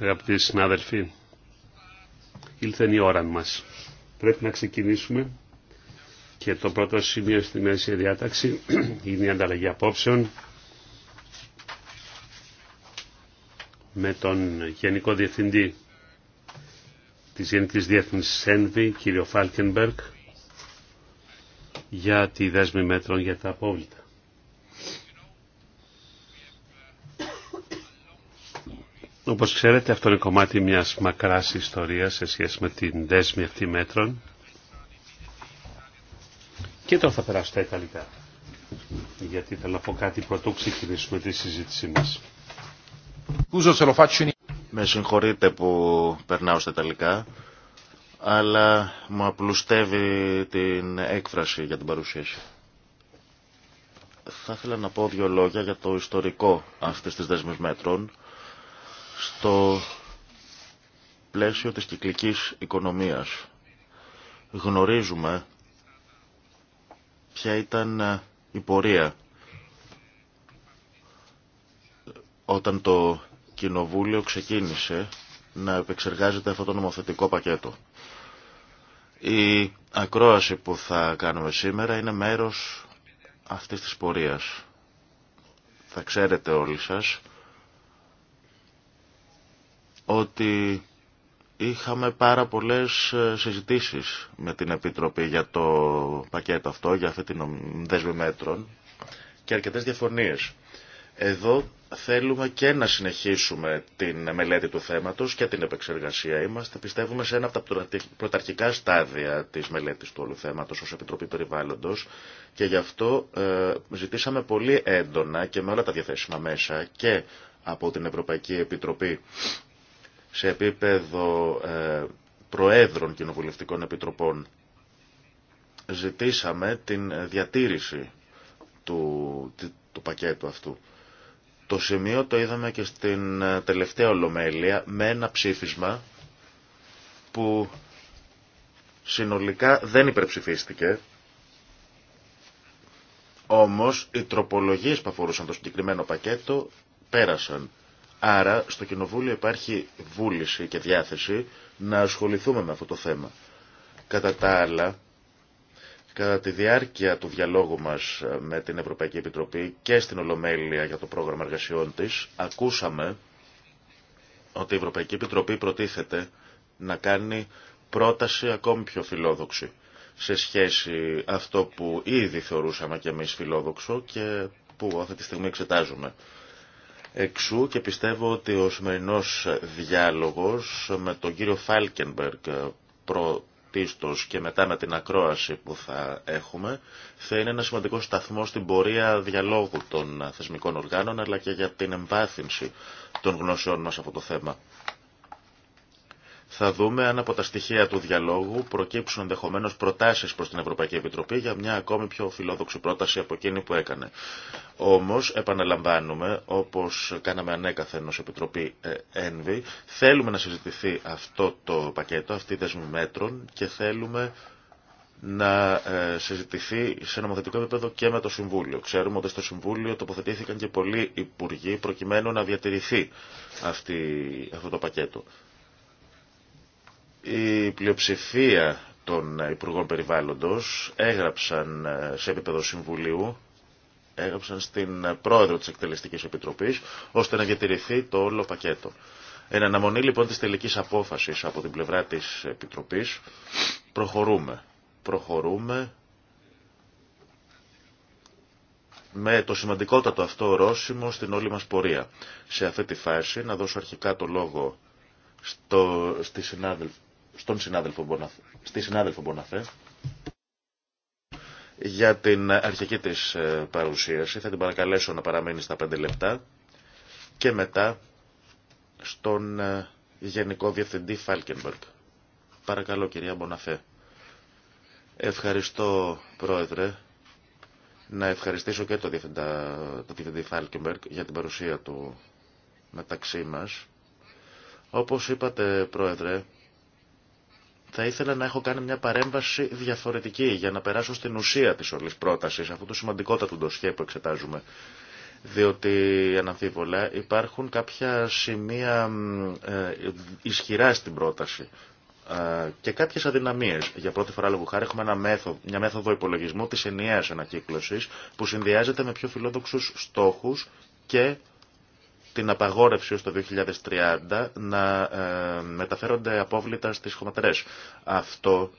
αγαπητοί συνάδελφοι, ήλθε η ώρα μας. Πρέπει να ξεκινήσουμε και το πρώτο σημείο στη μέση διάταξη είναι η ανταλλαγή απόψεων με τον Γενικό Διευθυντή της Γενικής Διεύθυνσης ΕΝΒΗ, κύριο Φάλκενμπεργκ, για τη δέσμη μέτρων για τα απόβλητα. Όπως ξέρετε αυτό είναι κομμάτι μιας μακράς ιστορίας σε σχέση με την δέσμη αυτή μέτρων. Και τώρα θα περάσω στα Ιταλικά. Γιατί θέλω να πω κάτι πρωτού ξεκινήσουμε τη συζήτησή μας. Με συγχωρείτε που περνάω στα Ιταλικά, αλλά μου απλουστεύει την έκφραση για την παρουσίαση. Θα ήθελα να πω δύο λόγια για το ιστορικό αυτής της δέσμης μέτρων στο πλαίσιο της κυκλικής οικονομίας. Γνωρίζουμε ποια ήταν ε, η πορεία όταν το Κοινοβούλιο ξεκίνησε να επεξεργάζεται αυτό το νομοθετικό πακέτο. Η ακρόαση που θα κάνουμε σήμερα είναι μέρος αυτής της πορείας. Θα ξέρετε όλοι σας ότι είχαμε πάρα πολλές ε, συζητήσεις με την Επιτροπή για το πακέτο αυτό, για αυτή την δέσμη μέτρων και αρκετές διαφωνίες. Εδώ θέλουμε και να συνεχίσουμε την μελέτη του θέματος και την επεξεργασία. Είμαστε, πιστεύουμε, σε ένα από τα πρωταρχικά στάδια της μελέτης του όλου θέματος ως Επιτροπή Περιβάλλοντος και γι' αυτό ε, ζητήσαμε πολύ έντονα και με όλα τα διαθέσιμα μέσα και από την Ευρωπαϊκή Επιτροπή σε επίπεδο ε, προέδρων κοινοβουλευτικών επιτροπών ζητήσαμε την διατήρηση του, του πακέτου αυτού. Το σημείο το είδαμε και στην ε, τελευταία ολομέλεια με ένα ψήφισμα που συνολικά δεν υπερψηφίστηκε. Όμως οι τροπολογίες που αφορούσαν το συγκεκριμένο πακέτο πέρασαν. Άρα στο Κοινοβούλιο υπάρχει βούληση και διάθεση να ασχοληθούμε με αυτό το θέμα. Κατά τα άλλα, κατά τη διάρκεια του διαλόγου μας ε, με την Ευρωπαϊκή Επιτροπή και στην Ολομέλεια για το πρόγραμμα εργασιών της, ακούσαμε ότι η Ευρωπαϊκή Επιτροπή προτίθεται να κάνει πρόταση ακόμη πιο φιλόδοξη σε σχέση αυτό που ήδη θεωρούσαμε και εμείς φιλόδοξο και που αυτή τη στιγμή εξετάζουμε. Εξού και πιστεύω ότι ο σημερινός διάλογος με τον κύριο Φάλκενμπεργκ πρωτίστως και μετά με την ακρόαση που θα έχουμε θα είναι ένα σημαντικό σταθμό στην πορεία διαλόγου των θεσμικών οργάνων αλλά και για την εμβάθυνση των γνώσεών μας από το θέμα θα δούμε αν από τα στοιχεία του διαλόγου προκύψουν ενδεχομένω προτάσει προ την Ευρωπαϊκή Επιτροπή για μια ακόμη πιο φιλόδοξη πρόταση από εκείνη που έκανε. Όμω, επαναλαμβάνουμε, όπω κάναμε ανέκαθεν ω Επιτροπή ΕΝΒΗ, θέλουμε να συζητηθεί αυτό το πακέτο, αυτή η δεσμή μέτρων και θέλουμε να ε, συζητηθεί σε νομοθετικό επίπεδο και με το Συμβούλιο. Ξέρουμε ότι στο Συμβούλιο τοποθετήθηκαν και πολλοί υπουργοί προκειμένου να διατηρηθεί αυτή, αυτό το πακέτο. Η πλειοψηφία των Υπουργών Περιβάλλοντος έγραψαν ε, σε επίπεδο Συμβουλίου έγραψαν στην πρόεδρο της Εκτελεστικής Επιτροπής, ώστε να διατηρηθεί το όλο πακέτο. Εν αναμονή λοιπόν της τελικής απόφασης από την πλευρά της Επιτροπής, προχωρούμε. Προχωρούμε με το σημαντικότατο αυτό ορόσημο στην όλη μας πορεία. Σε αυτή τη φάση να δώσω αρχικά το λόγο στο, στη συνάδελφη στον συνάδελφο Μποναθέ, στη συνάδελφο Μποναθέ για την αρχική της ε, παρουσίαση. Θα την παρακαλέσω να παραμείνει στα 5 λεπτά και μετά στον ε, Γενικό Διευθυντή Φάλκενμπεργκ. Παρακαλώ κυρία Μποναφέ. Ευχαριστώ πρόεδρε. Να ευχαριστήσω και τον Διευθυντή Φάλκενμπεργκ για την παρουσία του μεταξύ μας. Όπως είπατε πρόεδρε, θα ήθελα να έχω κάνει μια παρέμβαση διαφορετική για να περάσω στην ουσία της όλης πρότασης, αυτού του σημαντικότατου ντοσχέ που εξετάζουμε. Διότι αναμφίβολα υπάρχουν κάποια σημεία ε, ισχυρά στην πρόταση ε, και κάποιες αδυναμίες. Για πρώτη φορά λόγω χάρη έχουμε μια μέθοδο υπολογισμού της ενιαίας ανακύκλωσης που συνδυάζεται με πιο φιλόδοξους στόχους και την απαγόρευση ως το 2030 να ε, μεταφέρονται απόβλητα στις χωματερές. Αυτό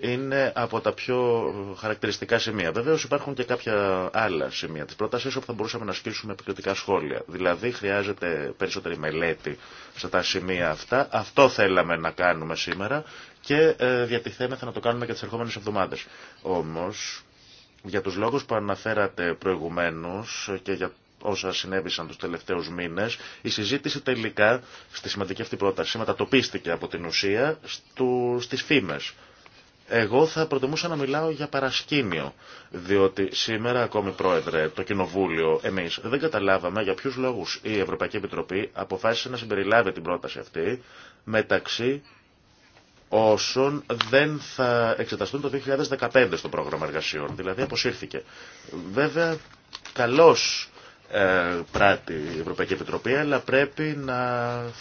είναι από τα πιο χαρακτηριστικά σημεία. Βεβαίως υπάρχουν και κάποια άλλα σημεία της πρότασης όπου θα μπορούσαμε να ασκήσουμε επικριτικά σχόλια. Δηλαδή χρειάζεται περισσότερη μελέτη σε τα σημεία αυτά. Αυτό θέλαμε να κάνουμε σήμερα και ε, διατηθέμεθα να το κάνουμε και τις ερχόμενες εβδομάδες. Όμως για τους λόγους που αναφέρατε προηγουμένως και για όσα συνέβησαν τους τελευταίους μήνες, η συζήτηση τελικά στη σημαντική αυτή πρόταση μετατοπίστηκε από την ουσία στι στις φήμες. Εγώ θα προτιμούσα να μιλάω για παρασκήνιο, διότι σήμερα ακόμη πρόεδρε, το Κοινοβούλιο, εμείς δεν καταλάβαμε για ποιους λόγους η Ευρωπαϊκή Επιτροπή αποφάσισε να συμπεριλάβει την πρόταση αυτή μεταξύ όσων δεν θα εξεταστούν το 2015 στο πρόγραμμα εργασιών, δηλαδή αποσύρθηκε. Βέβαια, καλώς ε, πράττει η Ευρωπαϊκή Επιτροπή, αλλά πρέπει να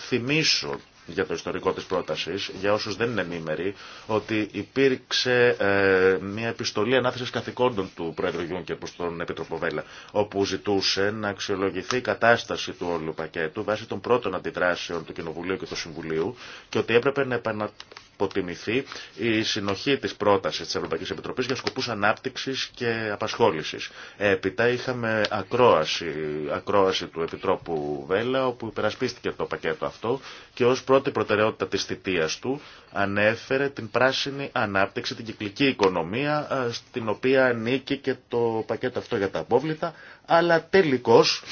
θυμίσω για το ιστορικό της πρότασης, για όσους δεν είναι μήμεροι, ότι υπήρξε ε, μια επιστολή ανάθεσης καθηκόντων του Πρόεδρου Γιούνκερ προς τον Επίτροπο Βέλλα, όπου ζητούσε να αξιολογηθεί η κατάσταση του όλου πακέτου βάσει των πρώτων αντιδράσεων του Κοινοβουλίου και του Συμβουλίου και ότι έπρεπε να επανα υποτιμηθεί η συνοχή της πρότασης της Ευρωπαϊκής Επιτροπής για σκοπούς ανάπτυξης και απασχόλησης. Έπειτα είχαμε ακρόαση, ακρόαση του Επιτρόπου Βέλα, όπου υπερασπίστηκε το πακέτο αυτό και ως πρώτη προτεραιότητα της θητείας του ανέφερε την πράσινη ανάπτυξη, την κυκλική οικονομία, στην οποία ανήκει και το πακέτο αυτό για τα απόβλητα, αλλά τελικώς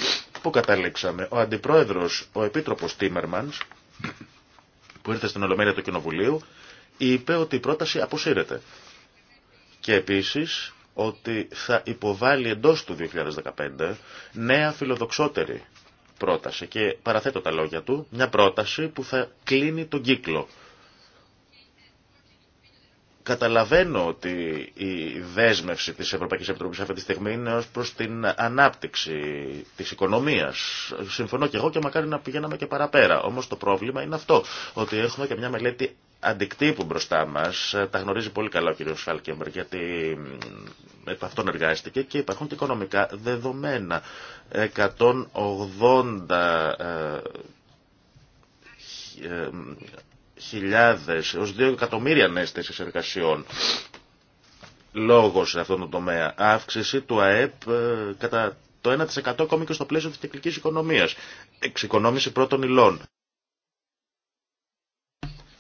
που καταλήξαμε. Ο Αντιπρόεδρος, ο Επίτροπος Τίμερμανς, που ήρθε στην Ολομέλεια του Κοινοβουλίου είπε ότι η πρόταση αποσύρεται. Και επίσης ότι θα υποβάλει εντός του 2015 νέα φιλοδοξότερη πρόταση. Και παραθέτω τα λόγια του, μια πρόταση που θα κλείνει τον κύκλο Καταλαβαίνω ότι η δέσμευση της Ευρωπαϊκής Επιτροπής αυτή τη στιγμή είναι ως προς την ανάπτυξη της οικονομίας. Συμφωνώ και εγώ και μακάρι να πηγαίναμε και παραπέρα. Όμως το πρόβλημα είναι αυτό, ότι έχουμε και μια μελέτη αντικτύπου μπροστά μας. Τα γνωρίζει πολύ καλά ο κ. Φάλκεμπερ, γιατί επ' αυτόν εργάστηκε και υπάρχουν και οικονομικά δεδομένα. 180 έως 2 εκατομμύρια νέες θέσεις εργασιών λόγος σε αυτόν τον τομέα. Αύξηση του ΑΕΠ ε, κατά το 1% ακόμη και στο πλαίσιο της τεκλικής οικονομίας. Εξοικονόμηση πρώτων υλών.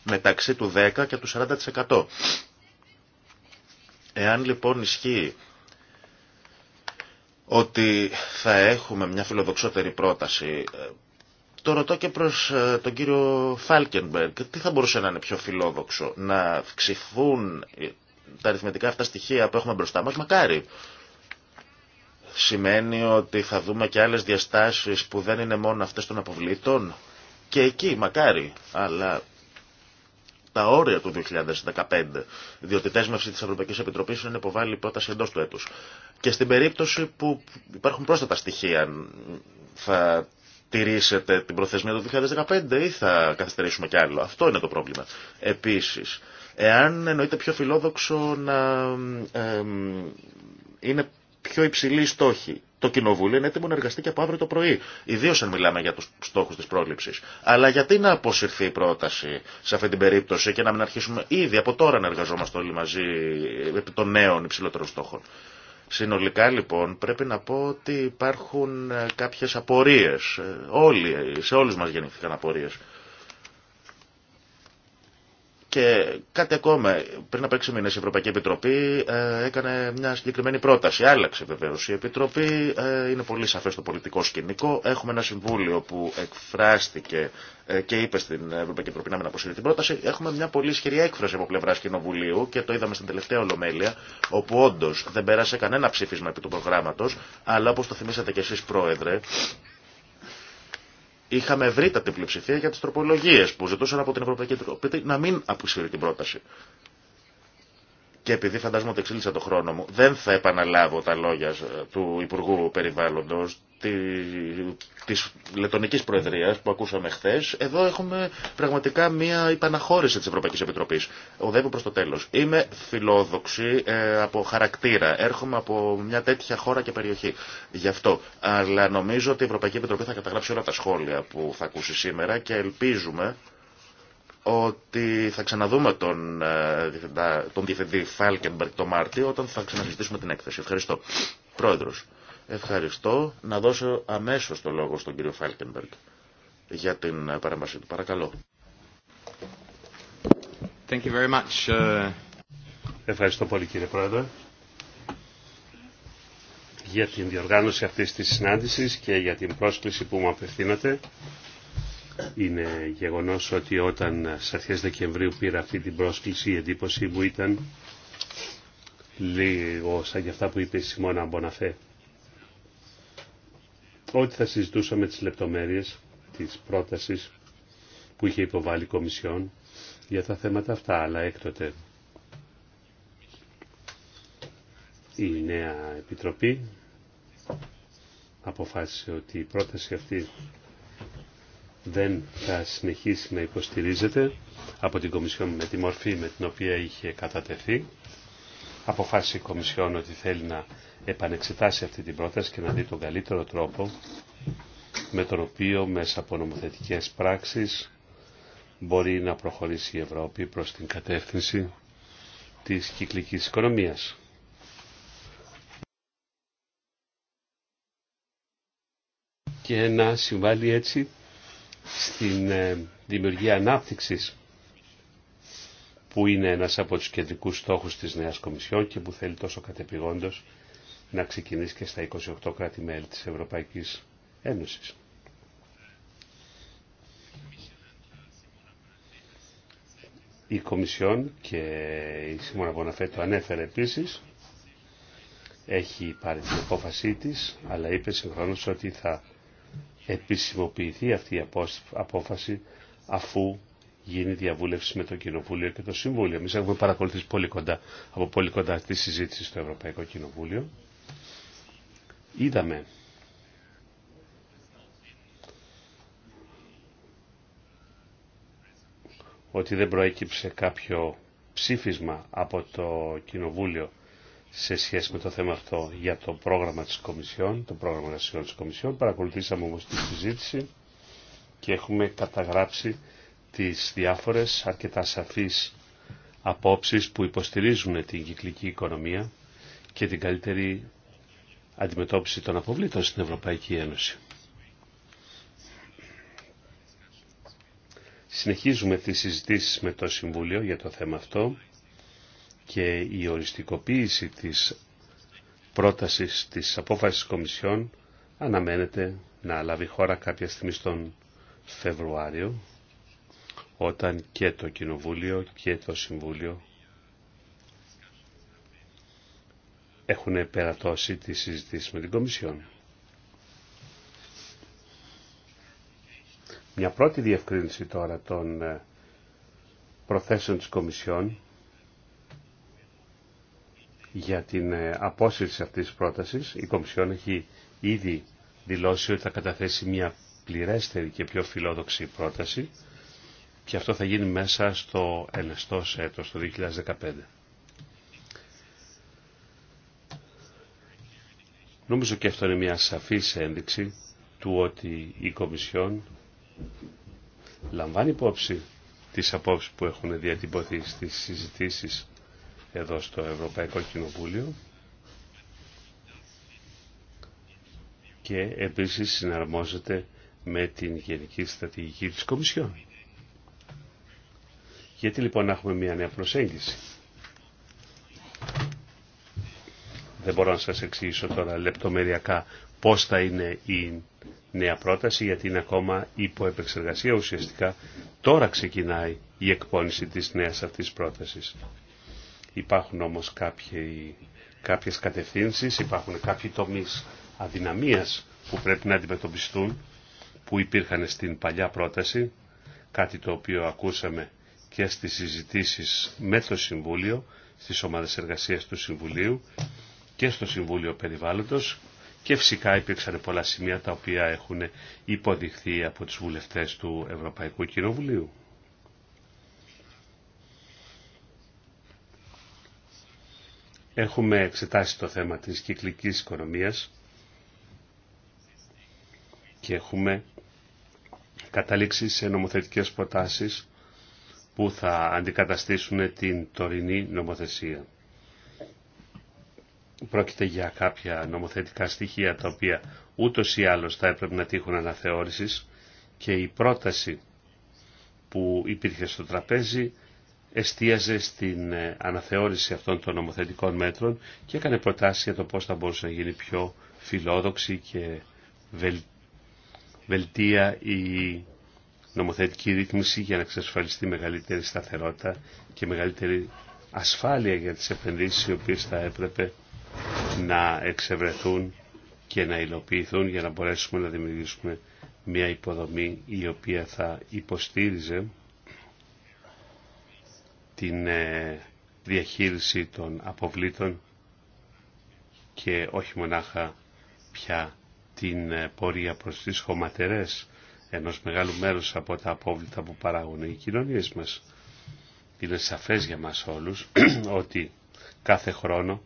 Μεταξύ του 10% και του 40%. Εάν λοιπόν ισχύει ότι θα έχουμε μια φιλοδοξότερη πρόταση ε, το ρωτώ και προς ε, τον κύριο Φάλκενμπεργκ. Τι θα μπορούσε να είναι πιο φιλόδοξο, να αυξηθούν ε, τα αριθμητικά αυτά στοιχεία που έχουμε μπροστά μας, μακάρι. Σημαίνει ότι θα δούμε και άλλες διαστάσεις που δεν είναι μόνο αυτές των αποβλήτων. Και εκεί, μακάρι, αλλά τα όρια του 2015, διότι η δέσμευση της Ευρωπαϊκής Επιτροπής είναι υποβάλλει πρόταση εντός του έτους. Και στην περίπτωση που υπάρχουν πρόσθετα στοιχεία, θα τηρήσετε την προθεσμία του 2015 ή θα καθυστερήσουμε κι άλλο. Αυτό είναι το πρόβλημα. Επίσης, εάν εννοείται πιο φιλόδοξο να είναι πιο υψηλή στόχη. Το Κοινοβούλιο είναι έτοιμο να εργαστεί και από αύριο το πρωί, ιδίω αν μιλάμε για του στόχου τη πρόληψη. Αλλά γιατί να αποσυρθεί η πρόταση σε αυτή την περίπτωση και να μην αρχίσουμε ήδη από τώρα να εργαζόμαστε όλοι μαζί επί των νέων υψηλότερων στόχων. Συνολικά λοιπόν πρέπει να πω ότι υπάρχουν ε, κάποιες απορίες. Ε, όλοι, σε όλους μας γεννήθηκαν απορίες. Και κάτι ακόμα, πριν από έξι μήνε η Ευρωπαϊκή Επιτροπή ε, έκανε μια συγκεκριμένη πρόταση. Άλλαξε βεβαίω η Επιτροπή, ε, είναι πολύ σαφέ το πολιτικό σκηνικό. Έχουμε ένα συμβούλιο που εκφράστηκε ε, και είπε στην Ευρωπαϊκή Επιτροπή να μην αποσύρει την πρόταση. Έχουμε μια πολύ ισχυρή έκφραση από πλευρά Κοινοβουλίου και το είδαμε στην τελευταία Ολομέλεια, όπου όντω δεν πέρασε κανένα ψήφισμα επί του προγράμματο, αλλά όπω το θυμήσατε κι εσεί, Πρόεδρε, Είχαμε ευρύτατη πλειοψηφία για τις τροπολογίες που ζητούσαν από την Ευρωπαϊκή Επιτροπή να μην αποσύρει την πρόταση. Και επειδή φαντάζομαι ότι εξήλυσα το χρόνο μου, δεν θα επαναλάβω τα λόγια ε, του Υπουργού Περιβάλλοντος, της Λετωνικής Προεδρίας που ακούσαμε χθες εδώ έχουμε πραγματικά μια υπαναχώρηση της Ευρωπαϊκής Επιτροπής. Οδεύω προς το τέλος. Είμαι φιλόδοξη ε, από χαρακτήρα. Έρχομαι από μια τέτοια χώρα και περιοχή. Γι' αυτό. Αλλά νομίζω ότι η Ευρωπαϊκή Επιτροπή θα καταγράψει όλα τα σχόλια που θα ακούσει σήμερα και ελπίζουμε ότι θα ξαναδούμε τον, ε, τον διευθυντή Φάλκεμπερκ το Μάρτιο όταν θα ξανασυζητήσουμε την έκθεση. Ευχαριστώ. Πρόεδρος. Ευχαριστώ. Να δώσω αμέσως το λόγο στον κύριο Φάλκενμπεργκ για την ε, παρέμβασή του. Παρακαλώ. Thank you very much. Uh, Ευχαριστώ πολύ κύριε Πρόεδρε για την διοργάνωση αυτής της συνάντησης και για την πρόσκληση που μου απευθύνατε. Είναι γεγονός ότι όταν στις αρχές Δεκεμβρίου πήρα αυτή την πρόσκληση η εντύπωση μου ήταν λίγο σαν και αυτά που είπε η Σιμώνα Μποναφέ ότι θα συζητούσαμε τις λεπτομέρειες της πρότασης που είχε υποβάλει η Κομισιόν για τα θέματα αυτά, αλλά έκτοτε η νέα Επιτροπή αποφάσισε ότι η πρόταση αυτή δεν θα συνεχίσει να υποστηρίζεται από την Κομισιόν με τη μορφή με την οποία είχε κατατεθεί. Αποφάσισε η Κομισιόν ότι θέλει να επανεξετάσει αυτή την πρόταση και να δει τον καλύτερο τρόπο με τον οποίο μέσα από νομοθετικές πράξεις μπορεί να προχωρήσει η Ευρώπη προς την κατεύθυνση της κυκλικής οικονομίας. και να συμβάλλει έτσι στην ε, δημιουργία ανάπτυξης που είναι ένας από τους κεντρικούς στόχους της Νέας Κομισιόν και που θέλει τόσο κατεπηγόντως να ξεκινήσει και στα 28 κράτη-μέλη της Ευρωπαϊκής Ένωσης. Η Κομισιόν και η Σιμώνα Βοναφέ το ανέφερε επίσης, έχει πάρει την απόφασή της, αλλά είπε συγχρόνως ότι θα επισημοποιηθεί αυτή η απόφαση αφού γίνει διαβούλευση με το Κοινοβούλιο και το Συμβούλιο. Εμεί έχουμε παρακολουθήσει πολύ κοντά, από πολύ κοντά τη συζήτηση στο Ευρωπαϊκό Κοινοβούλιο είδαμε ότι δεν προέκυψε κάποιο ψήφισμα από το Κοινοβούλιο σε σχέση με το θέμα αυτό για το πρόγραμμα της Κομισιόν, το πρόγραμμα εργασιών της Κομισιόν. Παρακολουθήσαμε όμως τη συζήτηση και έχουμε καταγράψει τις διάφορες αρκετά σαφείς απόψεις που υποστηρίζουν την κυκλική οικονομία και την καλύτερη αντιμετώπιση των αποβλήτων στην Ευρωπαϊκή Ένωση. Συνεχίζουμε τις συζητήσεις με το Συμβούλιο για το θέμα αυτό και η οριστικοποίηση της πρότασης της απόφασης Κομισιόν αναμένεται να λάβει χώρα κάποια στιγμή στον Φεβρουάριο όταν και το Κοινοβούλιο και το Συμβούλιο έχουν περατώσει τις συζήτηση με την Κομισιόν. Μια πρώτη διευκρίνηση τώρα των ε, προθέσεων της Κομισιόν για την ε, απόσυρση αυτής της πρότασης. Η Κομισιόν έχει ήδη δηλώσει ότι θα καταθέσει μια πληρέστερη και πιο φιλόδοξη πρόταση και αυτό θα γίνει μέσα στο ελεστός έτος, το 2015. Νομίζω και αυτό είναι μια σαφής ένδειξη του ότι η Κομισιόν λαμβάνει υπόψη τις απόψεις που έχουν διατυπωθεί στις συζητήσεις εδώ στο Ευρωπαϊκό Κοινοβούλιο και επίσης συναρμόζεται με την Γενική Στρατηγική της Κομισιόν. Γιατί λοιπόν έχουμε μια νέα προσέγγιση. Δεν μπορώ να σας εξηγήσω τώρα λεπτομεριακά πώς θα είναι η νέα πρόταση, γιατί είναι ακόμα υπό επεξεργασία. Ουσιαστικά τώρα ξεκινάει η εκπόνηση της νέας αυτής πρότασης. Υπάρχουν όμως κάποιοι, κάποιες κατευθύνσεις, υπάρχουν κάποιοι τομείς αδυναμίας που πρέπει να αντιμετωπιστούν, που υπήρχαν στην παλιά πρόταση, κάτι το οποίο ακούσαμε και στις συζητήσεις με το Συμβούλιο, στις ομάδες εργασίας του Συμβουλίου και στο Συμβούλιο Περιβάλλοντος και φυσικά υπήρξαν πολλά σημεία τα οποία έχουν υποδειχθεί από τους βουλευτές του Ευρωπαϊκού Κοινοβουλίου. Έχουμε εξετάσει το θέμα της κυκλικής οικονομίας και έχουμε καταλήξει σε νομοθετικές προτάσεις που θα αντικαταστήσουν την τωρινή νομοθεσία πρόκειται για κάποια νομοθετικά στοιχεία τα οποία ούτως ή άλλως θα έπρεπε να τύχουν αναθεώρησης και η πρόταση που υπήρχε στο τραπέζι εστίαζε στην ε, αναθεώρηση αυτών των νομοθετικών μέτρων και έκανε προτάσεις για το πώς θα μπορούσε να γίνει πιο φιλόδοξη και βελτία η νομοθετική ρύθμιση για να εξασφαλιστεί μεγαλύτερη σταθερότητα και μεγαλύτερη ασφάλεια για τις επενδύσεις οι οποίες θα έπρεπε να εξευρεθούν και να υλοποιηθούν για να μπορέσουμε να δημιουργήσουμε μια υποδομή η οποία θα υποστήριζε την ε, διαχείριση των αποβλήτων και όχι μονάχα πια την ε, πορεία προς τις χωματερές ενός μεγάλου μέρους από τα απόβλητα που παράγουν οι κοινωνίες μας. Είναι σαφές για μας όλους ότι κάθε χρόνο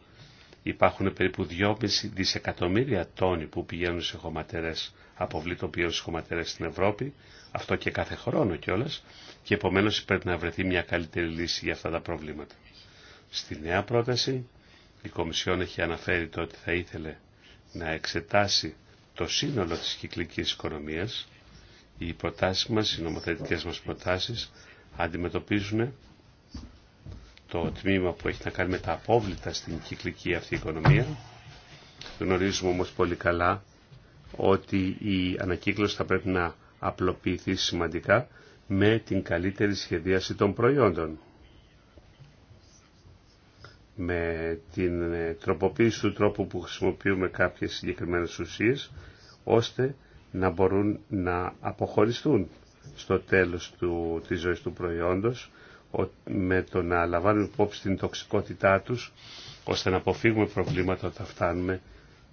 Υπάρχουν περίπου 2,5 δισεκατομμύρια τόνοι που πηγαίνουν σε χωματερές, αποβλήτων πηγαίνουν σε χωματερές στην Ευρώπη, αυτό και κάθε χρόνο κιόλα, και επομένως πρέπει να βρεθεί μια καλύτερη λύση για αυτά τα προβλήματα. Στη νέα πρόταση, η Κομισιόν έχει αναφέρει το ότι θα ήθελε να εξετάσει το σύνολο της κυκλικής οικονομίας. Οι προτάσεις μας, οι νομοθετικές μας προτάσεις, αντιμετωπίζουν το τμήμα που έχει να κάνει με τα απόβλητα στην κυκλική αυτή οικονομία. Γνωρίζουμε όμως πολύ καλά ότι η ανακύκλωση θα πρέπει να απλοποιηθεί σημαντικά με την καλύτερη σχεδίαση των προϊόντων. Με την τροποποίηση του τρόπου που χρησιμοποιούμε κάποιες συγκεκριμένες ουσίες, ώστε να μπορούν να αποχωριστούν στο τέλος του, της ζωής του προϊόντος με το να λαμβάνουν υπόψη την τοξικότητά τους ώστε να αποφύγουμε προβλήματα όταν φτάνουμε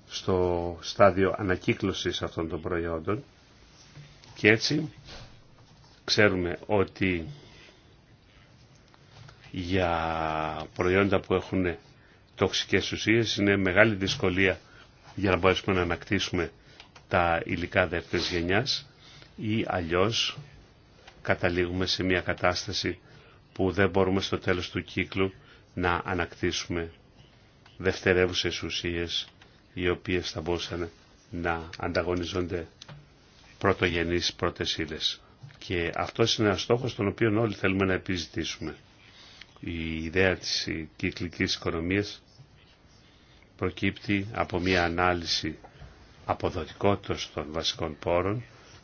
στο στάδιο ανακύκλωσης αυτών των προϊόντων και έτσι ξέρουμε ότι για προϊόντα που έχουν τοξικές ουσίες είναι μεγάλη δυσκολία για να μπορέσουμε να ανακτήσουμε τα υλικά δεύτερης γενιάς ή αλλιώς καταλήγουμε σε μια κατάσταση που δεν μπορούμε στο τέλος του κύκλου να ανακτήσουμε δευτερεύουσες ουσίες οι οποίες θα μπορούσαν να ανταγωνιζόνται πρωτογενείς πρώτες ύλες. Και αυτό είναι ένα στόχος τον οποίο όλοι θέλουμε να επιζητήσουμε. Η ιδέα της κυκλικής οικονομίας προκύπτει από μια ανάλυση αποδοτικότητας των βασικών πόρων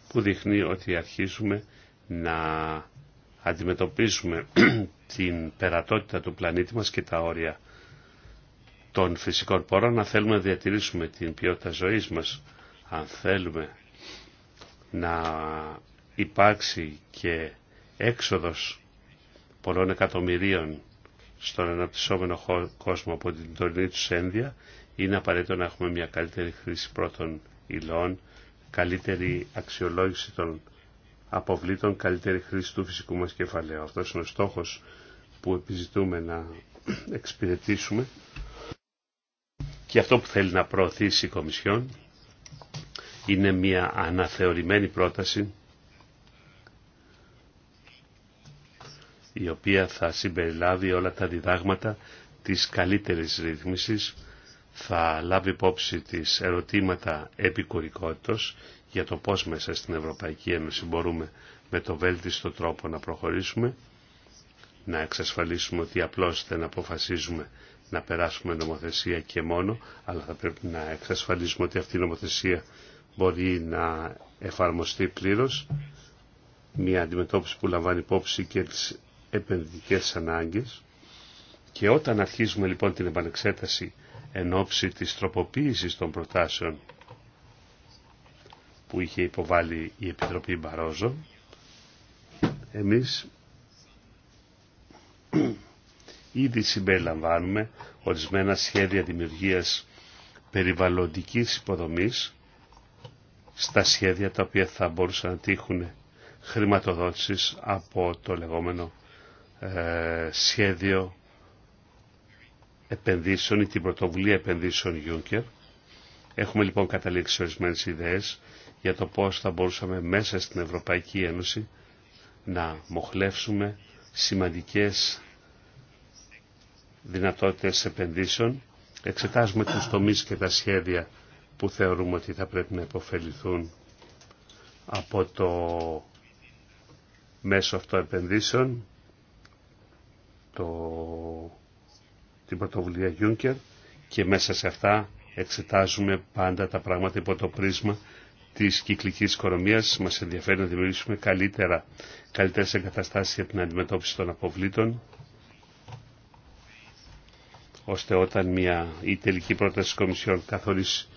που δείχνει ότι αρχίζουμε να αντιμετωπίσουμε την περατότητα του πλανήτη μας και τα όρια των φυσικών πόρων, αν θέλουμε να διατηρήσουμε την ποιότητα ζωής μας, αν θέλουμε να υπάρξει και έξοδος πολλών εκατομμυρίων στον αναπτυσσόμενο κόσμο από την τωρινή του ένδια, είναι απαραίτητο να έχουμε μια καλύτερη χρήση πρώτων υλών, καλύτερη αξιολόγηση των αποβλήτων, καλύτερη χρήση του φυσικού μας κεφαλαίου. Αυτός είναι ο στόχος που επιζητούμε να εξυπηρετήσουμε και αυτό που θέλει να προωθήσει η Κομισιόν είναι μια αναθεωρημένη πρόταση η οποία θα συμπεριλάβει όλα τα διδάγματα της καλύτερης ρύθμισης, θα λάβει υπόψη τις ερωτήματα επικουρικότητος για το πώς μέσα στην Ευρωπαϊκή Ένωση μπορούμε με το βέλτιστο τρόπο να προχωρήσουμε, να εξασφαλίσουμε ότι απλώς δεν αποφασίζουμε να περάσουμε νομοθεσία και μόνο, αλλά θα πρέπει να εξασφαλίσουμε ότι αυτή η νομοθεσία μπορεί να εφαρμοστεί πλήρως, μια αντιμετώπιση που λαμβάνει υπόψη και τις επενδυτικές ανάγκες. Και όταν αρχίζουμε λοιπόν την επανεξέταση εν ώψη της τροποποίησης των προτάσεων που είχε υποβάλει η Επιτροπή Μπαρόζο. Εμείς ήδη συμπεριλαμβάνουμε ορισμένα σχέδια δημιουργίας περιβαλλοντικής υποδομής στα σχέδια τα οποία θα μπορούσαν να τύχουν χρηματοδότησης από το λεγόμενο ε, σχέδιο επενδύσεων ή την πρωτοβουλία επενδύσεων Juncker. Έχουμε λοιπόν καταλήξει ορισμένε ιδέες για το πώς θα μπορούσαμε μέσα στην Ευρωπαϊκή Ένωση να μοχλεύσουμε σημαντικές δυνατότητες επενδύσεων. Εξετάζουμε τους τομείς και τα σχέδια που θεωρούμε ότι θα πρέπει να υποφεληθούν από το μέσο αυτό επενδύσεων, το, την πρωτοβουλία Juncker και μέσα σε αυτά εξετάζουμε πάντα τα πράγματα υπό το πρίσμα της κυκλικής οικονομίας. Μας ενδιαφέρει να δημιουργήσουμε καλύτερα, καλύτερες εγκαταστάσεις για την αντιμετώπιση των αποβλήτων ώστε όταν μια, η τελική πρόταση της Κομισιόν καθορίσει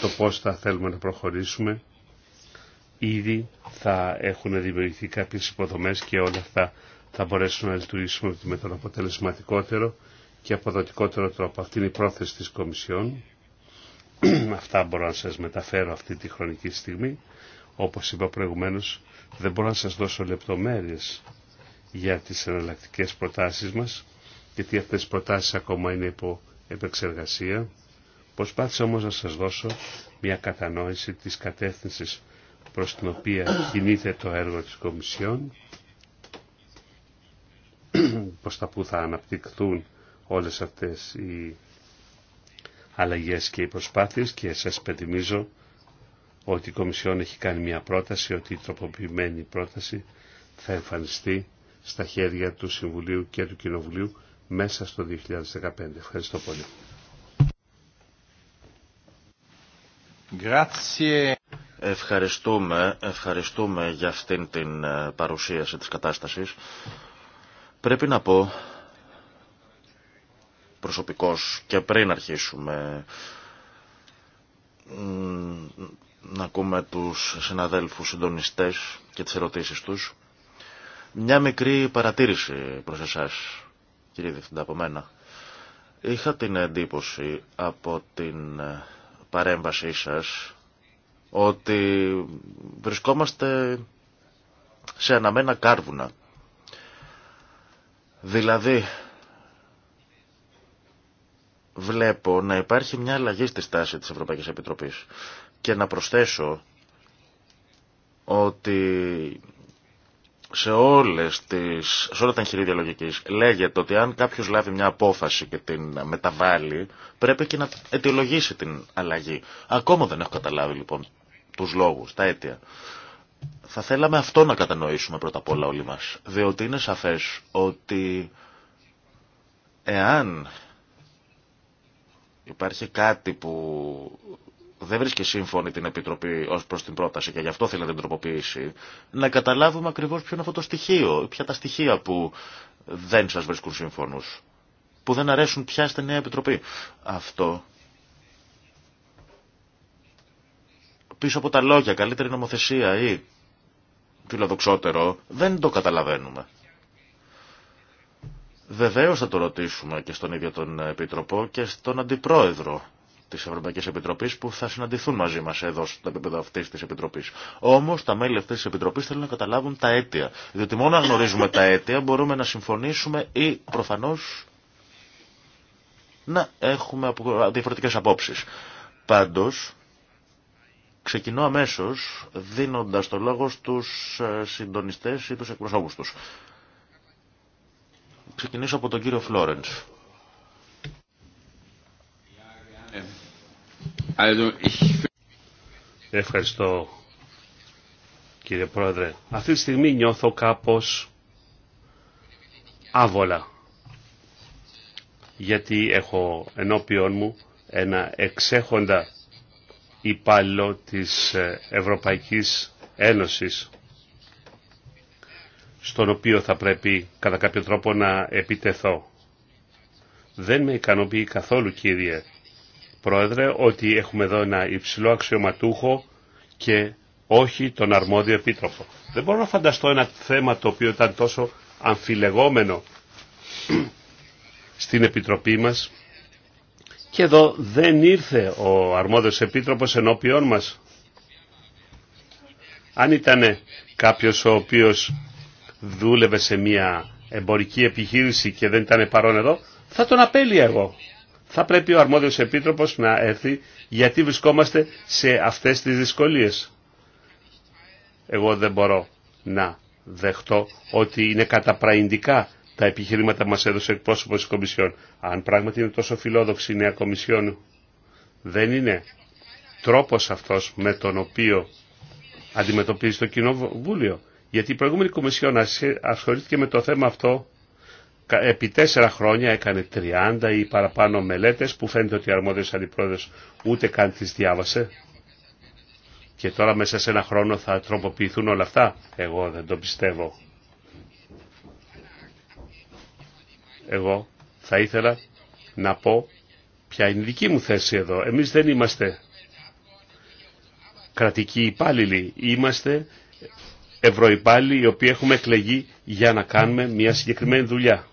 το πώς θα θέλουμε να προχωρήσουμε, ήδη θα έχουν δημιουργηθεί κάποιες υποδομές και όλα αυτά θα μπορέσουν να λειτουργήσουμε με τον αποτελεσματικότερο και αποδοτικότερο τρόπο. Αυτή είναι η πρόθεση της Κομισιόν. Αυτά μπορώ να σας μεταφέρω αυτή τη χρονική στιγμή. Όπως είπα προηγουμένως, δεν μπορώ να σας δώσω λεπτομέρειες για τις εναλλακτικέ προτάσεις μας, γιατί αυτές οι προτάσεις ακόμα είναι υπό επεξεργασία. Προσπάθησα όμως να σας δώσω μια κατανόηση της κατεύθυνσης προς την οποία κινείται το έργο της Κομισιόν, προς τα που θα αναπτυχθούν όλες αυτές οι Αλλαγέ και οι προσπάθειες και σας υπενθυμίζω ότι η Κομισιόν έχει κάνει μια πρόταση, ότι η τροποποιημένη πρόταση θα εμφανιστεί στα χέρια του Συμβουλίου και του Κοινοβουλίου μέσα στο 2015. Ευχαριστώ πολύ. Ευχαριστούμε, ευχαριστούμε για αυτήν την ε, παρουσίαση της κατάστασης. Πρέπει να πω προσωπικός και πριν αρχίσουμε να ακούμε τους συναδέλφους συντονιστές και τις ερωτήσεις τους. Μια μικρή παρατήρηση προς εσάς, κύριε Διευθυντά, από μένα. Είχα την εντύπωση από την παρέμβασή σας ότι βρισκόμαστε σε αναμένα κάρβουνα. Δηλαδή, βλέπω να υπάρχει μια αλλαγή στη στάση της Ευρωπαϊκής Επιτροπής και να προσθέσω ότι σε, όλες τις, σε όλα τα εγχειρίδια λογικής λέγεται ότι αν κάποιος λάβει μια απόφαση και την μεταβάλλει πρέπει και να αιτιολογήσει την αλλαγή. Ακόμα δεν έχω καταλάβει λοιπόν τους λόγους, τα αίτια. Θα θέλαμε αυτό να κατανοήσουμε πρώτα απ' όλα όλοι μας, διότι είναι σαφές ότι εάν Υπάρχει κάτι που δεν βρίσκει σύμφωνη την Επιτροπή ω προ την πρόταση και γι' αυτό θέλει να την τροποποιήσει. Να καταλάβουμε ακριβώ ποιο είναι αυτό το στοιχείο, ποια τα στοιχεία που δεν σα βρίσκουν σύμφωνους, που δεν αρέσουν πια στη νέα Επιτροπή. Αυτό πίσω από τα λόγια, καλύτερη νομοθεσία ή φιλοδοξότερο, δεν το καταλαβαίνουμε. Βεβαίως θα το ρωτήσουμε και στον ίδιο τον Επίτροπο και στον Αντιπρόεδρο της Ευρωπαϊκής Επιτροπής που θα συναντηθούν μαζί μας εδώ στο επίπεδο αυτής της Επιτροπής. Όμως τα μέλη αυτής της Επιτροπής θέλουν να καταλάβουν τα αίτια. Διότι μόνο αν γνωρίζουμε τα αίτια μπορούμε να συμφωνήσουμε ή προφανώς να έχουμε διαφορετικές απόψεις. Πάντως, ξεκινώ αμέσως δίνοντας το λόγο στους ε, συντονιστές ή τους εκπροσώπους τους ξεκινήσω από τον κύριο Φλόρεντς. Ευχαριστώ κύριε Πρόεδρε. Αυτή τη στιγμή νιώθω κάπως άβολα γιατί έχω ενώπιον μου ένα εξέχοντα υπάλληλο της Ευρωπαϊκής Ένωσης στον οποίο θα πρέπει κατά κάποιο τρόπο να επιτεθώ. Δεν με ικανοποιεί καθόλου κύριε Πρόεδρε ότι έχουμε εδώ ένα υψηλό αξιωματούχο και όχι τον αρμόδιο επίτροπο. Δεν μπορώ να φανταστώ ένα θέμα το οποίο ήταν τόσο αμφιλεγόμενο στην Επιτροπή μας και εδώ δεν ήρθε ο αρμόδιος επίτροπος ενώπιόν μας. Αν ήταν κάποιος ο οποίος δούλευε σε μια εμπορική επιχείρηση και δεν ήταν παρόν εδώ, θα τον απέλει εγώ. Θα πρέπει ο αρμόδιος επίτροπος να έρθει γιατί βρισκόμαστε σε αυτές τις δυσκολίες. Εγώ δεν μπορώ να δεχτώ ότι είναι καταπραϊντικά τα επιχειρήματα που μας έδωσε ο εκπρόσωπος της Κομισιόν. Αν πράγματι είναι τόσο φιλόδοξη η νέα Κομισιόν, δεν είναι τρόπος αυτός με τον οποίο αντιμετωπίζει το Κοινοβούλιο. Γιατί η προηγούμενη Κομισιόν ασχολήθηκε με το θέμα αυτό επί τέσσερα χρόνια, έκανε 30 ή παραπάνω μελέτες που φαίνεται ότι ο αρμόδιος αντιπρόεδρος ούτε καν τις διάβασε. Και τώρα μέσα σε ένα χρόνο θα τροποποιηθούν όλα αυτά. Εγώ δεν το πιστεύω. Εγώ θα ήθελα να πω ποια είναι η δική μου θέση εδώ. Εμείς δεν είμαστε κρατικοί υπάλληλοι. Είμαστε ευρωϊπάλληλοι οι οποίοι έχουμε εκλεγεί για να κάνουμε μια συγκεκριμένη δουλειά.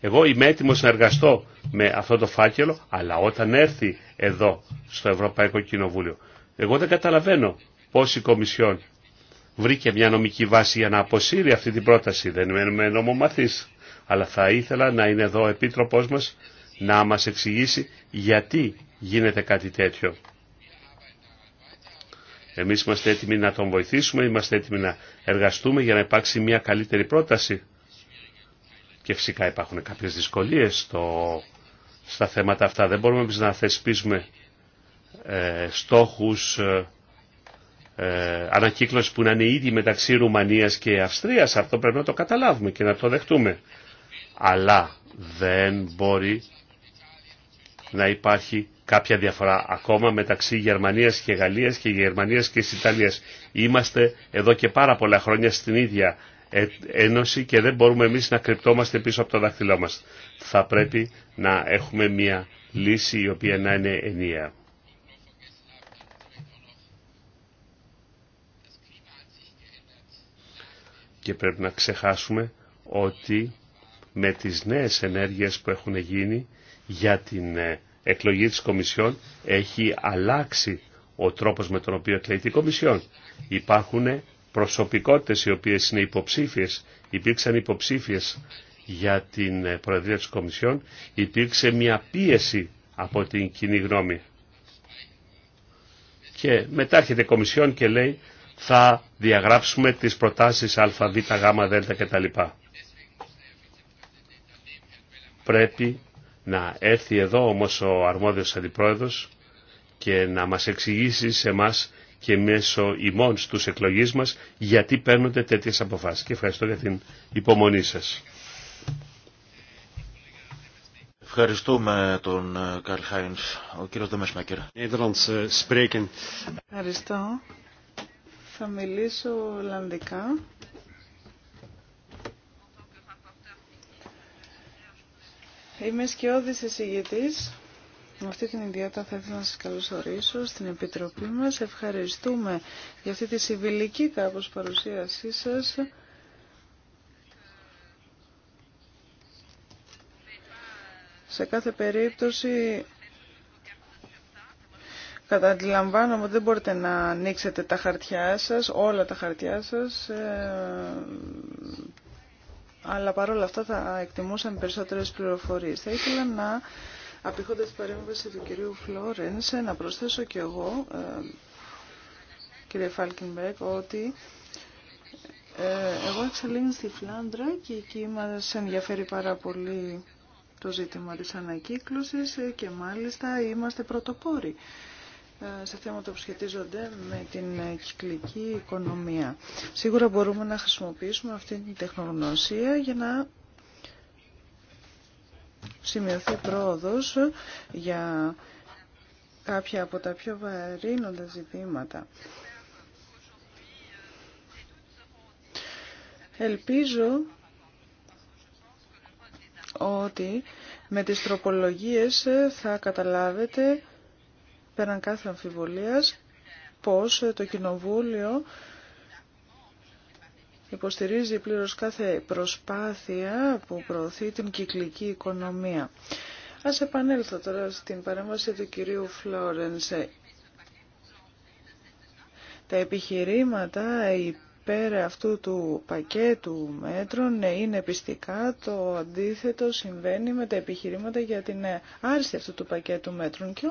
Εγώ είμαι έτοιμος να εργαστώ με αυτό το φάκελο, αλλά όταν έρθει εδώ στο Ευρωπαϊκό Κοινοβούλιο, εγώ δεν καταλαβαίνω πώς η Κομισιόν βρήκε μια νομική βάση για να αποσύρει αυτή την πρόταση. Δεν είμαι νομομαθής, αλλά θα ήθελα να είναι εδώ ο Επίτροπός μας να μας εξηγήσει γιατί γίνεται κάτι τέτοιο. Εμείς είμαστε έτοιμοι να τον βοηθήσουμε, είμαστε έτοιμοι να εργαστούμε για να υπάρξει μια καλύτερη πρόταση. Και φυσικά υπάρχουν κάποιες δυσκολίες στα θέματα αυτά. Δεν μπορούμε εμείς να θεσπίσουμε ε, στόχους ε, ε ανακύκλωση που να είναι ήδη μεταξύ Ρουμανίας και Αυστρίας. Αυτό πρέπει να το καταλάβουμε και να το δεχτούμε. Αλλά δεν μπορεί να υπάρχει κάποια διαφορά ακόμα μεταξύ Γερμανίας και Γαλλίας και Γερμανίας και Ιταλίας. Είμαστε εδώ και πάρα πολλά χρόνια στην ίδια ε, ένωση και δεν μπορούμε εμείς να κρυπτόμαστε πίσω από το δάχτυλό μας. Θα πρέπει να έχουμε μια λύση η οποία να είναι ενιαία. Και πρέπει να ξεχάσουμε ότι με τις νέες ενέργειες που έχουν γίνει για την ε, εκλογή της Κομισιόν έχει αλλάξει ο τρόπος με τον οποίο εκλέγει την Κομισιόν. Υπάρχουν προσωπικότητες οι οποίες είναι υποψήφιες, υπήρξαν υποψήφιες για την ε, Προεδρία της Κομισιόν, υπήρξε μια πίεση από την κοινή γνώμη. Και μετά έρχεται η Κομισιόν και λέει θα διαγράψουμε τις προτάσεις α, β, γ, δ κτλ. Πρέπει να έρθει εδώ όμως ο αρμόδιος αντιπρόεδρος και να μας εξηγήσει σε εμά και μέσω ημών στους εκλογείς μας γιατί παίρνονται τέτοιες αποφάσεις. Και ευχαριστώ για την υπομονή σας. Ευχαριστούμε τον ε, Καρλ Χάινς. Ο κύριος Δεμεσμάκερ. Ε, ευχαριστώ. Θα μιλήσω Ολλανδικά. Είμαι σκιώδης εισηγητής. Με αυτή την ιδιότητα θα ήθελα να σας καλωσορίσω στην Επιτροπή μας. Ευχαριστούμε για αυτή τη συμβιλική κάπως παρουσίασή σας. Σε κάθε περίπτωση Καταντιλαμβάνομαι ότι δεν μπορείτε να ανοίξετε τα χαρτιά σας, όλα τα χαρτιά σας. Ε, αλλά παρόλα αυτά θα εκτιμούσαμε περισσότερες πληροφορίες. Θα ήθελα να απηχώντα την παρέμβαση του κυρίου Φλόρενς να προσθέσω και εγώ, ε, κύριε Φάλκινμπεκ, ότι ε, εγώ εξελίγνω στη Φλάντρα και εκεί μας ενδιαφέρει πάρα πολύ το ζήτημα της ανακύκλωσης ε, και μάλιστα είμαστε πρωτοπόροι ε, σε θέματα που σχετίζονται με την ε, κυκλική οικονομία. Σίγουρα μπορούμε να χρησιμοποιήσουμε αυτή την τεχνογνωσία για να σημειωθεί πρόοδος για κάποια από τα πιο βαρύνοντα ζητήματα. Ελπίζω ότι με τις τροπολογίες θα καταλάβετε πέραν κάθε αμφιβολίας πως ε, το Κοινοβούλιο υποστηρίζει πλήρως κάθε προσπάθεια που προωθεί την κυκλική οικονομία. Ας επανέλθω τώρα στην παρέμβαση του κυρίου Φλόρενς. Τα επιχειρήματα υπέρ αυτού του πακέτου μέτρων ε, είναι πιστικά. Το αντίθετο συμβαίνει με τα επιχειρήματα για την άρση αυτού του πακέτου μέτρων. Και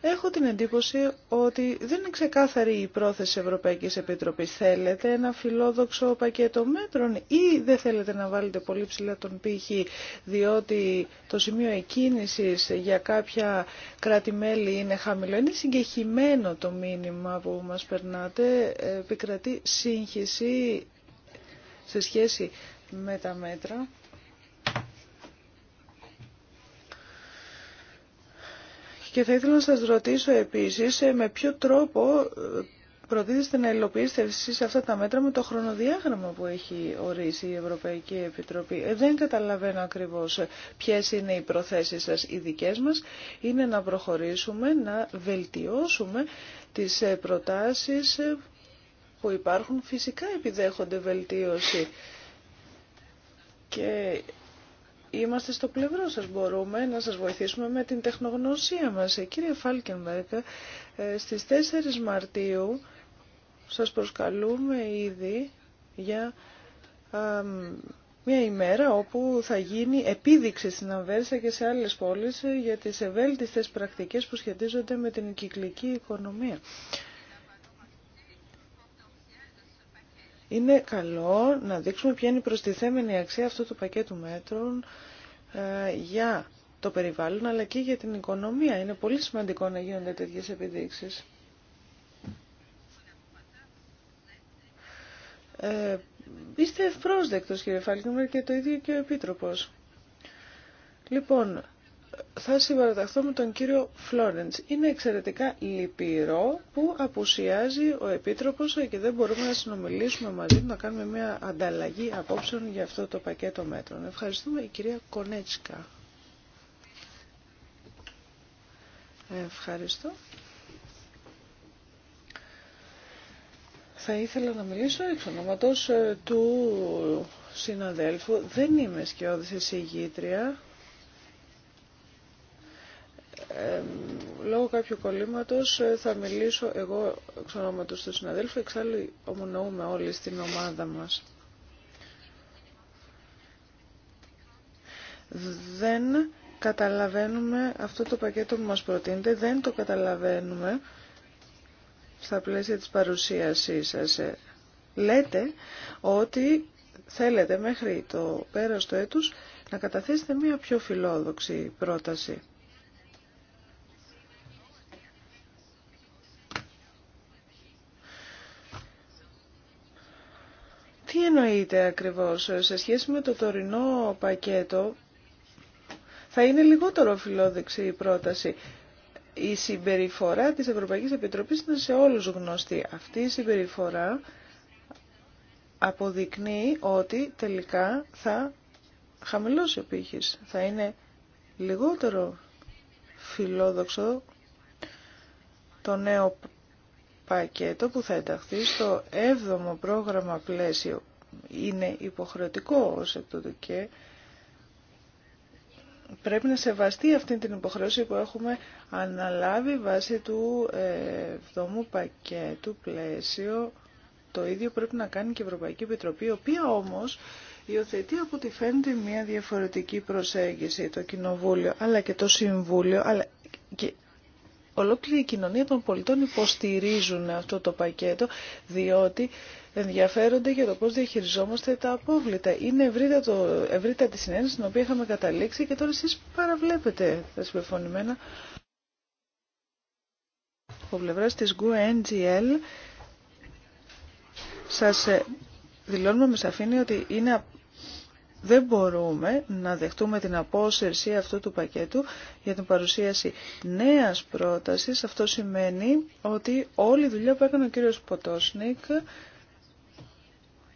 Έχω την εντύπωση ότι δεν είναι ξεκάθαρη η πρόθεση Ευρωπαϊκής Επιτροπής. Θέλετε ένα φιλόδοξο πακέτο μέτρων ή δεν θέλετε να βάλετε πολύ ψηλά τον πύχη διότι το σημείο εκκίνησης για κάποια κράτη-μέλη είναι χαμηλό. Είναι συγκεχημένο το μήνυμα που μας περνάτε. Επικρατεί σύγχυση σε σχέση με τα μέτρα. Και θα ήθελα να σας ρωτήσω επίσης ε, με ποιο τρόπο ε, προτίθεστε να υλοποιήσετε εσείς αυτά τα μέτρα με το χρονοδιάγραμμα που έχει ορίσει η Ευρωπαϊκή Επιτροπή. Ε, δεν καταλαβαίνω ακριβώς ποιες είναι οι προθέσεις σας οι δικές μας. Είναι να προχωρήσουμε, να βελτιώσουμε τις προτάσεις που υπάρχουν. Φυσικά επιδέχονται βελτίωση και Είμαστε στο πλευρό σας, μπορούμε να σας βοηθήσουμε με την τεχνογνωσία μας. Ε, κύριε Φάλκεμπερκ, ε, στις 4 Μαρτίου σας προσκαλούμε ήδη για μια ημέρα όπου θα γίνει επίδειξη στην Αμβέρσα και σε άλλες πόλεις ε, για τις ευέλτιστες πρακτικές που σχετίζονται με την κυκλική οικονομία. Είναι καλό να δείξουμε ποια είναι η προστιθέμενη αξία αυτού του πακέτου μέτρων ε, για το περιβάλλον αλλά και για την οικονομία. Είναι πολύ σημαντικό να γίνονται τέτοιες επιδείξεις. Ε, είστε ευπρόσδεκτος κύριε Φάλκνερ και το ίδιο και ο Επίτροπος. Λοιπόν, θα συμπαραταχθώ με τον κύριο Φλόρεντς. Είναι εξαιρετικά λυπηρό που απουσιάζει ο Επίτροπος και δεν μπορούμε να συνομιλήσουμε μαζί να κάνουμε μια ανταλλαγή απόψεων για αυτό το πακέτο μέτρων. Ευχαριστούμε η κυρία Κονέτσικα. Ευχαριστώ. Θα ήθελα να μιλήσω εξ ονοματός ε, του συναδέλφου. Δεν είμαι σκιώδης εισηγήτρια ε, λόγω κάποιου κολλήματος ε, θα μιλήσω εγώ εξ ονόματος του συναδέλφου, εξάλλου ομονοούμε όλοι στην ομάδα μας. Δεν καταλαβαίνουμε αυτό το πακέτο που μας προτείνετε, δεν το καταλαβαίνουμε στα πλαίσια της παρουσίασής σας. Ε, λέτε ότι θέλετε μέχρι το πέρας του έτους να καταθέσετε μία πιο φιλόδοξη πρόταση. εννοείται ακριβώς σε σχέση με το τωρινό πακέτο θα είναι λιγότερο φιλόδεξη η πρόταση. Η συμπεριφορά της Ευρωπαϊκής Επιτροπής είναι σε όλους γνωστή. Αυτή η συμπεριφορά αποδεικνύει ότι τελικά θα χαμηλώσει ο πύχης. Θα είναι λιγότερο φιλόδοξο το νέο πακέτο που θα ενταχθεί στο 7ο πρόγραμμα πλαίσιο είναι υποχρεωτικό ως εκ τούτου και πρέπει να σεβαστεί αυτή την υποχρέωση που έχουμε αναλάβει βάσει του ε, εβδομού πακέτου πλαίσιο. Το ίδιο πρέπει να κάνει και η Ευρωπαϊκή Επιτροπή, η οποία όμως υιοθετεί από τη φαίνεται μια διαφορετική προσέγγιση το Κοινοβούλιο, αλλά και το Συμβούλιο, αλλά ολόκληρη η κοινωνία των πολιτών υποστηρίζουν αυτό το πακέτο, διότι ενδιαφέρονται για το πώς διαχειριζόμαστε τα απόβλητα. Είναι ευρύτατη τη συνέντευξη στην οποία είχαμε καταλήξει και τώρα εσείς παραβλέπετε τα συμπεφωνημένα. Από πλευράς της GUNGL σας ε, δηλώνουμε με σαφήνεια ότι είναι δεν μπορούμε να δεχτούμε την απόσυρση αυτού του πακέτου για την παρουσίαση νέας πρότασης. Αυτό σημαίνει ότι όλη η δουλειά που έκανε ο κύριος Ποτόσνικ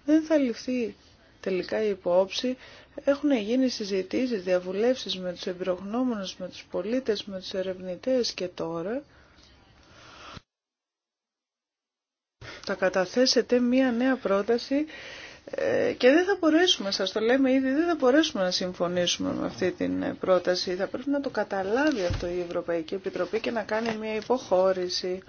δεν θα ληφθεί τελικά η υπόψη. Έχουν γίνει συζητήσεις, διαβουλεύσεις με τους εμπειρογνώμονες, με τους πολίτες, με τους ερευνητές και τώρα. Θα καταθέσετε μία νέα πρόταση ε, και δεν θα μπορέσουμε, σας το λέμε ήδη, δεν θα μπορέσουμε να συμφωνήσουμε με αυτή την πρόταση. Θα πρέπει να το καταλάβει αυτό η Ευρωπαϊκή Επιτροπή και να κάνει μια υποχώρηση.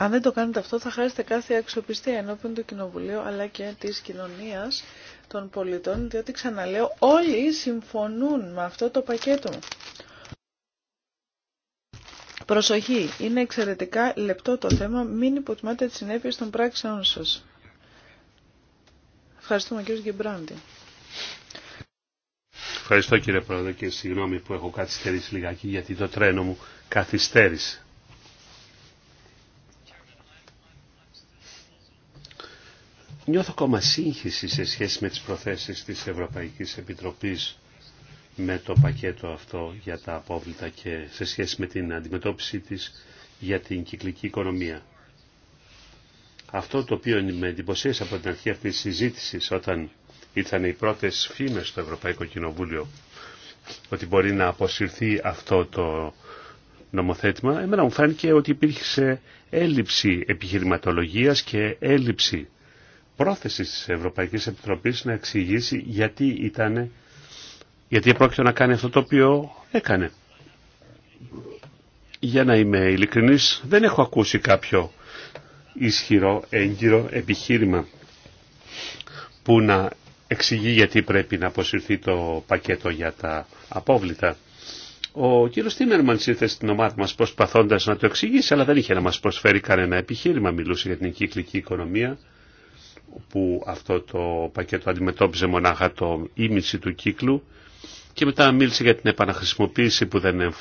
Αν δεν το κάνετε αυτό θα χάσετε κάθε αξιοπιστία ενώπιον του Κοινοβουλίου αλλά και της κοινωνίας των πολιτών διότι ξαναλέω όλοι συμφωνούν με αυτό το πακέτο. Προσοχή, είναι εξαιρετικά λεπτό το θέμα, μην υποτιμάτε τι συνέπειε των πράξεών σας. Ευχαριστούμε κύριε Γκεμπράντη. Ευχαριστώ κύριε Πρόεδρε και συγγνώμη που έχω καθυστερήσει λιγάκι γιατί το τρένο μου καθυστέρησε. Νιώθω ακόμα σύγχυση σε σχέση με τις προθέσεις της Ευρωπαϊκής Επιτροπής με το πακέτο αυτό για τα απόβλητα και σε σχέση με την αντιμετώπιση της για την κυκλική οικονομία. Αυτό το οποίο με εντυπωσίασε από την αρχή αυτής της συζήτησης όταν ήταν οι πρώτες φήμες στο Ευρωπαϊκό Κοινοβούλιο ότι μπορεί να αποσυρθεί αυτό το νομοθέτημα, εμένα μου φάνηκε ότι υπήρχε έλλειψη επιχειρηματολογίας και έλλειψη πρόθεσης της Ευρωπαϊκής Επιτροπής να εξηγήσει γιατί ήταν γιατί πρόκειται να κάνει αυτό το οποίο έκανε. Για να είμαι ειλικρινής, δεν έχω ακούσει κάποιο ισχυρό, έγκυρο επιχείρημα που να εξηγεί γιατί πρέπει να αποσυρθεί το πακέτο για τα απόβλητα. Ο κύριος Τίμερμανς ήρθε στην ομάδα μας προσπαθώντας να το εξηγήσει, αλλά δεν είχε να μας προσφέρει κανένα επιχείρημα. Μιλούσε για την κυκλική οικονομία, που αυτό το πακέτο αντιμετώπιζε μονάχα το ίμιση του κύκλου και μετά μίλησε για την επαναχρησιμοποίηση που δεν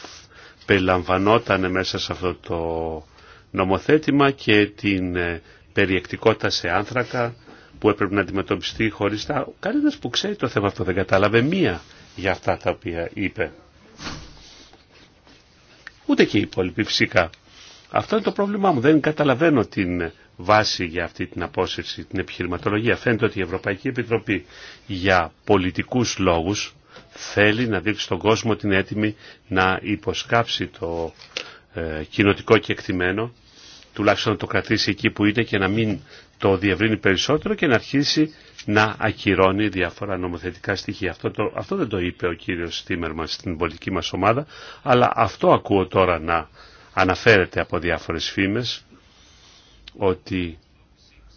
περιλαμβανόταν μέσα σε αυτό το νομοθέτημα και την ε, περιεκτικότητα σε άνθρακα που έπρεπε να αντιμετωπιστεί χωριστά. Κανένας που ξέρει το θέμα αυτό δεν κατάλαβε μία για αυτά τα οποία είπε. Ούτε και οι υπόλοιποι φυσικά. Αυτό είναι το πρόβλημά μου. Δεν καταλαβαίνω την βάση για αυτή την απόσυρση, την επιχειρηματολογία. Φαίνεται ότι η Ευρωπαϊκή Επιτροπή για πολιτικούς λόγους θέλει να δείξει στον κόσμο την έτοιμη να υποσκάψει το ε, κοινοτικό κεκτημένο, τουλάχιστον να το κρατήσει εκεί που είναι και να μην το διευρύνει περισσότερο και να αρχίσει να ακυρώνει διάφορα νομοθετικά στοιχεία. Αυτό, το, αυτό δεν το είπε ο κύριος Στίμερμαν στην πολιτική μας ομάδα, αλλά αυτό ακούω τώρα να αναφέρεται από διάφορες φήμες, ότι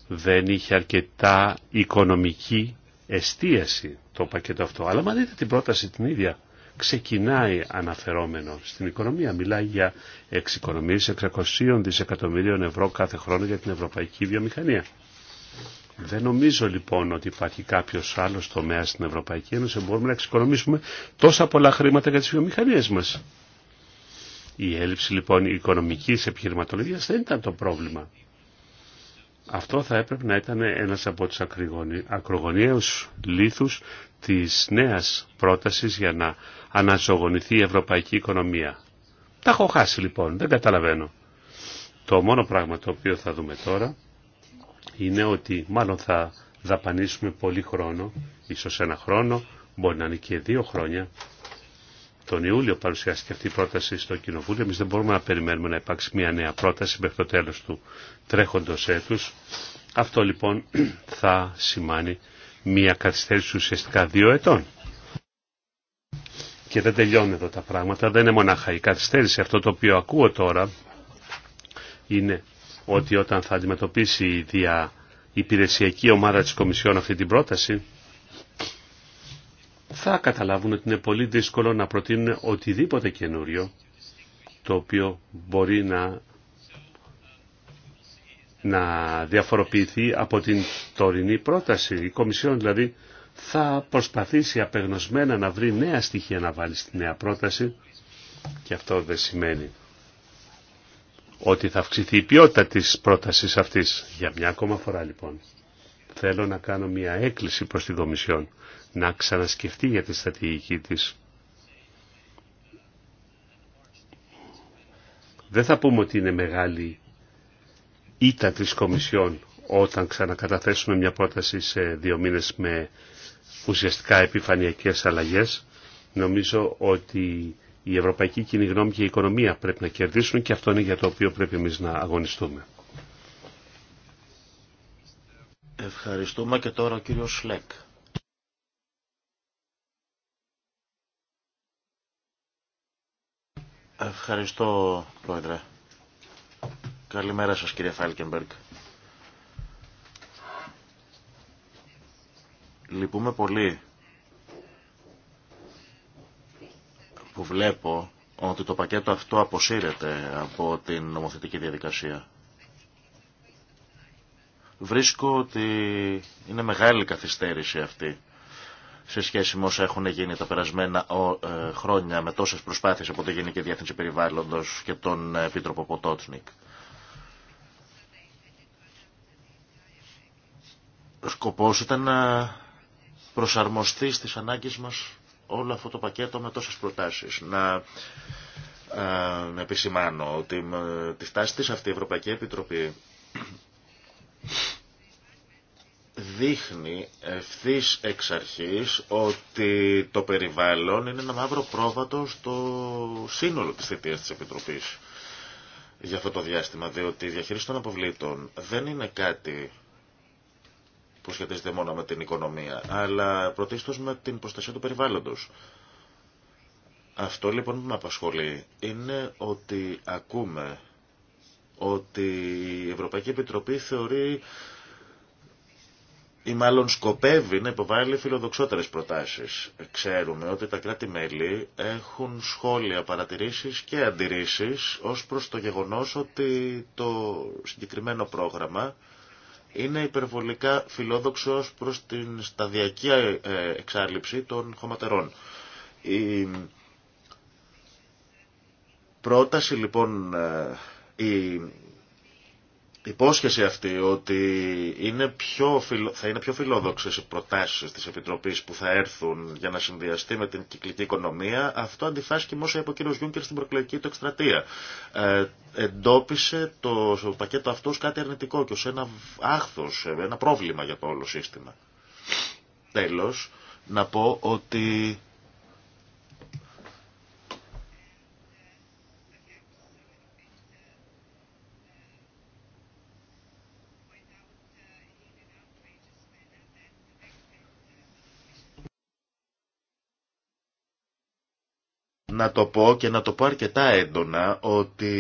δεν είχε αρκετά οικονομική εστίαση το πακέτο αυτό. Αλλά μα δείτε την πρόταση την ίδια. Ξεκινάει αναφερόμενο στην οικονομία. Μιλάει για εξοικονομίες 600 δισεκατομμυρίων ευρώ κάθε χρόνο για την ευρωπαϊκή βιομηχανία. Δεν νομίζω λοιπόν ότι υπάρχει κάποιο άλλο τομέα στην Ευρωπαϊκή Ένωση που μπορούμε να εξοικονομήσουμε τόσα πολλά χρήματα για τι βιομηχανίε μα. Η έλλειψη λοιπόν οικονομική επιχειρηματολογία δεν ήταν το πρόβλημα. Αυτό θα έπρεπε να ήταν ένας από τους ακρογωνιαίους λίθους της νέας πρότασης για να αναζωογονηθεί η ευρωπαϊκή οικονομία. Τα έχω χάσει λοιπόν, δεν καταλαβαίνω. Το μόνο πράγμα το οποίο θα δούμε τώρα είναι ότι μάλλον θα δαπανίσουμε πολύ χρόνο, ίσως ένα χρόνο, μπορεί να είναι και δύο χρόνια, τον Ιούλιο παρουσιάστηκε αυτή η πρόταση στο Κοινοβούλιο. Εμεί δεν μπορούμε να περιμένουμε να υπάρξει μια νέα πρόταση μέχρι το τέλο του τρέχοντο έτου. Αυτό λοιπόν θα σημάνει μια καθυστέρηση ουσιαστικά δύο ετών. Και δεν τελειώνουν εδώ τα πράγματα, δεν είναι μονάχα η καθυστέρηση. Αυτό το οποίο ακούω τώρα είναι ότι όταν θα αντιμετωπίσει η δια υπηρεσιακή ομάδα της Κομισιόν αυτή την πρόταση, θα καταλάβουν ότι είναι πολύ δύσκολο να προτείνουν οτιδήποτε καινούριο το οποίο μπορεί να, να διαφοροποιηθεί από την τωρινή πρόταση. Η Κομισιόν δηλαδή θα προσπαθήσει απεγνωσμένα να βρει νέα στοιχεία να βάλει στη νέα πρόταση και αυτό δεν σημαίνει ότι θα αυξηθεί η ποιότητα της πρότασης αυτής. Για μια ακόμα φορά λοιπόν θέλω να κάνω μια έκκληση προς την Κομισιόν να ξανασκεφτεί για τη στρατηγική της. Δεν θα πούμε ότι είναι μεγάλη ήττα της Κομισιόν όταν ξανακαταθέσουμε μια πρόταση σε δύο μήνες με ουσιαστικά επιφανειακές αλλαγές. Νομίζω ότι η ευρωπαϊκή κοινή γνώμη και η οικονομία πρέπει να κερδίσουν και αυτό είναι για το οποίο πρέπει εμείς να αγωνιστούμε. Ευχαριστούμε και τώρα ο κύριος Σλέκ. Ευχαριστώ, Πρόεδρε. Καλημέρα σας, κύριε Φάλκενμπεργκ. Λυπούμε πολύ που βλέπω ότι το πακέτο αυτό αποσύρεται από την νομοθετική διαδικασία. Βρίσκω ότι είναι μεγάλη καθυστέρηση αυτή σε σχέση με όσα έχουν γίνει τα περασμένα ε, χρόνια με τόσες προσπάθειες από το Γενική Διεύθυνση Περιβάλλοντος και τον ε, Επίτροπο Ποτότσνικ. Ο σκοπός ήταν να προσαρμοστεί στις ανάγκες μας όλο αυτό το πακέτο με τόσες προτάσεις. Να ε, επισημάνω ότι τη φτάση της αυτή η Ευρωπαϊκή Επιτροπή δείχνει ευθύ εξ αρχής ότι το περιβάλλον είναι ένα μαύρο πρόβατο στο σύνολο της θητείας της Επιτροπής για αυτό το διάστημα, διότι η διαχείριση των αποβλήτων δεν είναι κάτι που σχετίζεται μόνο με την οικονομία, αλλά πρωτίστως με την προστασία του περιβάλλοντος. Αυτό λοιπόν που με απασχολεί είναι ότι ακούμε ότι η Ευρωπαϊκή Επιτροπή θεωρεί ή μάλλον σκοπεύει να υποβάλει φιλοδοξότερες προτάσεις. Ξέρουμε ότι τα κράτη-μέλη έχουν σχόλια, παρατηρήσεις και αντιρρήσεις ως προς το γεγονός ότι το συγκεκριμένο πρόγραμμα είναι υπερβολικά φιλόδοξο ως προς την σταδιακή ε, εξάλληψη των χωματερών. Η πρόταση λοιπόν, ε, υπόσχεση αυτή ότι είναι πιο φιλο... θα είναι πιο φιλόδοξες οι προτάσεις της Επιτροπής που θα έρθουν για να συνδυαστεί με την κυκλική οικονομία, αυτό αντιφάσκει μόσο από από ο κ. Γιούνκερ στην προκλογική του εκστρατεία. Ε, εντόπισε το, πακέτο αυτό κάτι αρνητικό και ως ένα άχθος, ε, ένα πρόβλημα για το όλο σύστημα. Τέλος, να πω ότι να το πω και να το πω αρκετά έντονα ότι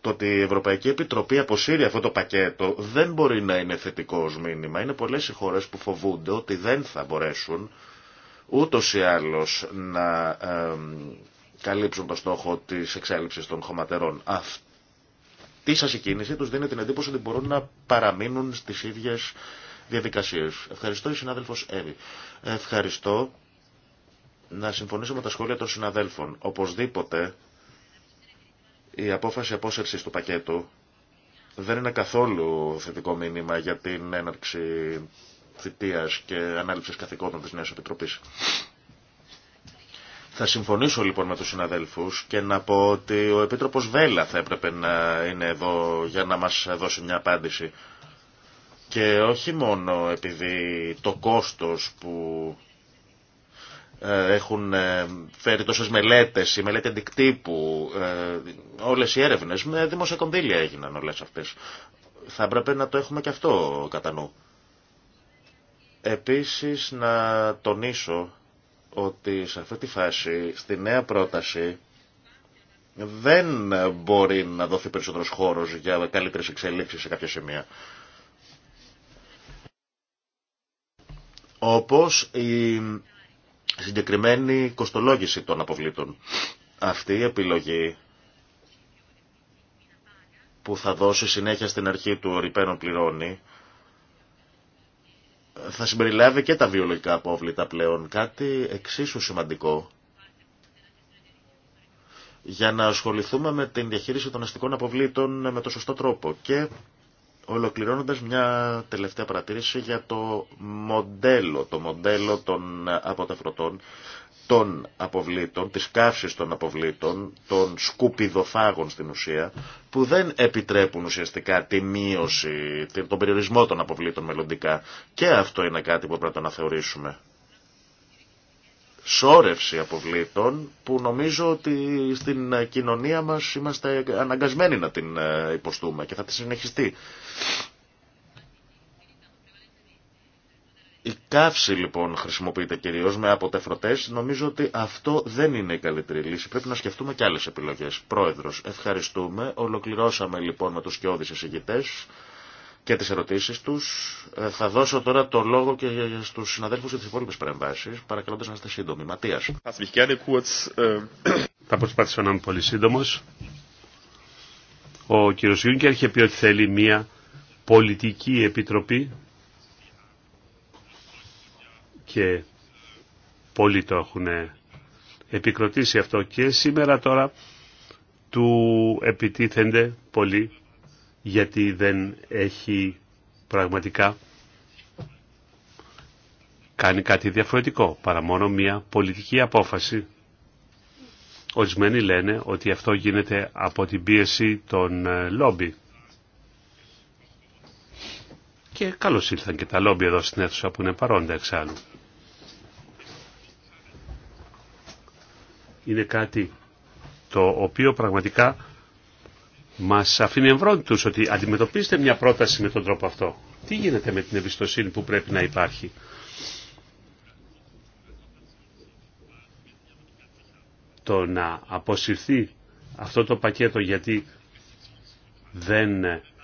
το ότι η Ευρωπαϊκή Επιτροπή αποσύρει αυτό το πακέτο δεν μπορεί να είναι θετικό ως μήνυμα. Είναι πολλές οι χώρες που φοβούνται ότι δεν θα μπορέσουν ούτως ή άλλως να καλύψουν το στόχο της εξέλιξης των χωματερών. Αυτή σας η κίνηση τους δίνει την εντύπωση ότι μπορούν να παραμείνουν στις ίδιες διαδικασίες. Ευχαριστώ η συνάδελφος Εύη. Ευχαριστώ να συμφωνήσω με τα σχόλια των συναδέλφων. Οπωσδήποτε η απόφαση απόσυρσης του πακέτου δεν είναι καθόλου θετικό μήνυμα για την έναρξη θητείας και ανάληψης καθηκόντων της Νέας Επιτροπής. Θα συμφωνήσω λοιπόν με τους συναδέλφους και να πω ότι ο Επίτροπος Βέλα θα έπρεπε να είναι εδώ για να μας δώσει μια απάντηση. Και όχι μόνο επειδή το κόστος που ε, έχουν ε, φέρει τόσες μελέτες, η μελέτη αντικτύπου, ε, όλες οι έρευνες, με δημόσια έγιναν όλες αυτές. Θα έπρεπε να το έχουμε και αυτό κατά νου. Επίσης να τονίσω ότι σε αυτή τη φάση, στη νέα πρόταση, δεν μπορεί να δοθεί περισσότερος χώρος για καλύτερες εξελίξεις σε κάποια σημεία. Όπως η συγκεκριμένη κοστολόγηση των αποβλήτων. Αυτή η επιλογή που θα δώσει συνέχεια στην αρχή του «Ρηπαίνων πληρώνει» θα συμπεριλάβει και τα βιολογικά απόβλητα πλέον. Κάτι εξίσου σημαντικό για να ασχοληθούμε με την διαχείριση των αστικών αποβλήτων με το σωστό τρόπο. Και Ολοκληρώνοντας μια τελευταία παρατήρηση για το μοντέλο, το μοντέλο των αποτεφρωτών, των αποβλήτων, της καύσης των αποβλήτων, των σκουπιδοφάγων στην ουσία, που δεν επιτρέπουν ουσιαστικά τη μείωση, τον περιορισμό των αποβλήτων μελλοντικά. Και αυτό είναι κάτι που πρέπει να θεωρήσουμε σώρευση αποβλήτων που νομίζω ότι στην κοινωνία μας είμαστε αναγκασμένοι να την ε, υποστούμε και θα τη συνεχιστεί. Η καύση λοιπόν χρησιμοποιείται κυρίως με αποτεφρωτές. Νομίζω ότι αυτό δεν είναι η καλύτερη λύση. Πρέπει να σκεφτούμε και άλλες επιλογές. Πρόεδρος, ευχαριστούμε. Ολοκληρώσαμε λοιπόν με τους σκιώδεις εισηγητές και τις ερωτήσεις τους. Ε, θα δώσω τώρα το λόγο και στους συναδέλφους για τις υπόλοιπες παρεμβάσεις, παρακαλώντας να είστε σύντομοι. Ματίας. Ε, θα προσπαθήσω να είμαι πολύ σύντομος. Ο κύριος Γιούνκερ είχε πει ότι θέλει μία πολιτική επιτροπή και πολλοί το έχουν επικροτήσει αυτό και σήμερα τώρα του επιτίθενται πολλοί γιατί δεν έχει πραγματικά κάνει κάτι διαφορετικό, παρά μόνο μια πολιτική απόφαση. Ορισμένοι λένε ότι αυτό γίνεται από την πίεση των ε, λόμπι. Και καλώς ήλθαν και τα λόμπι εδώ στην αίθουσα που είναι παρόντα εξάλλου. Είναι κάτι το οποίο πραγματικά μας αφήνει εμβρόντιτους ότι αντιμετωπίστε μια πρόταση με τον τρόπο αυτό. Τι γίνεται με την εμπιστοσύνη που πρέπει να υπάρχει. Το να αποσυρθεί αυτό το πακέτο γιατί δεν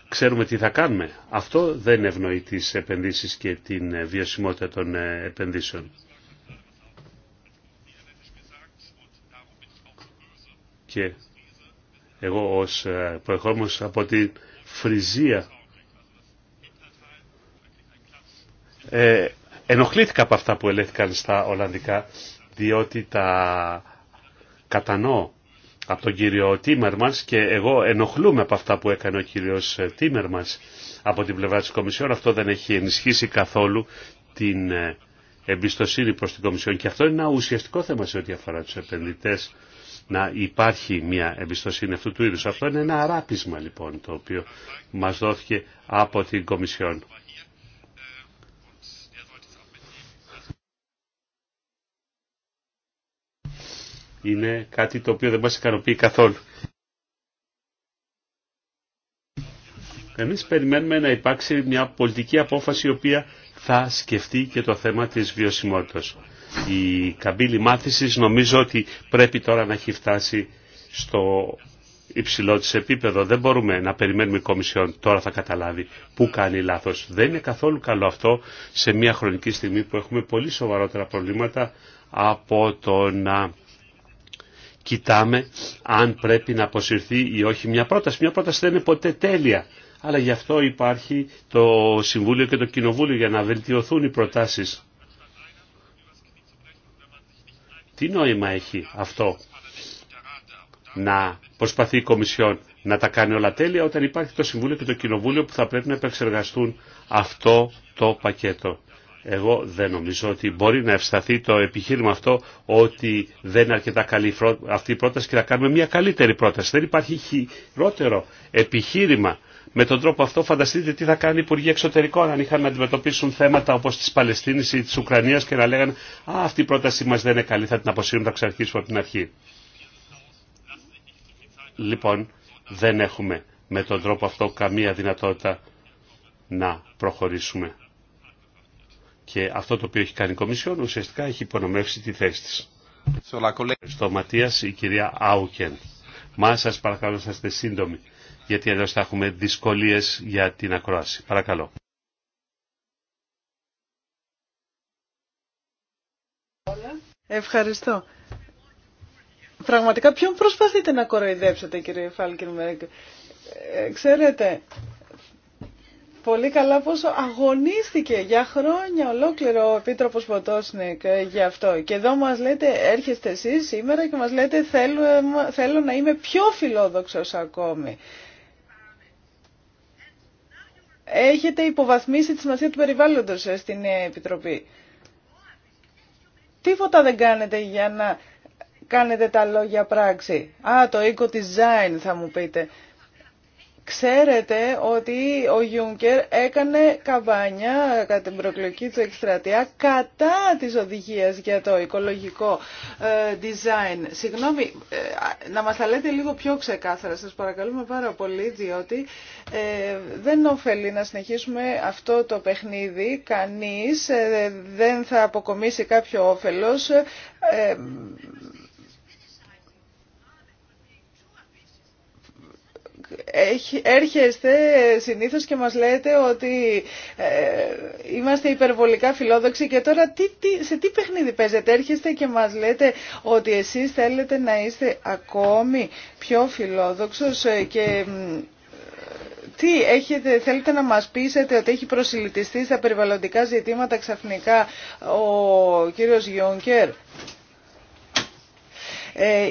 ξέρουμε τι θα κάνουμε. Αυτό δεν ευνοεί τις επενδύσεις και την βιωσιμότητα των επενδύσεων. Και εγώ ως ε, προεχόμενος από τη Φριζία ε, ενοχλήθηκα από αυτά που ελέγχθηκαν στα Ολλανδικά διότι τα κατανοώ από τον κύριο Τίμερμανς και εγώ ενοχλούμαι από αυτά που έκανε ο κύριος ε, Τίμερμανς από την πλευρά της Κομισιόν. Αυτό δεν έχει ενισχύσει καθόλου την ε, εμπιστοσύνη προς την Κομισιόν και αυτό είναι ένα ουσιαστικό θέμα σε ό,τι αφορά τους επενδυτές να υπάρχει μια εμπιστοσύνη αυτού του είδους. Αυτό είναι ένα αράπισμα λοιπόν το οποίο μας δόθηκε από την Κομισιόν. Είναι κάτι το οποίο δεν μας ικανοποιεί καθόλου. Εμείς περιμένουμε να υπάρξει μια πολιτική απόφαση η οποία θα σκεφτεί και το θέμα της βιωσιμότητας. Η καμπύλη μάθησης νομίζω ότι πρέπει τώρα να έχει φτάσει στο υψηλό της επίπεδο. Δεν μπορούμε να περιμένουμε η Κομισιόν τώρα θα καταλάβει πού κάνει λάθος. Δεν είναι καθόλου καλό αυτό σε μια χρονική στιγμή που έχουμε πολύ σοβαρότερα προβλήματα από το να κοιτάμε αν πρέπει να αποσυρθεί ή όχι μια πρόταση. Μια πρόταση δεν είναι ποτέ τέλεια αλλά γι' αυτό υπάρχει το Συμβούλιο και το Κοινοβούλιο για να βελτιωθούν οι προτάσεις. Τι νόημα έχει αυτό να προσπαθεί η Κομισιόν να τα κάνει όλα τέλεια όταν υπάρχει το Συμβούλιο και το Κοινοβούλιο που θα πρέπει να επεξεργαστούν αυτό το πακέτο. Εγώ δεν νομίζω ότι μπορεί να ευσταθεί το επιχείρημα αυτό ότι δεν είναι αρκετά καλή αυτή η πρόταση και να κάνουμε μια καλύτερη πρόταση. Δεν υπάρχει χειρότερο επιχείρημα με τον τρόπο αυτό φανταστείτε τι θα κάνει οι Υπουργοί Εξωτερικών αν είχαν να αντιμετωπίσουν θέματα όπω τη Παλαιστίνη ή τη Ουκρανία και να λέγανε Α, αυτή η πρότασή μα δεν είναι καλή, θα την αποσύρουμε, θα ξαρχίσουμε από την αρχή. Λοιπόν, δεν έχουμε με τον τρόπο αυτό καμία δυνατότητα να προχωρήσουμε. Και αυτό το οποίο έχει κάνει η Κομισιόν ουσιαστικά έχει υπονομεύσει τη θέση τη. Στο Ματία η κυρία Άουκεν. Μα σα παρακαλώ, να είστε σύντομοι γιατί αλλιώς θα έχουμε δυσκολίες για την ακρόαση. Παρακαλώ. Ευχαριστώ. Πραγματικά ποιον προσπαθείτε να κοροϊδέψετε κύριε Φάλκινμπεργκ. Ε, ξέρετε, πολύ καλά πόσο αγωνίστηκε για χρόνια ολόκληρο ο Επίτροπος Ποτόσνικ ε, για αυτό. Και εδώ μας λέτε, έρχεστε εσείς σήμερα και μας λέτε θέλω, θέλω να είμαι πιο φιλόδοξος ακόμη έχετε υποβαθμίσει τη σημασία του περιβάλλοντος ε, στην ε, Επιτροπή. Τίποτα δεν κάνετε για να κάνετε τα λόγια πράξη. Α, το eco-design θα μου πείτε. Ξέρετε ότι ο Γιούνκερ έκανε καμπάνια κατά την προκλογική του εκστρατεία κατά της οδηγίας για το οικολογικό ε, design. Συγγνώμη, ε, να μας τα λέτε λίγο πιο ξεκάθαρα, σας παρακαλούμε πάρα πολύ, διότι ε, δεν ωφελεί να συνεχίσουμε αυτό το παιχνίδι. Κανείς δεν θα αποκομίσει κάποιο όφελος έρχεστε συνήθως και μας λέτε ότι ε, είμαστε υπερβολικά φιλόδοξοι και τώρα σε τι παιχνίδι παίζετε. Έρχεστε και μας λέτε ότι εσείς θέλετε να είστε ακόμη πιο φιλόδοξος ε, και τι έχετε, θέλετε να μας πείσετε ότι έχει προσιλητιστεί στα περιβαλλοντικά ζητήματα ξαφνικά ο κύριος Γιονκέρ. Ε,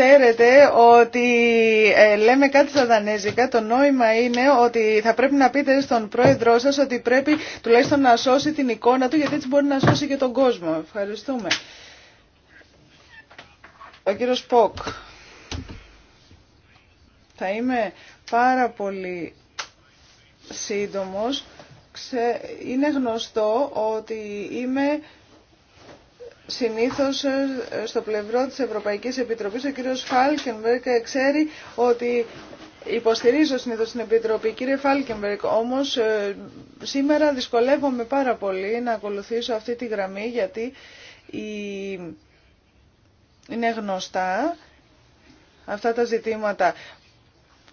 ξέρετε ότι ε, λέμε κάτι στα δανέζικα. Το νόημα είναι ότι θα πρέπει να πείτε στον πρόεδρό σας ότι πρέπει τουλάχιστον να σώσει την εικόνα του γιατί έτσι μπορεί να σώσει και τον κόσμο. Ευχαριστούμε. Ο κύριος Ποκ. Θα είμαι πάρα πολύ σύντομος. Είναι γνωστό ότι είμαι Συνήθως ε, ε, στο πλευρό της Ευρωπαϊκής Επιτροπής ο κύριος Φάλκενμπερκ ξέρει ότι υποστηρίζω συνήθως την Επιτροπή. Κύριε Φάλκενμπερκ, όμως ε, σήμερα δυσκολεύομαι πάρα πολύ να ακολουθήσω αυτή τη γραμμή γιατί είναι γνωστά αυτά τα ζητήματα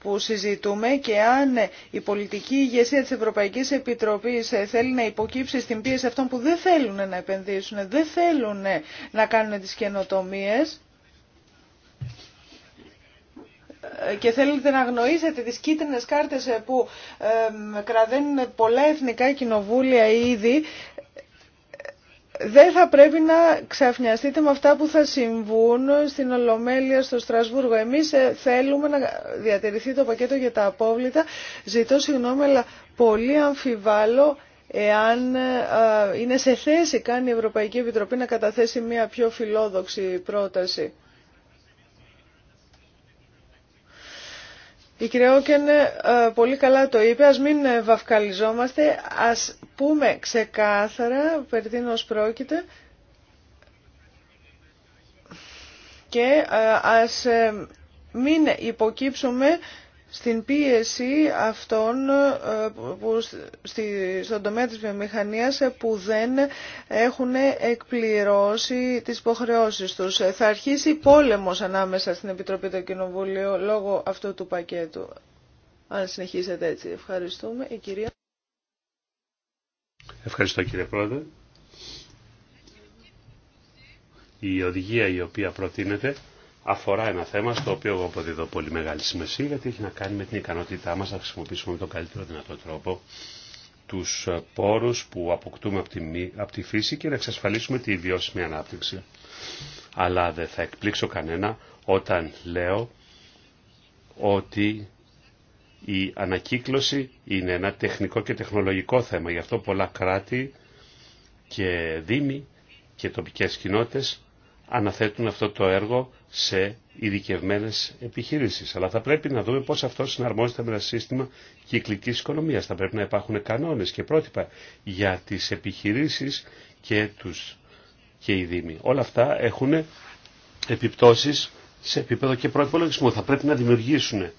που συζητούμε και αν η πολιτική ηγεσία της Ευρωπαϊκής Επιτροπής ε, θέλει να υποκύψει στην πίεση αυτών που δεν θέλουν να επενδύσουν, δεν θέλουν να κάνουν τις καινοτομίες ε, και θέλετε να γνωρίζετε τις κίτρινες κάρτες ε, που κραδένουν πολλά εθνικά κοινοβούλια ήδη, δεν θα πρέπει να ξαφνιαστείτε με αυτά που θα συμβούν στην Ολομέλεια, στο Στρασβούργο. Εμείς ε, θέλουμε να διατηρηθεί το πακέτο για τα απόβλητα. Ζητώ συγγνώμη, αλλά πολύ αμφιβάλλω εάν ε, ε, είναι σε θέση καν η Ευρωπαϊκή Επιτροπή να καταθέσει μια πιο φιλόδοξη πρόταση. Η κυρία Όκεν ε, πολύ καλά το είπε, ας μην ε, βαφκαλιζόμαστε, ας πούμε ξεκάθαρα περί ως πρόκειται και ε, ας μην υποκύψουμε στην πίεση αυτών ε, που στον τομέα της βιομηχανίας ε, που δεν έχουν εκπληρώσει τις υποχρεώσεις τους. Ε, θα αρχίσει πόλεμος ανάμεσα στην Επιτροπή του Κοινοβουλίου λόγω αυτού του πακέτου. Αν συνεχίσετε έτσι. Ευχαριστούμε. κυρία... Ευχαριστώ κύριε Πρόεδρε. Η οδηγία η οποία προτείνεται αφορά ένα θέμα στο οποίο εγώ αποδίδω πολύ μεγάλη σημασία γιατί έχει να κάνει με την ικανότητά μας να χρησιμοποιήσουμε με τον καλύτερο δυνατό τρόπο τους ε, πόρους που αποκτούμε από τη, από τη φύση και να εξασφαλίσουμε τη βιώσιμη ανάπτυξη. Αλλά δεν θα εκπλήξω κανένα όταν λέω ότι η ανακύκλωση είναι ένα τεχνικό και τεχνολογικό θέμα. Γι' αυτό πολλά κράτη και δήμοι και τοπικές κοινότητες αναθέτουν αυτό το έργο σε ειδικευμένε επιχειρήσεις. Αλλά θα πρέπει να δούμε πώς αυτό συναρμόζεται με ένα σύστημα κυκλικής οικονομίας. Θα πρέπει να υπάρχουν κανόνες και πρότυπα για τις επιχειρήσεις και, τους, και οι δήμοι. Όλα αυτά έχουν επιπτώσεις σε επίπεδο και προϋπολογισμού. Θα πρέπει να δημιουργήσουν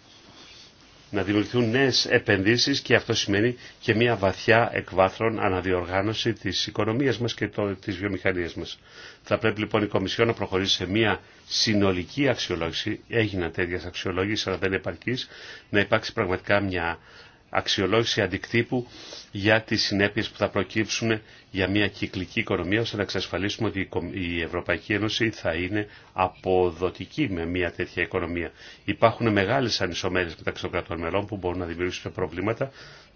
να δημιουργηθούν νέες επενδύσεις και αυτό σημαίνει και μια βαθιά εκβάθρων αναδιοργάνωση της οικονομίας μας και τη της βιομηχανίας μας. Θα πρέπει λοιπόν η Κομισιόν να προχωρήσει σε μια συνολική αξιολόγηση, έγιναν τέτοιες αξιολόγηση, αλλά δεν είναι επαρκή, να υπάρξει πραγματικά μια αξιολόγηση αντικτύπου για τις συνέπειες που θα προκύψουν για μια κυκλική οικονομία ώστε να εξασφαλίσουμε ότι η Ευρωπαϊκή Ένωση θα είναι αποδοτική με μια τέτοια οικονομία. Υπάρχουν μεγάλες ανισομέρειες μεταξύ των κρατών μελών που μπορούν να δημιουργήσουν προβλήματα.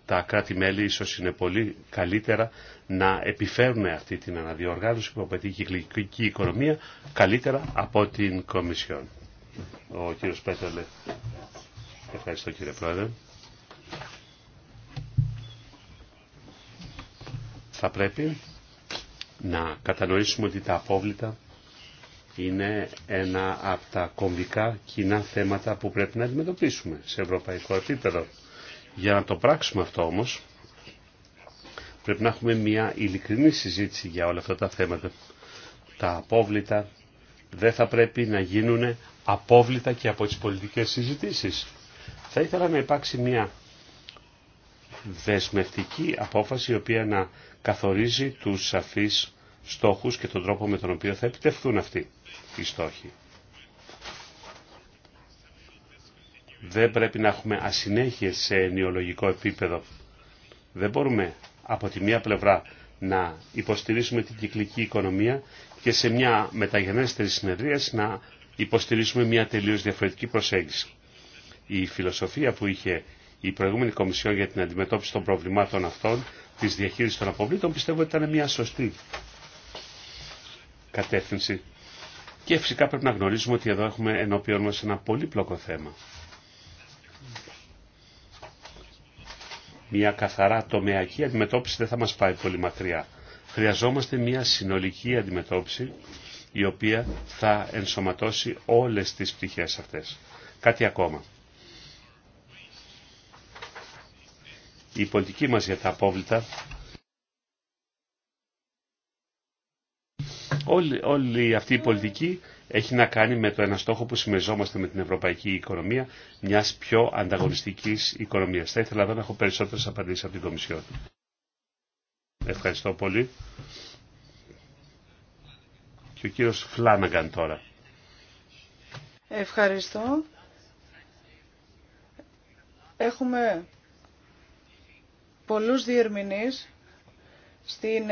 Τα κράτη-μέλη ίσως είναι πολύ καλύτερα να επιφέρουν αυτή την αναδιοργάνωση που απαιτεί η κυκλική οικονομία καλύτερα από την Κομισιόν. Ο κύριος Πέτρελε. Ευχαριστώ κύριε Πρόεδρε. Θα πρέπει να κατανοήσουμε ότι τα απόβλητα είναι ένα από τα κομβικά κοινά θέματα που πρέπει να αντιμετωπίσουμε σε ευρωπαϊκό επίπεδο. Για να το πράξουμε αυτό όμως, πρέπει να έχουμε μια ειλικρινή συζήτηση για όλα αυτά τα θέματα. Τα απόβλητα δεν θα πρέπει να γίνουν απόβλητα και από τις πολιτικές συζητήσεις. Θα ήθελα να υπάρξει μια δεσμευτική απόφαση η οποία να καθορίζει τους σαφείς στόχους και τον τρόπο με τον οποίο θα επιτευχθούν αυτοί οι στόχοι. Δεν πρέπει να έχουμε ασυνέχειες σε νεολογικό επίπεδο. Δεν μπορούμε από τη μία πλευρά να υποστηρίσουμε την κυκλική οικονομία και σε μια μεταγενέστερη συνεδρία να υποστηρίσουμε μια τελείως διαφορετική προσέγγιση. Η φιλοσοφία που είχε η προηγούμενη Κομισιόν για την αντιμετώπιση των προβλημάτων αυτών, τη διαχείριση των αποβλήτων, πιστεύω ότι ήταν μια σωστή κατεύθυνση. Και φυσικά πρέπει να γνωρίζουμε ότι εδώ έχουμε ενώπιον μας ένα πολύπλοκο θέμα. Μια καθαρά τομεακή αντιμετώπιση δεν θα μας πάει πολύ μακριά. Χρειαζόμαστε μια συνολική αντιμετώπιση η οποία θα ενσωματώσει όλες τις πτυχές αυτές. Κάτι ακόμα. η πολιτική μας για τα απόβλητα όλη, αυτή η πολιτική έχει να κάνει με το ένα στόχο που συμμεζόμαστε με την ευρωπαϊκή οικονομία μιας πιο ανταγωνιστικής οικονομίας. Θα ήθελα να έχω περισσότερες απαντήσεις από την Κομισιόν. Ευχαριστώ πολύ. Και ο κύριος Φλάναγκαν τώρα. Ευχαριστώ. Έχουμε πολλούς διερμηνείς στην,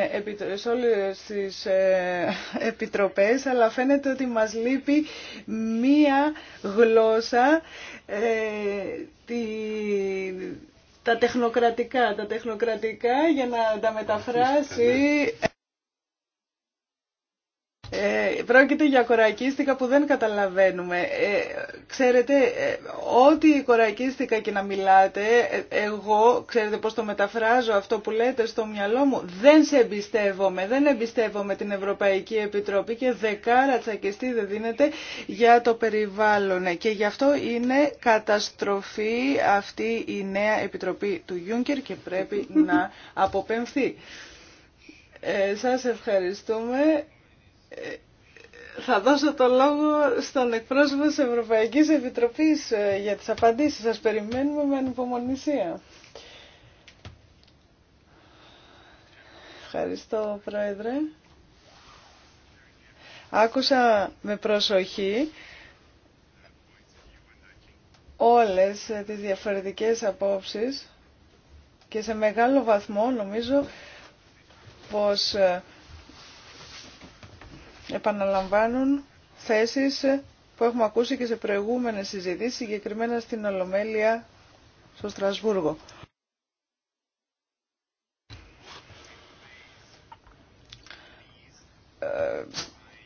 σε όλες τις ε, επιτροπές, αλλά φαίνεται ότι μας λείπει μία γλώσσα ε, τη, τα τεχνοκρατικά, τα τεχνοκρατικά για να τα μεταφράσει ναι. Ε, πρόκειται για κορακίστικα που δεν καταλαβαίνουμε. Ε, ξέρετε, ε, ό,τι κορακίστικα και να μιλάτε, ε, εγώ, ξέρετε πώς το μεταφράζω αυτό που λέτε στο μυαλό μου, δεν σε εμπιστεύομαι, δεν εμπιστεύομαι την Ευρωπαϊκή Επιτροπή και δεκάρα τσακιστή δεν δίνεται για το περιβάλλον. Και γι' αυτό είναι καταστροφή αυτή η νέα Επιτροπή του Γιούνκερ και πρέπει να αποπέμφθει. Ε, σας ευχαριστούμε. Ε, θα δώσω το λόγο στον εκπρόσωπο της Ευρωπαϊκής Επιτροπής ε, για τις απαντήσεις. Σας περιμένουμε με ανυπομονησία. Ευχαριστώ, Πρόεδρε. Άκουσα με προσοχή όλες ε, τις διαφορετικές απόψεις και σε μεγάλο βαθμό νομίζω πως επαναλαμβάνουν θέσεις που έχουμε ακούσει και σε προηγούμενες συζητήσεις, συγκεκριμένα στην Ολομέλεια στο Στρασβούργο. Ε,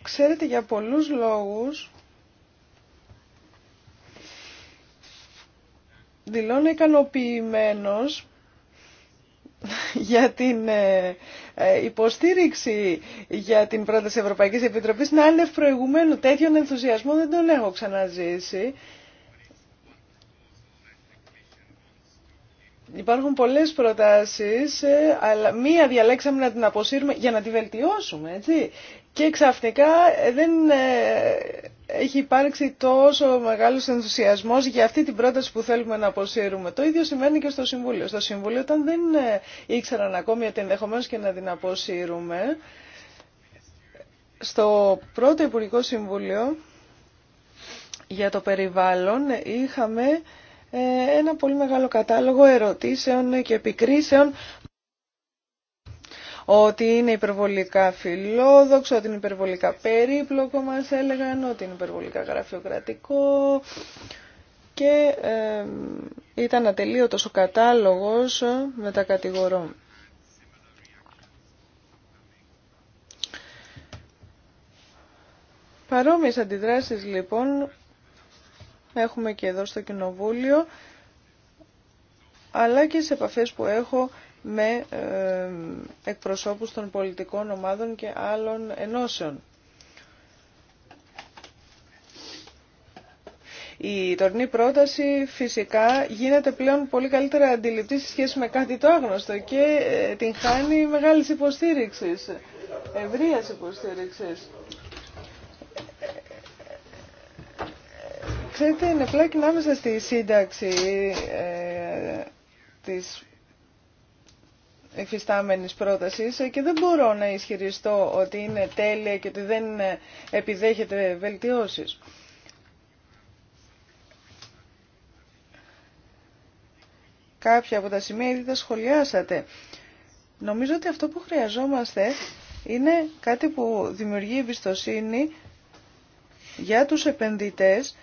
ξέρετε, για πολλούς λόγους δηλώνει ικανοποιημένος για την ε, ε, υποστήριξη για την πρόταση Ευρωπαϊκής Επιτροπής να είναι προηγουμένου. Τέτοιον ενθουσιασμό δεν τον έχω ξαναζήσει. Υπάρχουν πολλές προτάσεις, ε, αλλά μία διαλέξαμε να την αποσύρουμε για να τη βελτιώσουμε, έτσι. Και ξαφνικά ε, δεν ε, έχει υπάρξει τόσο μεγάλος ενθουσιασμός για αυτή την πρόταση που θέλουμε να αποσύρουμε. Το ίδιο σημαίνει και στο Συμβούλιο. Στο Συμβούλιο όταν δεν ήξεραν ακόμη ότι ενδεχομένως και να την αποσύρουμε, στο πρώτο Υπουργικό Συμβούλιο για το περιβάλλον είχαμε ε, ένα πολύ μεγάλο κατάλογο ερωτήσεων και επικρίσεων ότι είναι υπερβολικά φιλόδοξο, ότι είναι υπερβολικά περίπλοκο μας έλεγαν, ότι είναι υπερβολικά γραφειοκρατικό και ε, ήταν ατελείωτος ο κατάλογος με τα κατηγορώ. Παρόμοιες αντιδράσεις λοιπόν έχουμε και εδώ στο Κοινοβούλιο, αλλά και σε επαφές που έχω με ε, εκπροσώπους των πολιτικών ομάδων και άλλων ενώσεων. Η τωρινή πρόταση φυσικά γίνεται πλέον πολύ καλύτερα αντιληπτή σε σχέση με κάτι το άγνωστο και ε, την χάνει μεγάλης υποστήριξης, ευρείας υποστήριξης. ξέρετε, είναι πλάκιν ανάμεσα στη σύνταξη ε, της υφιστάμενης πρότασης ε, και δεν μπορώ να ισχυριστώ ότι είναι τέλεια και ότι δεν ε, επιδέχεται βελτιώσεις. Κάποια από τα σημεία ήδη τα σχολιάσατε. Νομίζω ότι αυτό που χρειαζόμαστε είναι κάτι που δημιουργεί εμπιστοσύνη για τους επενδυτές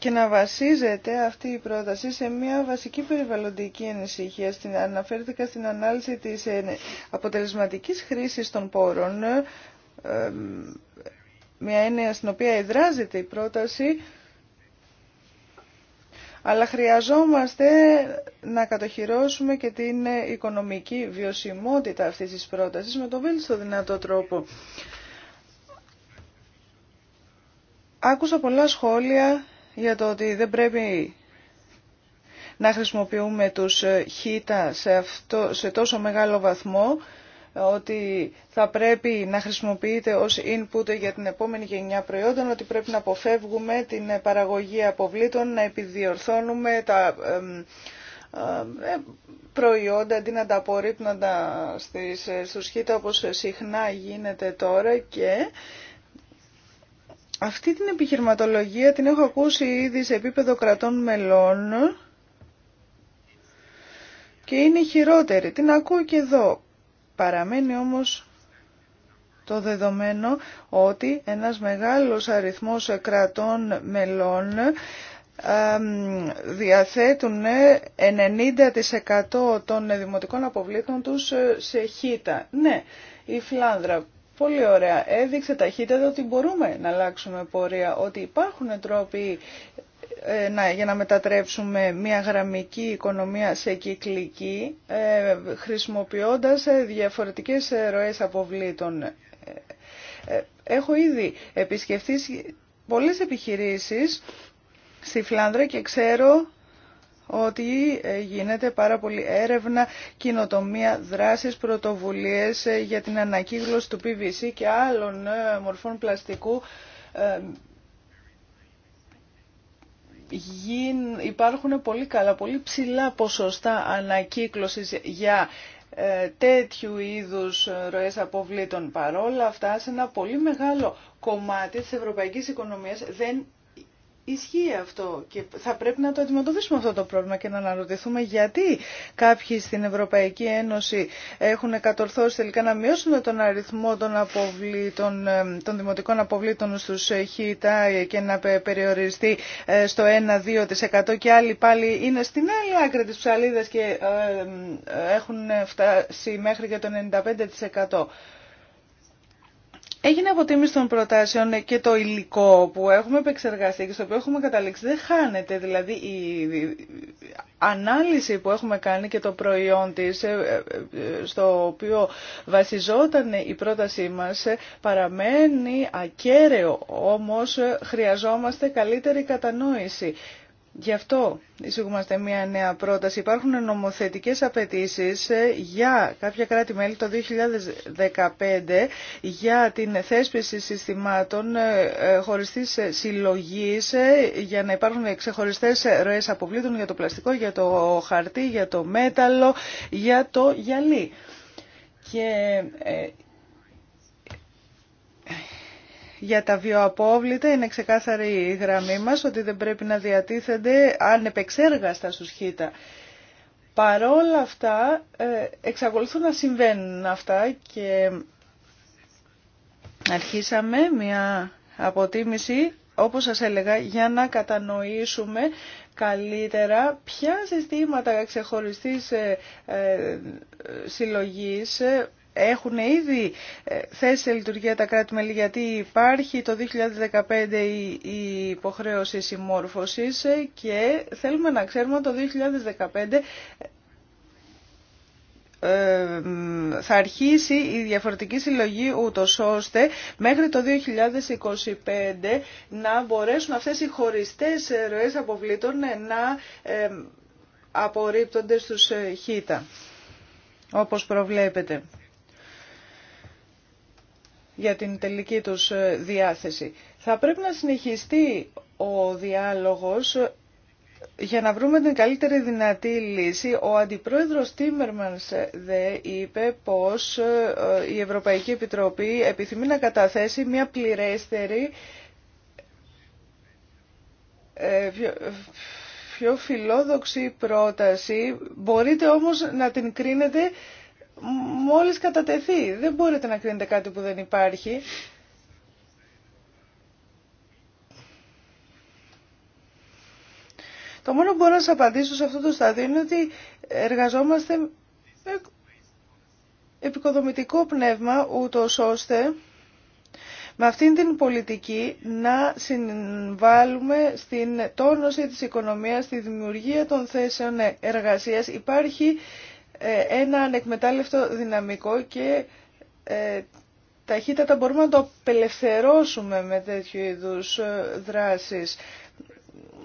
και να βασίζεται αυτή η πρόταση σε μια βασική περιβαλλοντική ανησυχία. Στην, αναφέρθηκα στην ανάλυση της ε, αποτελεσματικής χρήσης των πόρων, ε, ε, μια έννοια στην οποία εδράζεται η πρόταση, αλλά χρειαζόμαστε να κατοχυρώσουμε και την οικονομική βιωσιμότητα αυτής της πρότασης με τον βέλτιστο δυνατό τρόπο. Άκουσα πολλά σχόλια για το ότι δεν πρέπει να χρησιμοποιούμε τους ε, χίτα σε, αυτό, σε τόσο μεγάλο βαθμό ε, ότι θα πρέπει να χρησιμοποιείται ως input για την επόμενη γενιά προϊόντων, ότι πρέπει να αποφεύγουμε την ε, παραγωγή αποβλήτων, να επιδιορθώνουμε τα προϊόντα αντί να τα απορρίπνοντα στους χίτα όπως συχνά γίνεται τώρα και αυτή την επιχειρηματολογία την έχω ακούσει ήδη σε επίπεδο κρατών μελών και είναι χειρότερη. Την ακούω και εδώ. Παραμένει όμως το δεδομένο ότι ένας μεγάλος αριθμός κρατών μελών διαθέτουν 90% των δημοτικών αποβλήτων τους σε χήτα. Ναι, η Φλάνδρα Πολύ ωραία. Έδειξε ταχύτατα ότι μπορούμε να αλλάξουμε πορεία, ότι υπάρχουν τρόποι ε, να, για να μετατρέψουμε μια γραμμική οικονομία σε κυκλική, ε, χρησιμοποιώντας ε, διαφορετικές ε, ροές αποβλήτων. έχω ήδη επισκεφθεί πολλές επιχειρήσεις στη Φλάνδρα και ξέρω ότι ε, γίνεται πάρα πολύ έρευνα, κοινοτομία, δράσεις, πρωτοβουλίες ε, για την ανακύκλωση του PVC και άλλων ε, μορφών πλαστικού υπάρχουν πολύ καλά, πολύ ψηλά ποσοστά ανακύκλωσης για τέτοιου είδους ροές αποβλήτων. Παρόλα αυτά, σε ένα πολύ μεγάλο κομμάτι της ευρωπαϊκής οικονομίας δεν Ισχύει αυτό και θα πρέπει να το αντιμετωπίσουμε αυτό το πρόβλημα και να αναρωτηθούμε γιατί κάποιοι στην Ευρωπαϊκή Ένωση έχουν κατορθώσει τελικά να μειώσουν τον αριθμό των, αποβλήτων, ε, των δημοτικών αποβλήτων στους ε, ΧΙΤΑ και να περιοριστεί ε, στο 1-2% και άλλοι πάλι είναι στην άλλη άκρη της ψαλίδας και έχουν φτάσει μέχρι και το 95%. Έγινε αποτίμηση των προτάσεων και το υλικό που έχουμε επεξεργαστεί και στο οποίο έχουμε καταλήξει δεν χάνεται. Δηλαδή η ανάλυση που έχουμε κάνει και το προϊόν της ε, ε, ε, στο οποίο βασιζόταν η πρότασή μας παραμένει ακέραιο. Όμως χρειαζόμαστε καλύτερη κατανόηση. Γι' αυτό εισηγούμαστε μια νέα πρόταση. Υπάρχουν νομοθετικές απαιτήσεις ε, για κάποια κράτη-μέλη το 2015 για την θέσπιση συστημάτων ε, ε, χωριστής συλλογής για να υπάρχουν ξεχωριστές ροές αποβλήτων για το πλαστικό, για το χαρτί, για το μέταλλο, για το γυαλί. Και για τα βιοαπόβλητα είναι ξεκάθαρη η γραμμή μας ότι δεν πρέπει να διατίθενται ανεπεξέργαστα στους χήτα. Παρόλα αυτά ε, εξακολουθούν να συμβαίνουν αυτά και αρχίσαμε μια αποτίμηση όπως σας έλεγα για να κατανοήσουμε καλύτερα ποια συστήματα ξεχωριστής ε, ε, συλλογής έχουν ήδη ε, θέσει σε λειτουργία τα κράτη-μέλη γιατί υπάρχει το 2015 η υποχρέωση συμμόρφωσης ε, και θέλουμε να ξέρουμε το 2015 ε, θα αρχίσει η διαφορετική συλλογή ούτω ώστε μέχρι το 2025 να μπορέσουν αυτές οι χωριστές ροές αποβλήτων να απορρίπτονται στους ΧΙΤΑ, όπως προβλέπετε για την τελική τους ε, διάθεση. Θα πρέπει να συνεχιστεί ο διάλογος ε, για να βρούμε την καλύτερη δυνατή λύση, ο Αντιπρόεδρος Τίμερμανς ε, δε είπε πως η Ευρωπαϊκή Επιτροπή επιθυμεί να καταθέσει μια πληρέστερη, πιο φιλόδοξη πρόταση. Μπορείτε όμως να την κρίνετε μόλις κατατεθεί. Δεν μπορείτε να κρίνετε κάτι που δεν υπάρχει. Το μόνο που μπορώ να σας απαντήσω σε αυτό το στάδιο είναι ότι εργαζόμαστε με επικοδομητικό πνεύμα ούτω ώστε με αυτήν την πολιτική να συμβάλλουμε στην τόνωση της οικονομίας, στη δημιουργία των θέσεων εργασίας. Υπάρχει ε, ένα ανεκμετάλλευτο δυναμικό και ε, ταχύτατα μπορούμε να το απελευθερώσουμε με τέτοιου είδους ε, δράσεις.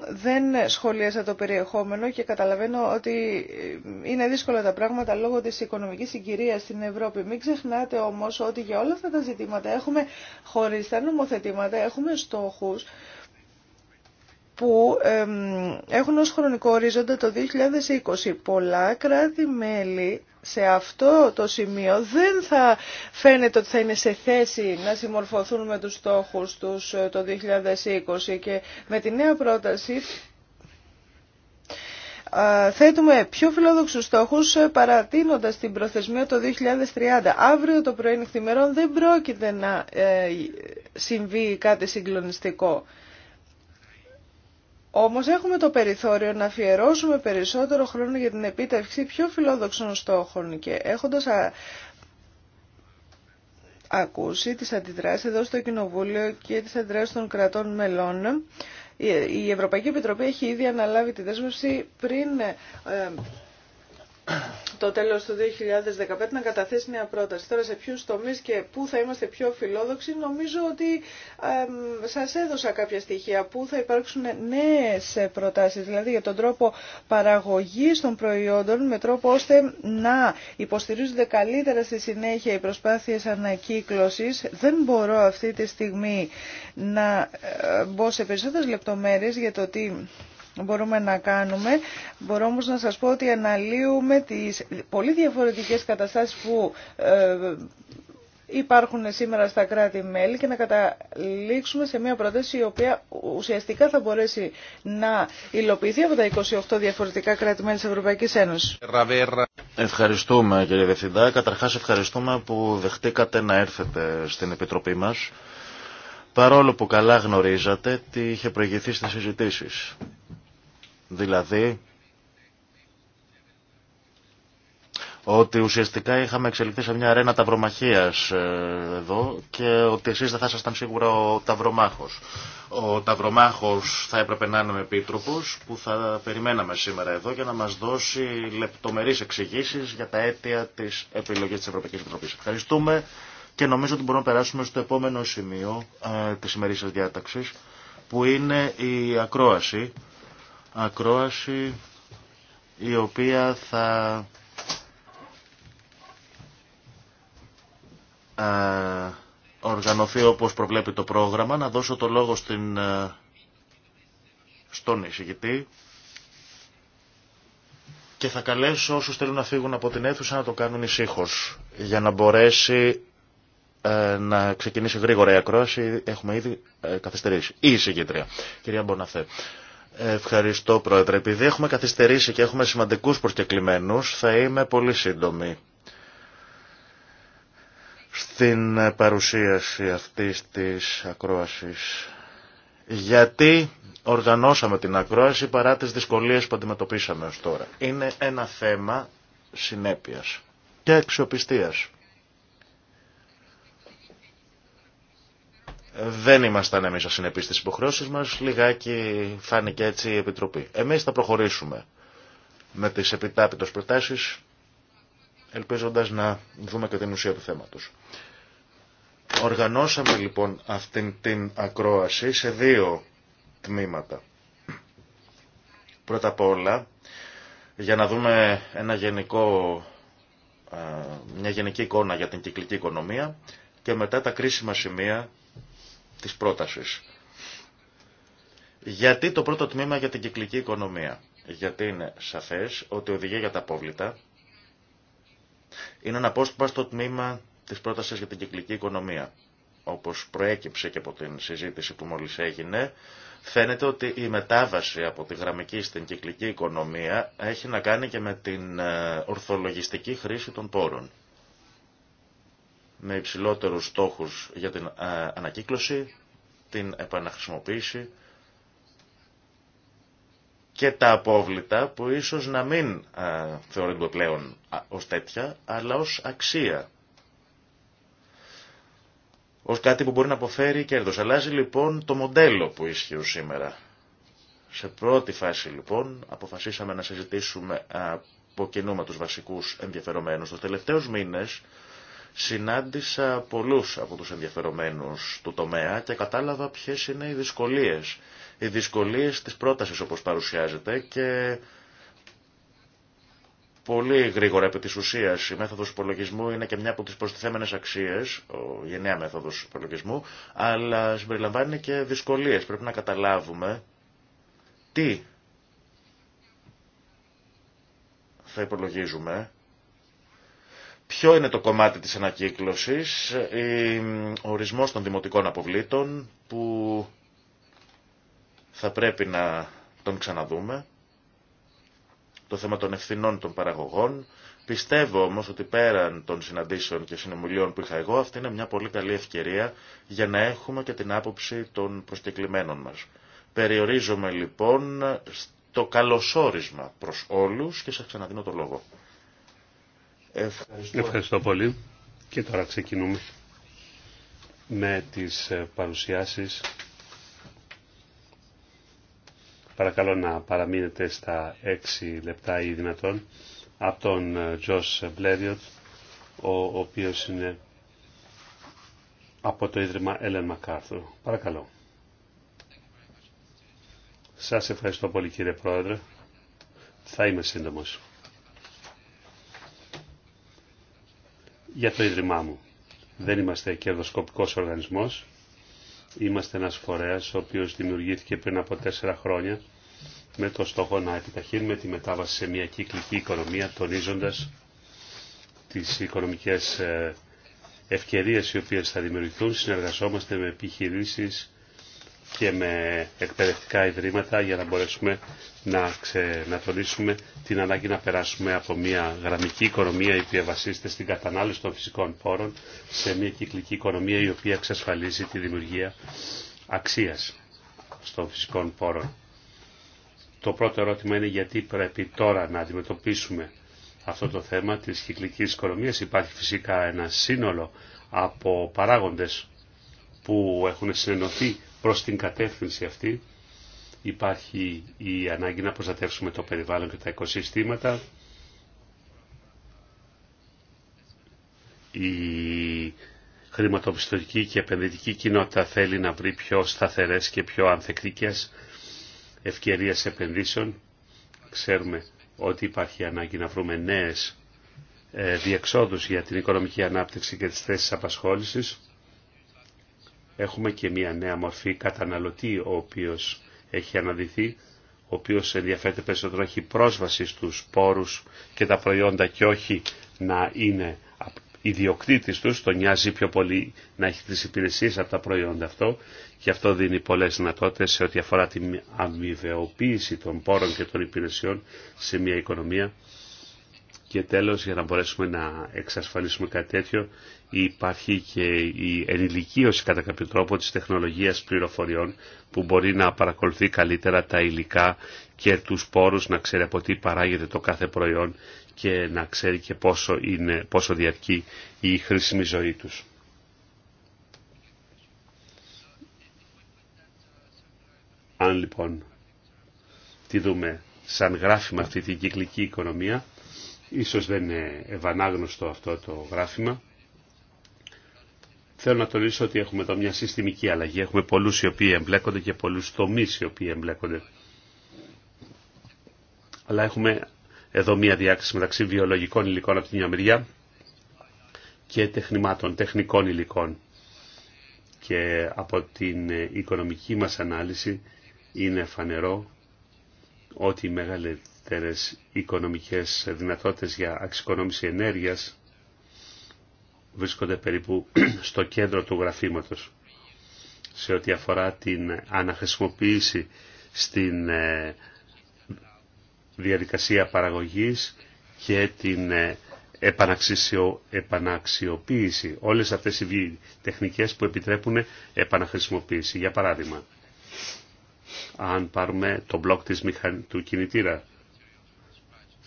Δεν σχολίασα το περιεχόμενο και καταλαβαίνω ότι είναι δύσκολα τα πράγματα λόγω της οικονομικής συγκυρίας στην Ευρώπη. Μην ξεχνάτε όμως ότι για όλα αυτά τα ζητήματα έχουμε χωρίς τα νομοθετήματα, έχουμε στόχους που έχουν ως χρονικό ορίζοντα το 2020. Πολλά κράτη-μέλη σε αυτό το σημείο δεν θα φαίνεται ότι θα είναι σε θέση να συμμορφωθούν με τους στόχους τους ε, το 2020 και με τη νέα πρόταση θέτουμε πιο φιλόδοξους στόχους ε, παρατείνοντας την προθεσμία το 2030. Αύριο το πρωί νυχθημερών δεν πρόκειται να ε, συμβεί κάτι συγκλονιστικό. Όμως έχουμε το περιθώριο να αφιερώσουμε περισσότερο χρόνο για την επίτευξη πιο φιλόδοξων στόχων και έχοντας ακούσει τις αντιδράσεις εδώ στο Κοινοβούλιο και τις αντιδράσεις των κρατών μελών, η Ευρωπαϊκή Επιτροπή έχει ήδη αναλάβει τη δέσμευση πριν ε, το τέλος του 2015 να καταθέσει μια πρόταση. Τώρα σε ποιους τομείς και πού θα είμαστε πιο φιλόδοξοι νομίζω ότι ε, σας έδωσα κάποια στοιχεία πού θα υπάρξουν νέες προτάσεις δηλαδή για τον τρόπο παραγωγής των προϊόντων με τρόπο ώστε να υποστηρίζονται καλύτερα στη συνέχεια οι προσπάθειες ανακύκλωσης. Δεν μπορώ αυτή τη στιγμή να ε, μπω σε περισσότερες λεπτομέρειες για το τι μπορούμε να κάνουμε. Μπορώ όμως να σας πω ότι αναλύουμε τις πολύ διαφορετικές καταστάσεις που ε, υπάρχουν σήμερα στα κράτη-μέλη και να καταλήξουμε σε μια πρόταση η οποία ουσιαστικά θα μπορέσει να υλοποιηθεί από τα 28 διαφορετικά κράτη-μέλη της Ευρωπαϊκής Ένωσης. Ευχαριστούμε κύριε Δευθυντά. Καταρχάς ευχαριστούμε που δεχτήκατε να έρθετε στην Επιτροπή μας παρόλο που καλά γνωρίζατε τι είχε προηγηθεί στις συζητήσεις. Δηλαδή, ότι ουσιαστικά είχαμε εξελιχθεί σε μια αρένα ταυρομαχίας ε, εδώ και ότι εσείς δεν θα ήσασταν σίγουρα ο ταυρομάχος. Ο ταυρομάχος θα έπρεπε να είναι ο επίτροπος που θα περιμέναμε σήμερα εδώ για να μας δώσει λεπτομερείς εξηγήσει για τα αίτια της επιλογής της Ευρωπαϊκής Επιτροπής. Ευχαριστούμε και νομίζω ότι μπορούμε να περάσουμε στο επόμενο σημείο ε, της ημερής διάταξης που είναι η ακρόαση ακρόαση η οποία θα ε, οργανωθεί όπως προβλέπει το πρόγραμμα. Να δώσω το λόγο στην, ε, στον εισηγητή και θα καλέσω όσους θέλουν να φύγουν από την αίθουσα να το κάνουν ησύχως για να μπορέσει ε, να ξεκινήσει γρήγορα η ακρόαση. Έχουμε ήδη καθυστερήσει. Η εισηγήτρια, κυρία Μποναθέ. Ευχαριστώ Πρόεδρε. Επειδή έχουμε καθυστερήσει και έχουμε σημαντικούς προσκεκλημένους, θα είμαι πολύ σύντομη. Στην παρουσίαση αυτής της ακρόασης. Γιατί οργανώσαμε την ακρόαση παρά τις δυσκολίες που αντιμετωπίσαμε ως τώρα. Είναι ένα θέμα συνέπειας και αξιοπιστίας. δεν ήμασταν εμεί ασυνεπεί στι υποχρεώσει μα, λιγάκι φάνηκε έτσι η Επιτροπή. Εμεί θα προχωρήσουμε με τι επιτάπητο προτάσει, ελπίζοντα να δούμε και την ουσία του θέματο. Οργανώσαμε λοιπόν αυτήν την ακρόαση σε δύο τμήματα. Πρώτα απ' όλα, για να δούμε ένα γενικό, ε, μια γενική εικόνα για την κυκλική οικονομία και μετά τα κρίσιμα σημεία της πρότασης. Γιατί το πρώτο τμήμα για την κυκλική οικονομία. Γιατί είναι σαφές ότι οδηγεί για τα απόβλητα είναι ένα απόσπασμα στο τμήμα της πρότασης για την κυκλική οικονομία. Όπως προέκυψε και από την συζήτηση που μόλις έγινε, φαίνεται ότι η μετάβαση από τη γραμμική στην κυκλική οικονομία έχει να κάνει και με την ε, ορθολογιστική χρήση των πόρων με υψηλότερους στόχους για την ε, ανακύκλωση, την επαναχρησιμοποίηση και τα απόβλητα που ίσως να μην ε, θεωρούνται πλέον ως τέτοια, αλλά ως αξία. Ως κάτι που μπορεί να αποφέρει κέρδος. Αλλάζει λοιπόν το μοντέλο που ίσχυε σήμερα. Σε πρώτη φάση λοιπόν αποφασίσαμε να συζητήσουμε από κοινού με τους βασικούς ενδιαφερομένους. Τους τελευταίους μήνες Συνάντησα πολλούς από τους ενδιαφερομένους του τομέα και κατάλαβα ποιες είναι οι δυσκολίες. Οι δυσκολίες της πρότασης όπως παρουσιάζεται και πολύ γρήγορα επί της ουσίας η μέθοδος υπολογισμού είναι και μια από τις προστιθέμενες αξίες, ο γενναία μέθοδος υπολογισμού, αλλά συμπεριλαμβάνει και δυσκολίες. Πρέπει να καταλάβουμε τι θα υπολογίζουμε Ποιο είναι το κομμάτι της ανακύκλωσης, ο ορισμός των δημοτικών αποβλήτων που θα πρέπει να τον ξαναδούμε, το θέμα των ευθυνών των παραγωγών. Πιστεύω όμως ότι πέραν των συναντήσεων και συνομιλίων που είχα εγώ, αυτή είναι μια πολύ καλή ευκαιρία για να έχουμε και την άποψη των προσκεκλημένων μας. Περιορίζομαι λοιπόν στο καλωσόρισμα προς όλους και σας ξαναδίνω το λόγο. Ευχαριστώ. πολύ. Και τώρα ξεκινούμε με τις ε, παρουσιάσεις. Παρακαλώ να παραμείνετε στα 6 λεπτά ή δυνατόν από τον ε, Τζος Μπλέριοτ, ο οποίος είναι από το Ίδρυμα Έλεν Μακάρθου. Παρακαλώ. Σας ευχαριστώ πολύ κύριε Πρόεδρε. Θα είμαι σύντομος. για το Ίδρυμά μου. Δεν είμαστε κερδοσκοπικός οργανισμός. Είμαστε ένας φορέας ο οποίος δημιουργήθηκε πριν από τέσσερα χρόνια με το στόχο να επιταχύνουμε τη μετάβαση σε μια κυκλική οικονομία τονίζοντας τις οικονομικές ε, ευκαιρίες οι οποίες θα δημιουργηθούν. Συνεργαζόμαστε με επιχειρήσεις και με εκπαιδευτικά ιδρύματα για να μπορέσουμε να, ξε, να τονίσουμε την ανάγκη να περάσουμε από μια γραμμική οικονομία η οποία βασίζεται στην κατανάλωση των φυσικών πόρων σε μια κυκλική οικονομία η οποία εξασφαλίζει τη δημιουργία αξίας των φυσικών πόρων. Το πρώτο ερώτημα είναι γιατί πρέπει τώρα να αντιμετωπίσουμε αυτό το θέμα της κυκλικής οικονομίας. Υπάρχει φυσικά ένα σύνολο από παράγοντες που έχουν συνενωθεί προς την κατεύθυνση αυτή. Υπάρχει η ανάγκη να προστατεύσουμε το περιβάλλον και τα οικοσυστήματα. Η χρηματοπιστωτική και επενδυτική κοινότητα θέλει να βρει πιο σταθερές και πιο ανθεκτικές ευκαιρίες επενδύσεων. Ξέρουμε ότι υπάρχει ανάγκη να βρούμε νέες ε, διεξόδους για την οικονομική ανάπτυξη και τις θέσεις απασχόλησης έχουμε και μια νέα μορφή καταναλωτή ο οποίος έχει αναδυθεί, ο οποίος ενδιαφέρεται περισσότερο έχει πρόσβαση στους πόρους και τα προϊόντα και όχι να είναι ιδιοκτήτης τους, τον νοιάζει πιο πολύ να έχει τις υπηρεσίες από τα προϊόντα αυτό και αυτό δίνει πολλές δυνατότητες σε ό,τι αφορά την αμοιβεοποίηση των πόρων και των υπηρεσιών σε μια οικονομία και τέλος, για να μπορέσουμε να εξασφαλίσουμε κάτι τέτοιο, υπάρχει και η ενηλικίωση κατά κάποιο τρόπο της τεχνολογίας πληροφοριών που μπορεί να παρακολουθεί καλύτερα τα υλικά και τους πόρους, να ξέρει από τι παράγεται το κάθε προϊόν και να ξέρει και πόσο, είναι, πόσο διαρκεί η χρήσιμη ζωή τους. Αν λοιπόν τη δούμε σαν γράφημα αυτή την κυκλική οικονομία, Ίσως δεν είναι ευανάγνωστο αυτό το γράφημα. Θέλω να τονίσω ότι έχουμε εδώ μια συστημική αλλαγή. Έχουμε πολλούς οι οποίοι εμπλέκονται και πολλούς τομείς οι οποίοι εμπλέκονται. Αλλά έχουμε εδώ μια διάκριση μεταξύ βιολογικών υλικών από την μια μεριά και τεχνημάτων, τεχνικών υλικών. Και από την οικονομική μας ανάλυση είναι φανερό ότι η μεγαλύτερες οικονομικές δυνατότητες για αξιοκονόμηση ενέργειας βρίσκονται περίπου στο κέντρο του γραφήματος σε ό,τι αφορά την αναχρησιμοποίηση στην ε, διαδικασία παραγωγής και την ε, επαναξιοποίηση. Όλες αυτές οι τεχνικές που επιτρέπουν επαναχρησιμοποίηση. Για παράδειγμα, αν πάρουμε το μπλοκ της του κινητήρα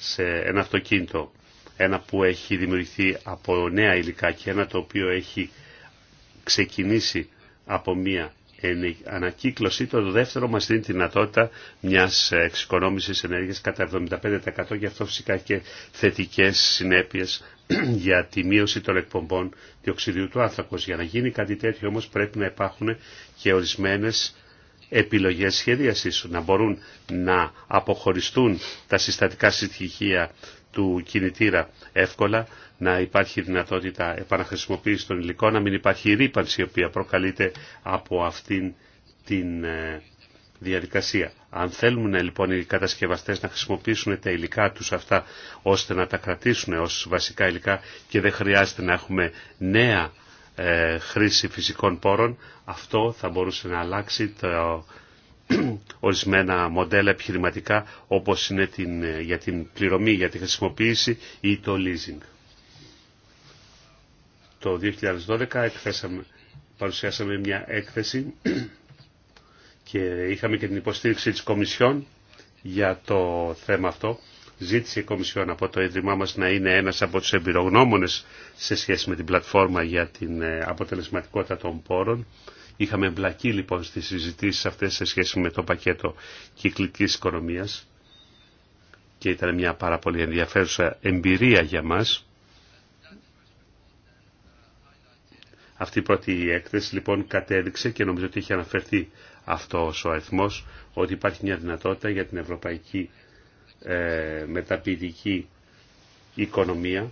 σε ένα αυτοκίνητο, ένα που έχει δημιουργηθεί από νέα υλικά και ένα το οποίο έχει ξεκινήσει από μία ανακύκλωση, το δεύτερο μας δίνει τη δυνατότητα μιας ε, εξοικονόμησης ενέργειας κατά 75% και αυτό φυσικά και θετικές συνέπειες για τη μείωση των εκπομπών διοξιδίου του άνθρακος. Για να γίνει κάτι τέτοιο όμως πρέπει να υπάρχουν και ορισμένες επιλογές σχεδίασης, να μπορούν να αποχωριστούν τα συστατικά στοιχεία του κινητήρα εύκολα, να υπάρχει δυνατότητα επαναχρησιμοποίηση των υλικών, να μην υπάρχει ρήπανση η οποία προκαλείται από αυτήν την ε, διαδικασία. Αν θέλουν ε, λοιπόν οι κατασκευαστές να χρησιμοποιήσουν τα υλικά τους αυτά ώστε να τα κρατήσουν ως βασικά υλικά και δεν χρειάζεται να έχουμε νέα ε, χρήση φυσικών πόρων, αυτό θα μπορούσε να αλλάξει το, ορισμένα μοντέλα επιχειρηματικά όπως είναι την, ε, για την πληρωμή, για τη χρησιμοποίηση ή το leasing. Το 2012 εκθέσαμε, παρουσιάσαμε μια έκθεση και είχαμε και την υποστήριξη της Κομισιόν για το θέμα αυτό ζήτησε η Κομισιόν από το Ίδρυμά μας να είναι ένας από τους εμπειρογνώμονες σε σχέση με την πλατφόρμα για την ε, αποτελεσματικότητα των πόρων. Είχαμε εμπλακεί λοιπόν στις συζητήσεις αυτές σε σχέση με το πακέτο κυκλικής οικονομίας και ήταν μια πάρα πολύ ενδιαφέρουσα εμπειρία για μας. Αυτή η πρώτη έκθεση λοιπόν κατέδειξε και νομίζω ότι είχε αναφερθεί αυτός ο αριθμό ότι υπάρχει μια δυνατότητα για την Ευρωπαϊκή ε, μεταπηδική οικονομία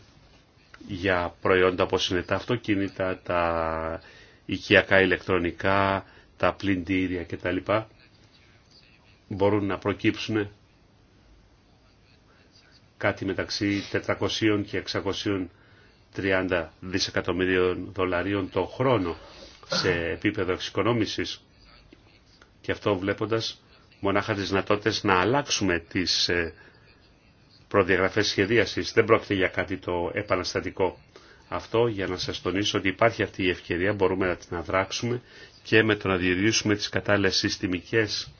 για προϊόντα όπως είναι τα αυτοκίνητα, τα οικιακά ηλεκτρονικά, τα πλυντήρια κτλ. μπορούν να προκύψουν κάτι μεταξύ 400 και 630 δισεκατομμυρίων δολαρίων το χρόνο σε επίπεδο εξοικονόμησης και αυτό βλέποντας μονάχα τις δυνατότητε να αλλάξουμε τις ε, προδιαγραφές σχεδίασης. Δεν πρόκειται για κάτι το επαναστατικό. Αυτό για να σας τονίσω ότι υπάρχει αυτή η ευκαιρία, μπορούμε να την αδράξουμε και με το να διευρύσουμε τις κατάλληλες συστημικές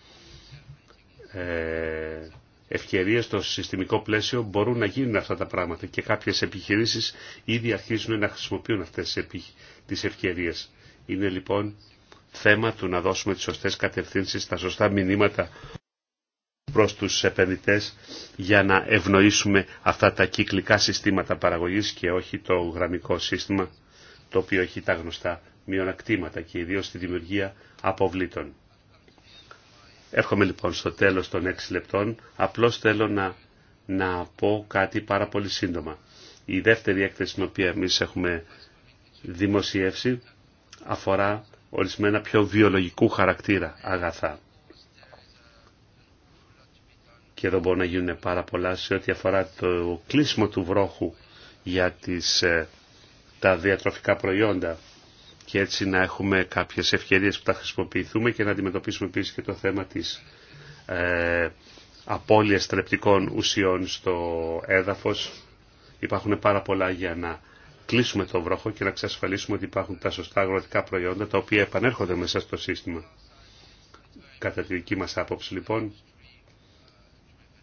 ε, ευκαιρίες στο συστημικό πλαίσιο μπορούν να γίνουν αυτά τα πράγματα και κάποιες επιχειρήσεις ήδη αρχίζουν να χρησιμοποιούν αυτές τις ευκαιρίες. Είναι λοιπόν θέμα του να δώσουμε τις σωστές κατευθύνσεις, τα σωστά μηνύματα προς τους επενδυτές για να ευνοήσουμε αυτά τα κυκλικά συστήματα παραγωγής και όχι το γραμμικό σύστημα το οποίο έχει τα γνωστά μειονακτήματα και ιδίως στη δημιουργία αποβλήτων. Έρχομαι λοιπόν στο τέλος των έξι λεπτών. Απλώς θέλω να, να πω κάτι πάρα πολύ σύντομα. Η δεύτερη έκθεση την οποία εμείς έχουμε δημοσιεύσει αφορά ορισμένα πιο βιολογικού χαρακτήρα αγαθά. Και εδώ μπορούν να γίνουν πάρα πολλά σε ό,τι αφορά το κλείσιμο του βρόχου για τις, ε, τα διατροφικά προϊόντα και έτσι να έχουμε κάποιες ευκαιρίες που τα χρησιμοποιηθούμε και να αντιμετωπίσουμε επίσης και το θέμα της ε, απώλειας τρεπτικών ουσιών στο έδαφος. Υπάρχουν πάρα πολλά για να κλείσουμε το βρόχο και να εξασφαλίσουμε ότι υπάρχουν τα σωστά αγροτικά προϊόντα τα οποία επανέρχονται μέσα στο σύστημα. Κατά τη δική μας άποψη λοιπόν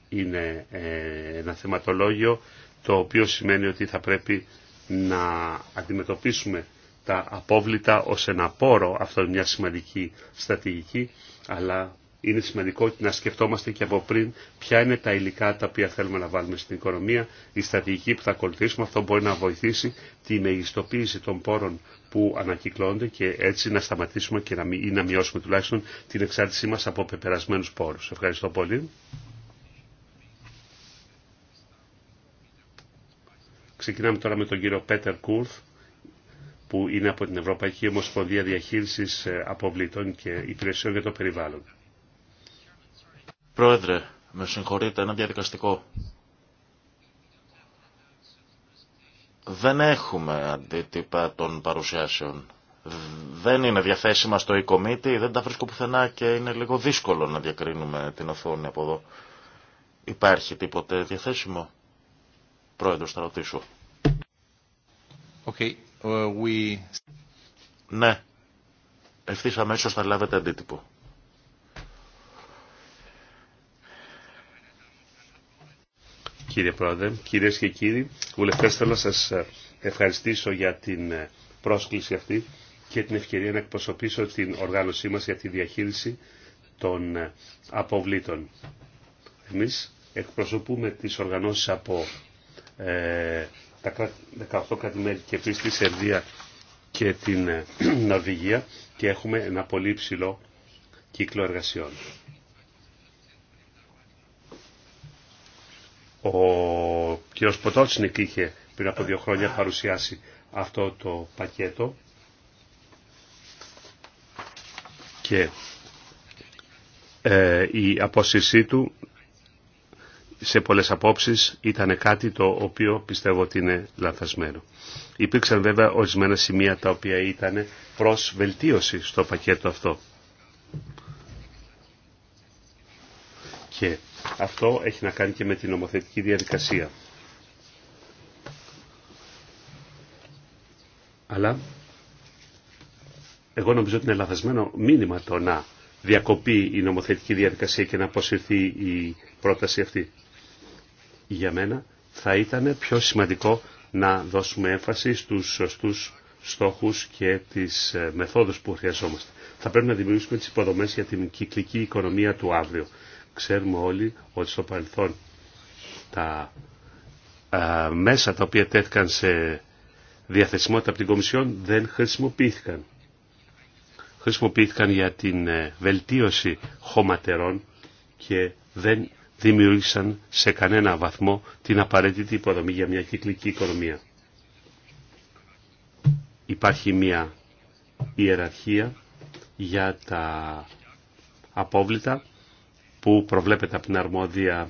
είναι ε, ένα θεματολόγιο το οποίο σημαίνει ότι θα πρέπει να αντιμετωπίσουμε τα απόβλητα ως ένα πόρο, αυτό είναι μια σημαντική στρατηγική, αλλά είναι σημαντικό να σκεφτόμαστε και από πριν ποια είναι τα υλικά τα οποία θέλουμε να βάλουμε στην οικονομία, η στρατηγική που θα ακολουθήσουμε. Αυτό μπορεί να βοηθήσει τη μεγιστοποίηση των πόρων που ανακυκλώνονται και έτσι να σταματήσουμε και να, ή να μειώσουμε τουλάχιστον την εξάρτησή μας από πεπερασμένους πόρους. Ευχαριστώ πολύ. Ξεκινάμε τώρα με τον κύριο Πέτερ Κούρθ που είναι από την Ευρωπαϊκή Ομοσπονδία Διαχείρισης ε, Αποβλήτων και Υπηρεσιών για το Περιβάλλον. Πρόεδρε, με συγχωρείτε, ένα διαδικαστικό. Δεν έχουμε αντίτυπα των παρουσιάσεων. Δεν είναι διαθέσιμα στο e-committee, δεν τα βρίσκω πουθενά και είναι λίγο δύσκολο να διακρίνουμε την οθόνη από εδώ. Υπάρχει τίποτε διαθέσιμο. Πρόεδρος, θα ρωτήσω. Okay. Uh, ναι. Ευθύς αμέσως θα λάβετε αντίτυπο. Κύριε Πρόεδρε, κυρίε και κύριοι, βουλευτές θέλω να σας ε, ευχαριστήσω για την ε, πρόσκληση αυτή και την ευκαιρία να εκπροσωπήσω την οργάνωσή μας για τη διαχείριση των ε, αποβλήτων. Εμείς εκπροσωπούμε τις οργανώσεις από ε, τα 18 κρατη και επίσης τη Σερβία και την Νορβηγία και έχουμε ένα πολύ ψηλό κύκλο εργασιών. Ο κ. Ποτότσνικ είχε πριν από δύο χρόνια παρουσιάσει αυτό το πακέτο και ε, η απόσυρσή του σε πολλές απόψεις ήταν κάτι το οποίο πιστεύω ότι είναι λαθασμένο. Υπήρξαν βέβαια ορισμένα σημεία τα οποία ήταν προς βελτίωση στο πακέτο αυτό. Και αυτό έχει να κάνει και με την νομοθετική διαδικασία. Αλλά εγώ νομίζω ότι είναι λαθασμένο μήνυμα το να διακοπεί η νομοθετική διαδικασία και να αποσυρθεί η πρόταση αυτή. Για μένα θα ήταν πιο σημαντικό να δώσουμε έμφαση στους σωστούς στόχους και τις ε, μεθόδους που χρειαζόμαστε. Θα πρέπει να δημιουργήσουμε τις υποδομές για την κυκλική οικονομία του αύριο. Ξέρουμε όλοι ότι στο παρελθόν τα μέσα τα οποία τέθηκαν σε διαθεσιμότητα από την Κομισιόν δεν χρησιμοποιήθηκαν. Χρησιμοποιήθηκαν για την ε, βελτίωση χωματερών και δεν δημιούργησαν σε κανένα βαθμό την απαραίτητη υποδομή για μια κυκλική οικονομία. Υπάρχει μια ιεραρχία για τα απόβλητα που προβλέπεται από την αρμόδια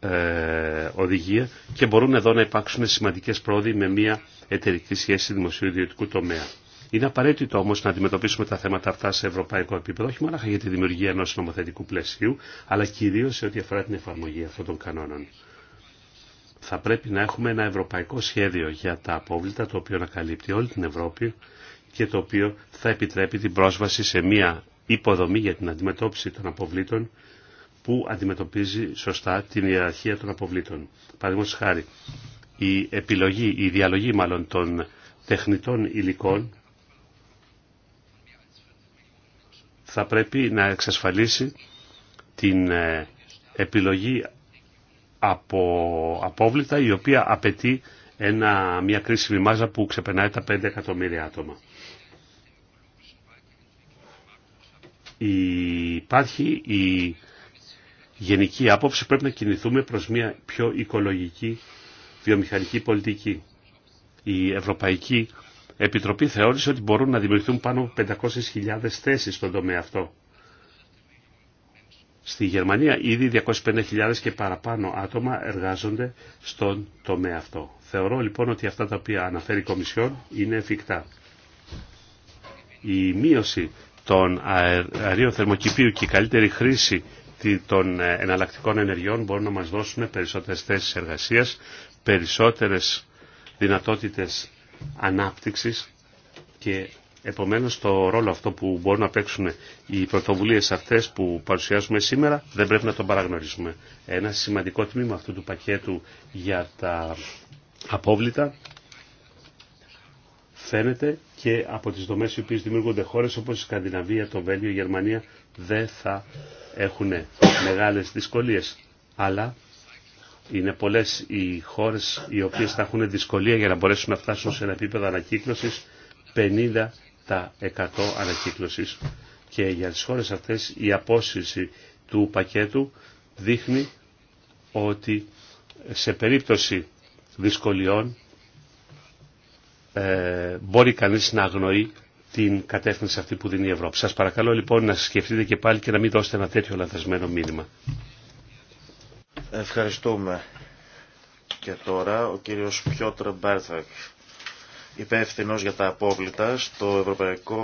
ε, οδηγία και μπορούν εδώ να υπάρξουν σημαντικές πρόοδοι με μια εταιρική σχέση τομέα. Είναι απαραίτητο όμω να αντιμετωπίσουμε τα θέματα αυτά σε ευρωπαϊκό επίπεδο, όχι μόνο για τη δημιουργία ενό νομοθετικού πλαισίου, αλλά κυρίω σε ό,τι αφορά την εφαρμογή αυτών των κανόνων. Θα πρέπει να έχουμε ένα ευρωπαϊκό σχέδιο για τα απόβλητα, το οποίο να καλύπτει όλη την Ευρώπη και το οποίο θα επιτρέπει την πρόσβαση σε μια υποδομή για την αντιμετώπιση των αποβλήτων που αντιμετωπίζει σωστά την ιεραρχία των αποβλήτων. Παραδείγματο χάρη, η επιλογή, η διαλογή μάλλον των τεχνητών υλικών θα πρέπει να εξασφαλίσει την ε, επιλογή από απόβλητα η οποία απαιτεί ένα, μια κρίσιμη μάζα που ξεπερνάει τα 5 εκατομμύρια άτομα. Υπάρχει η γενική άποψη πρέπει να κινηθούμε προς μια πιο οικολογική βιομηχανική πολιτική. Η Ευρωπαϊκή Επιτροπή θεώρησε ότι μπορούν να δημιουργηθούν πάνω από 500.000 θέσεις στον τομέα αυτό. Στη Γερμανία ήδη 250.000 και παραπάνω άτομα εργάζονται στον τομέα αυτό. Θεωρώ λοιπόν ότι αυτά τα οποία αναφέρει η Κομισιόν είναι εφικτά. Η μείωση των αερίων θερμοκηπίου και η καλύτερη χρήση των ε, εναλλακτικών ενεργειών μπορούν να μας δώσουν περισσότερες θέσεις εργασίας, περισσότερες δυνατότητες ανάπτυξης και επομένως το ρόλο αυτό που μπορούν να παίξουν οι πρωτοβουλίες αυτές που παρουσιάζουμε σήμερα δεν πρέπει να τον παραγνωρίσουμε. Ένα σημαντικό τμήμα αυτού του πακέτου για τα απόβλητα φαίνεται και από τις δομές οι οποίες δημιουργούνται χώρες όπως η Σκανδιναβία, το Βέλγιο, η Γερμανία δεν θα έχουν μεγάλες δυσκολίες. Αλλά είναι πολλές οι χώρες οι οποίες θα έχουν δυσκολία για να μπορέσουν να φτάσουν σε ένα επίπεδο ανακύκλωσης 50% ανακύκλωσης. Και για τις χώρες αυτές η απόσυρση του πακέτου δείχνει ότι σε περίπτωση δυσκολιών ε, μπορεί κανείς να αγνοεί την κατεύθυνση αυτή που δίνει η Ευρώπη. Σας παρακαλώ λοιπόν να σκεφτείτε και πάλι και να μην δώσετε ένα τέτοιο λανθασμένο μήνυμα. Ευχαριστούμε. Και τώρα ο κύριος Πιότρ Μπέρθακ, υπεύθυνο για τα απόβλητα στο Ευρωπαϊκό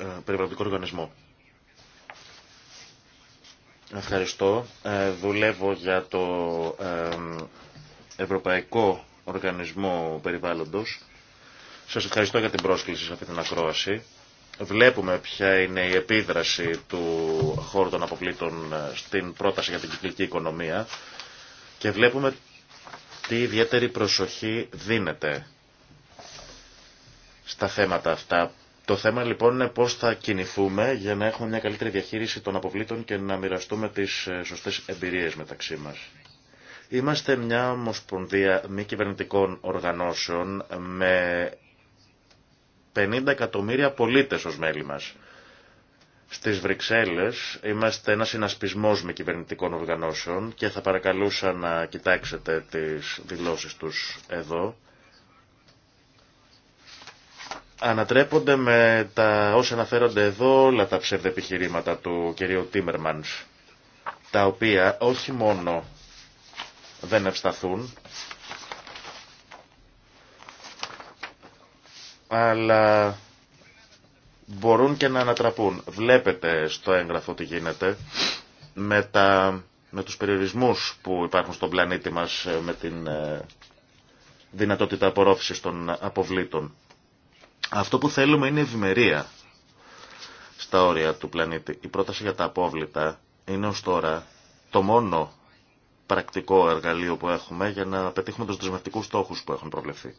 ε, Περιβαλλοντικό Οργανισμό. Ευχαριστώ. Ε, δουλεύω για το ε, Ευρωπαϊκό Οργανισμό Περιβάλλοντος σας ευχαριστώ για την πρόσκληση σε αυτή την ακρόαση. Βλέπουμε ποια είναι η επίδραση του χώρου των αποβλήτων ε, στην πρόταση για την κυκλική οικονομία και βλέπουμε τι ιδιαίτερη προσοχή δίνεται στα θέματα αυτά. Το θέμα λοιπόν είναι πώς θα κινηθούμε για να έχουμε μια καλύτερη διαχείριση των αποβλήτων και να μοιραστούμε τις ε, σωστές εμπειρίες μεταξύ μας. Είμαστε μια ομοσπονδία μη κυβερνητικών οργανώσεων με 50 εκατομμύρια πολίτες ως μέλη μας. Στις Βρυξέλλες είμαστε ένα συνασπισμός με κυβερνητικών οργανώσεων και θα παρακαλούσα να κοιτάξετε τις δηλώσεις τους εδώ. Ανατρέπονται με τα όσα αναφέρονται εδώ όλα τα ψευδεπιχειρήματα του κυρίου Τίμερμανς, τα οποία όχι μόνο δεν ευσταθούν, αλλά μπορούν και να ανατραπούν. Βλέπετε στο έγγραφο τι γίνεται με, τα, με τους περιορισμούς που υπάρχουν στον πλανήτη μας ε, με την ε, δυνατότητα απορρόφησης των αποβλήτων. Αυτό που θέλουμε είναι ευημερία στα όρια του πλανήτη. Η πρόταση για τα απόβλητα είναι ως τώρα το μόνο πρακτικό εργαλείο που έχουμε για να πετύχουμε τους δεσμευτικούς στόχους που έχουν προβλεφθεί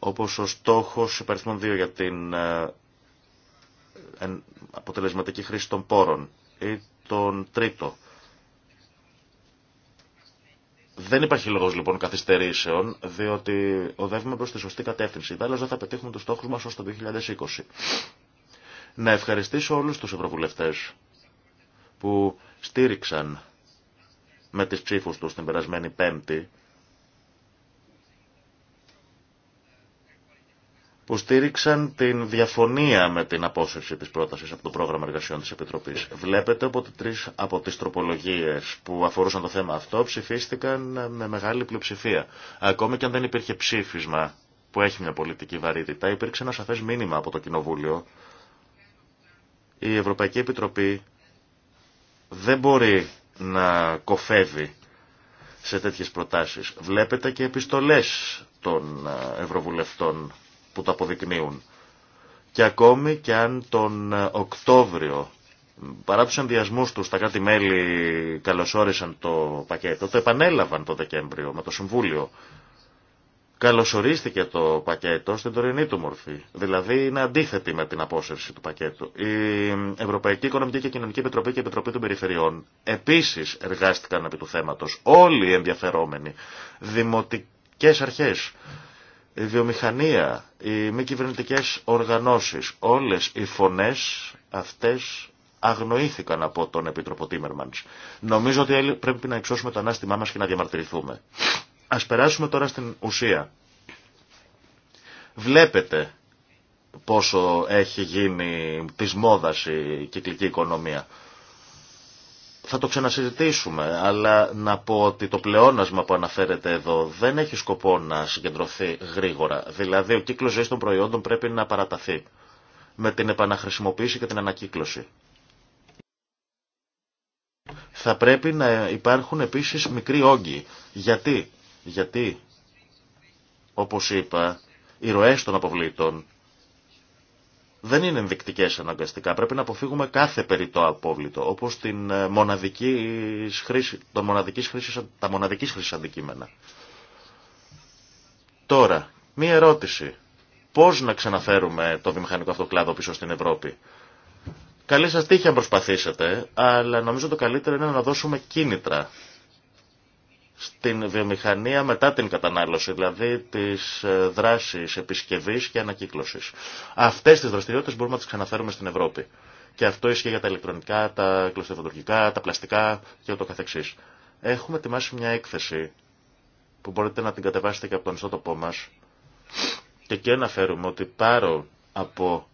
όπως ο στόχος υπαριθμών 2 για την ε, αποτελεσματική χρήση των πόρων ή τον τρίτο. Δεν υπάρχει λόγος λοιπόν καθυστερήσεων, διότι οδεύουμε προς τη σωστή κατεύθυνση. Δάλλως δεν θα πετύχουμε τους στόχους μας ως το 2020. Να ευχαριστήσω όλους τους ευρωβουλευτές που στήριξαν με τις ψήφους τους την περασμένη Πέμπτη που στήριξαν την διαφωνία με την απόσυρση της πρότασης από το πρόγραμμα εργασιών της Επιτροπής. Βλέπετε ότι τρεις από τις τροπολογίες που αφορούσαν το θέμα αυτό ψηφίστηκαν με μεγάλη πλειοψηφία. Ακόμη και αν δεν υπήρχε ψήφισμα που έχει μια πολιτική βαρύτητα, υπήρξε ένα σαφές μήνυμα από το Κοινοβούλιο. Η Ευρωπαϊκή Επιτροπή δεν μπορεί να κοφεύει σε τέτοιες προτάσεις. Βλέπετε και επιστολές των Ευρωβουλευτών που το αποδεικνύουν. Και ακόμη και αν τον ε, Οκτώβριο παρά τους ενδιασμούς τους τα κάτι μέλη καλωσόρισαν το πακέτο, το επανέλαβαν το Δεκέμβριο με το Συμβούλιο. Καλωσορίστηκε το πακέτο στην τωρινή του μορφή, δηλαδή είναι αντίθετη με την απόσυρση του πακέτου. Η Ευρωπαϊκή Οικονομική και Κοινωνική Επιτροπή και η Επιτροπή των Περιφερειών επίσης εργάστηκαν επί του θέματος, όλοι οι ενδιαφερόμενοι, δημοτικές αρχές, η βιομηχανία, οι μη κυβερνητικέ οργανώσεις, όλες οι φωνές αυτές αγνοήθηκαν από τον Επίτροπο Τίμερμαντς. Νομίζω ότι πρέπει να εξώσουμε το ανάστημά μας και να διαμαρτυρηθούμε. Ας περάσουμε τώρα στην ουσία. Βλέπετε πόσο έχει γίνει της μόδας η κυκλική οικονομία θα το ξανασυζητήσουμε, αλλά να πω ότι το πλεόνασμα που αναφέρεται εδώ δεν έχει σκοπό να συγκεντρωθεί γρήγορα. Δηλαδή ο κύκλος ζωής των προϊόντων πρέπει να παραταθεί με την επαναχρησιμοποίηση και την ανακύκλωση. Θα πρέπει να υπάρχουν επίσης μικροί όγκοι. Γιατί, γιατί όπως είπα, οι ροές των αποβλήτων δεν είναι ενδεικτικέ αναγκαστικά. Πρέπει να αποφύγουμε κάθε περιττό απόβλητο, όπω μοναδικής τα ε, μοναδική χρήση αντικείμενα. Τώρα, μία ερώτηση. Πώ να ξαναφέρουμε το βιομηχανικό αυτό κλάδο πίσω στην Ευρώπη. Καλή σα τύχη αν προσπαθήσετε, αλλά νομίζω το καλύτερο είναι να δώσουμε κίνητρα στην βιομηχανία μετά την κατανάλωση, δηλαδή τις ε, δράσεις επισκευής και ανακύκλωσης. Αυτές τις δραστηριότητες μπορούμε να τις ξαναφέρουμε στην Ευρώπη. Και αυτό ισχύει για τα ηλεκτρονικά, τα κλωστοϋφαντουργικά, τα πλαστικά και ούτω καθεξής. Έχουμε ετοιμάσει μια έκθεση που μπορείτε να την κατεβάσετε και από τον ιστότοπό μας και εκεί αναφέρουμε ότι πάρω από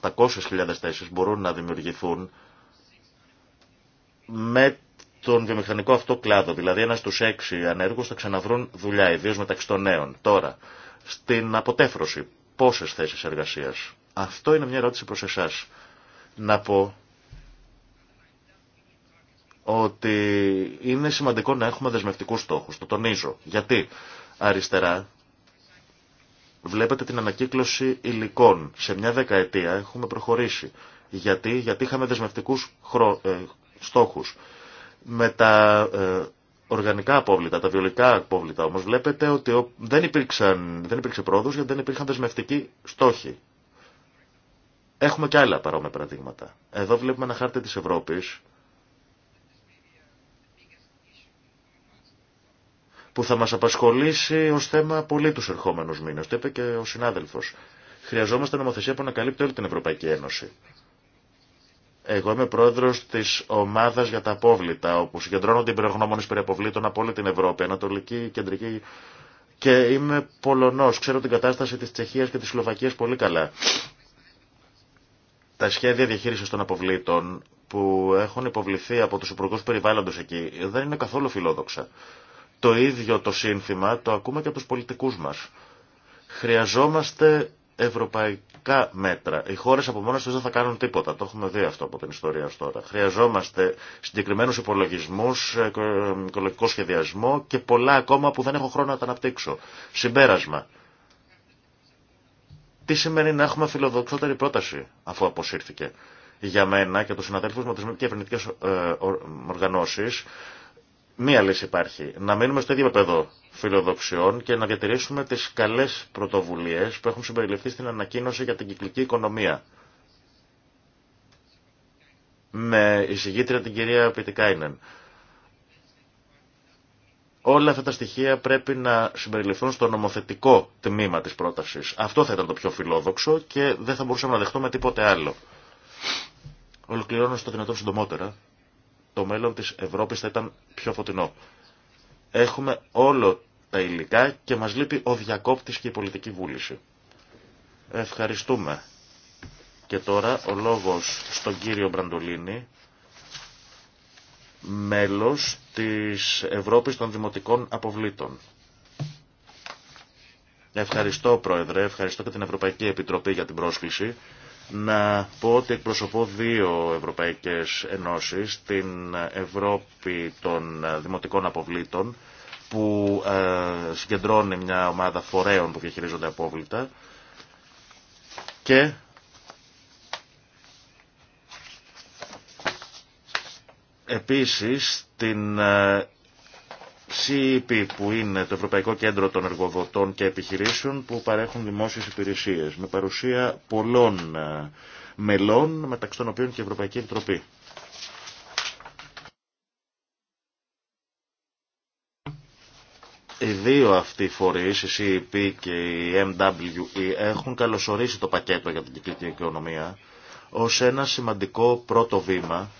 800.000 θέσεις μπορούν να δημιουργηθούν με τον βιομηχανικό αυτό κλάδο. Δηλαδή ένα στου έξι ανέργου θα ξαναβρούν δουλειά, ιδίω μεταξύ των νέων. Τώρα, στην αποτέφρωση, πόσε θέσει εργασία. Αυτό είναι μια ερώτηση προ εσά. Να πω ότι είναι σημαντικό να έχουμε δεσμευτικούς στόχους. Το τονίζω. Γιατί αριστερά βλέπετε την ανακύκλωση υλικών. Σε μια δεκαετία έχουμε προχωρήσει. Γιατί, Γιατί είχαμε δεσμευτικούς χρο... Ε, στόχους. Με τα ε, οργανικά απόβλητα, τα βιολικά απόβλητα όμως βλέπετε ότι δεν, υπήρξαν, δεν υπήρξε πρόοδος γιατί δεν υπήρχαν δεσμευτικοί στόχοι. Έχουμε και άλλα παρόμοια παραδείγματα. Εδώ βλέπουμε ένα χάρτη της Ευρώπης που θα μας απασχολήσει ως θέμα πολύ τους ερχόμενους μήνες. Το είπε και ο συνάδελφος. Χρειαζόμαστε νομοθεσία που ανακαλύπτει όλη την Ευρωπαϊκή Ένωση. Εγώ είμαι πρόεδρο τη ομάδα για τα απόβλητα, όπου συγκεντρώνονται οι πυρογνώμονε περί αποβλήτων από όλη την Ευρώπη, Ανατολική, Κεντρική. Και είμαι Πολωνό. Ξέρω την κατάσταση τη Τσεχία και τη Σλοβακία πολύ καλά. Τα σχέδια διαχείριση των αποβλήτων που έχουν υποβληθεί από του υπουργού περιβάλλοντο εκεί δεν είναι καθόλου φιλόδοξα. Το ίδιο το σύνθημα το ακούμε και από του πολιτικού μα. Χρειαζόμαστε ευρωπαϊκά μέτρα. Οι χώρες από μόνες τους δεν θα κάνουν τίποτα. Το έχουμε δει αυτό από την ιστορία ως τώρα. Χρειαζόμαστε συγκεκριμένους υπολογισμούς, ε, οικολογικό σχεδιασμό και πολλά ακόμα που δεν έχω χρόνο να τα αναπτύξω. Συμπέρασμα. Τι σημαίνει να έχουμε φιλοδοξότερη πρόταση αφού αποσύρθηκε. Για μένα και τους συναδέλφους με τις μη κυβερνητικέ ε, οργανώσεις μία λύση υπάρχει. Να μείνουμε στο ίδιο επίπεδο φιλοδοξιών και να διατηρήσουμε τις καλές πρωτοβουλίες που έχουν συμπεριληφθεί στην ανακοίνωση για την κυκλική οικονομία. Με εισηγήτρια την κυρία Πιτικάινεν. Όλα αυτά τα στοιχεία πρέπει να συμπεριληφθούν στο νομοθετικό τμήμα της πρότασης. Αυτό θα ήταν το πιο φιλόδοξο και δεν θα μπορούσαμε να δεχτούμε τίποτε άλλο. Ολοκληρώνω στο δυνατόν συντομότερα. Το μέλλον της Ευρώπης θα ήταν πιο φωτεινό. Έχουμε όλο τα υλικά και μας λείπει ο διακόπτης και η πολιτική βούληση. Ευχαριστούμε. Και τώρα ο λόγος στον κύριο Μπραντολίνη, μέλος της Ευρώπης των Δημοτικών Αποβλήτων. Ευχαριστώ Πρόεδρε, ευχαριστώ και την Ευρωπαϊκή Επιτροπή για την πρόσκληση να πω ότι εκπροσωπώ δύο ευρωπαϊκές ενώσεις, την Ευρώπη των Δημοτικών Αποβλήτων, που ε, συγκεντρώνει μια ομάδα φορέων που διαχειρίζονται απόβλητα και επίσης την ε, CEP που είναι το Ευρωπαϊκό Κέντρο των Εργοδοτών και Επιχειρήσεων που παρέχουν δημόσιες υπηρεσίες με παρουσία πολλών ε, μελών μεταξύ των οποίων και η Ευρωπαϊκή Επιτροπή. Οι δύο αυτοί φορείς, η CEP και η MWE, έχουν καλωσορίσει το πακέτο για την κυκλική οικονομία ως ένα σημαντικό πρώτο βήμα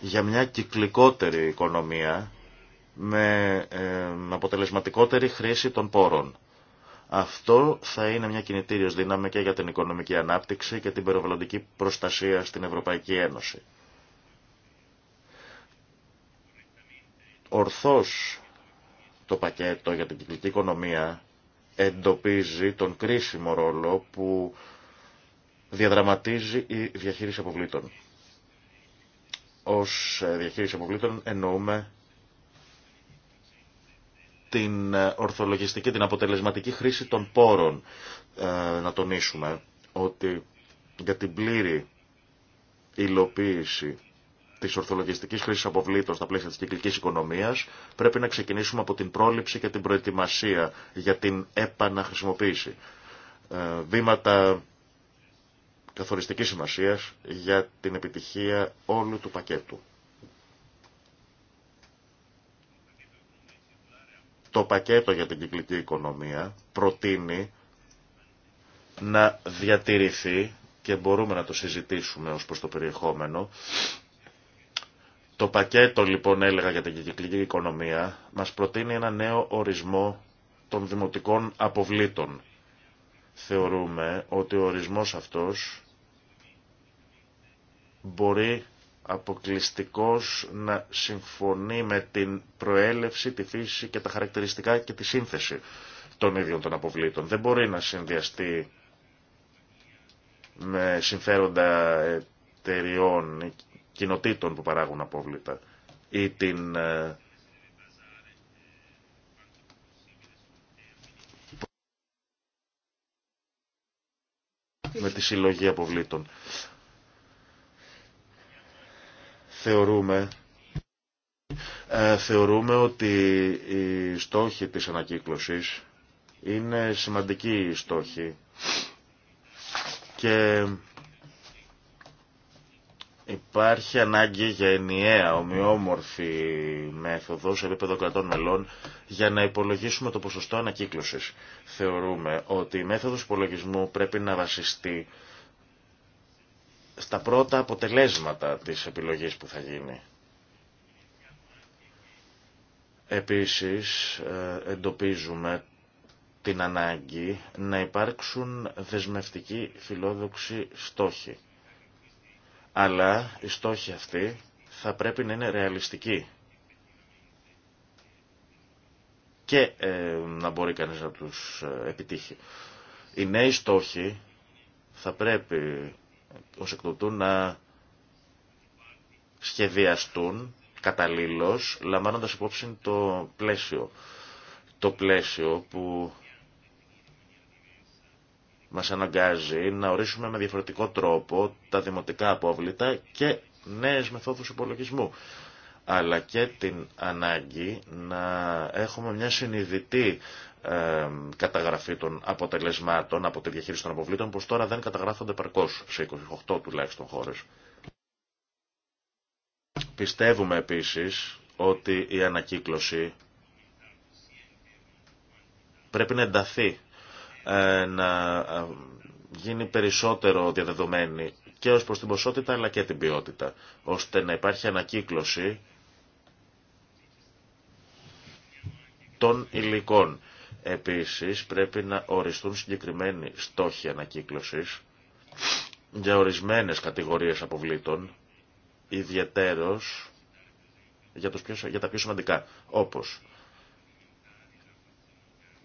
για μια κυκλικότερη οικονομία ε, με αποτελεσματικότερη χρήση των πόρων. Αυτό θα είναι μια κινητήριος δύναμη και για την οικονομική ανάπτυξη και την περιβαλλοντική προστασία στην Ευρωπαϊκή Ένωση. Ορθώς το πακέτο για την κυκλική οικονομία εντοπίζει τον κρίσιμο ρόλο που διαδραματίζει η διαχείριση αποβλήτων. Ως ε, διαχείριση αποβλήτων εννοούμε την ε, ορθολογιστική, την αποτελεσματική χρήση των πόρων. Ε, να τονίσουμε ότι για την πλήρη υλοποίηση της ορθολογιστικής χρήσης αποβλήτων στα πλαίσια της κυκλικής οικονομίας πρέπει να ξεκινήσουμε από την πρόληψη και την προετοιμασία για την επαναχρησιμοποίηση. Ε, βήματα καθοριστικής σημασίας για την επιτυχία όλου του πακέτου. Το πακέτο για την κυκλική οικονομία προτείνει να διατηρηθεί και μπορούμε να το συζητήσουμε ως προς το περιεχόμενο. Το πακέτο λοιπόν έλεγα για την κυκλική οικονομία μας προτείνει ένα νέο ορισμό των δημοτικών αποβλήτων. Θεωρούμε ότι ο ορισμός αυτός μπορεί αποκλειστικός να συμφωνεί με την προέλευση, τη φύση και τα χαρακτηριστικά και τη σύνθεση των ίδιων των αποβλήτων. Δεν μπορεί να συνδυαστεί με συμφέροντα εταιριών ή κοινοτήτων που παράγουν απόβλητα ή την ε, με τη συλλογή αποβλήτων. Θεωρούμε, ε, θεωρούμε ότι οι στόχοι της ανακύκλωσης είναι σημαντικοί στόχοι και υπάρχει ανάγκη για ενιαία, ομοιόμορφη μέθοδο σε επίπεδο κρατών μελών για να υπολογίσουμε το ποσοστό ανακύκλωσης. Θεωρούμε ότι η μέθοδος υπολογισμού πρέπει να βασιστεί στα πρώτα αποτελέσματα της επιλογής που θα γίνει. Επίσης ε, εντοπίζουμε την ανάγκη να υπάρξουν δεσμευτικοί φιλόδοξοι στόχοι. Αλλά οι στόχοι αυτοί θα πρέπει να είναι ρεαλιστικοί. Και ε, να μπορεί κανείς να τους ε, επιτύχει. Οι νέοι στόχοι θα πρέπει ως εκ τούτου να σχεδιαστούν καταλήλως, λαμβάνοντας υπόψη το πλαίσιο. Το πλαίσιο που μας αναγκάζει να ορίσουμε με διαφορετικό τρόπο τα δημοτικά απόβλητα και νέες μεθόδους υπολογισμού αλλά και την ανάγκη να έχουμε μια συνειδητή καταγραφή των αποτελεσμάτων από τη διαχείριση των αποβλήτων, που τώρα δεν καταγράφονται παρκώς σε 28 τουλάχιστον χώρες. Πιστεύουμε επίσης ότι η ανακύκλωση πρέπει να ενταθεί, ε, να ε, γίνει περισσότερο διαδεδομένη και ως προς την ποσότητα αλλά και την ποιότητα, ώστε να υπάρχει ανακύκλωση των υλικών. Επίσης πρέπει να οριστούν συγκεκριμένοι στόχοι ανακύκλωσης για ορισμένες κατηγορίες αποβλήτων, ιδιαιτέρως για, για τα πιο σημαντικά, όπως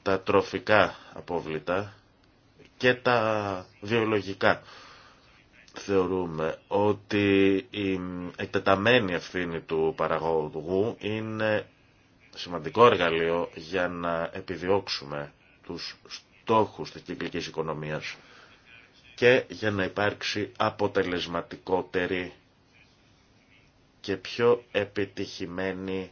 τα τροφικά αποβλήτα και τα βιολογικά. Θεωρούμε ότι η εκτεταμένη ευθύνη του παραγωγού είναι σημαντικό εργαλείο για να επιδιώξουμε τους στόχους της κυκλικής οικονομίας και για να υπάρξει αποτελεσματικότερη και πιο επιτυχημένη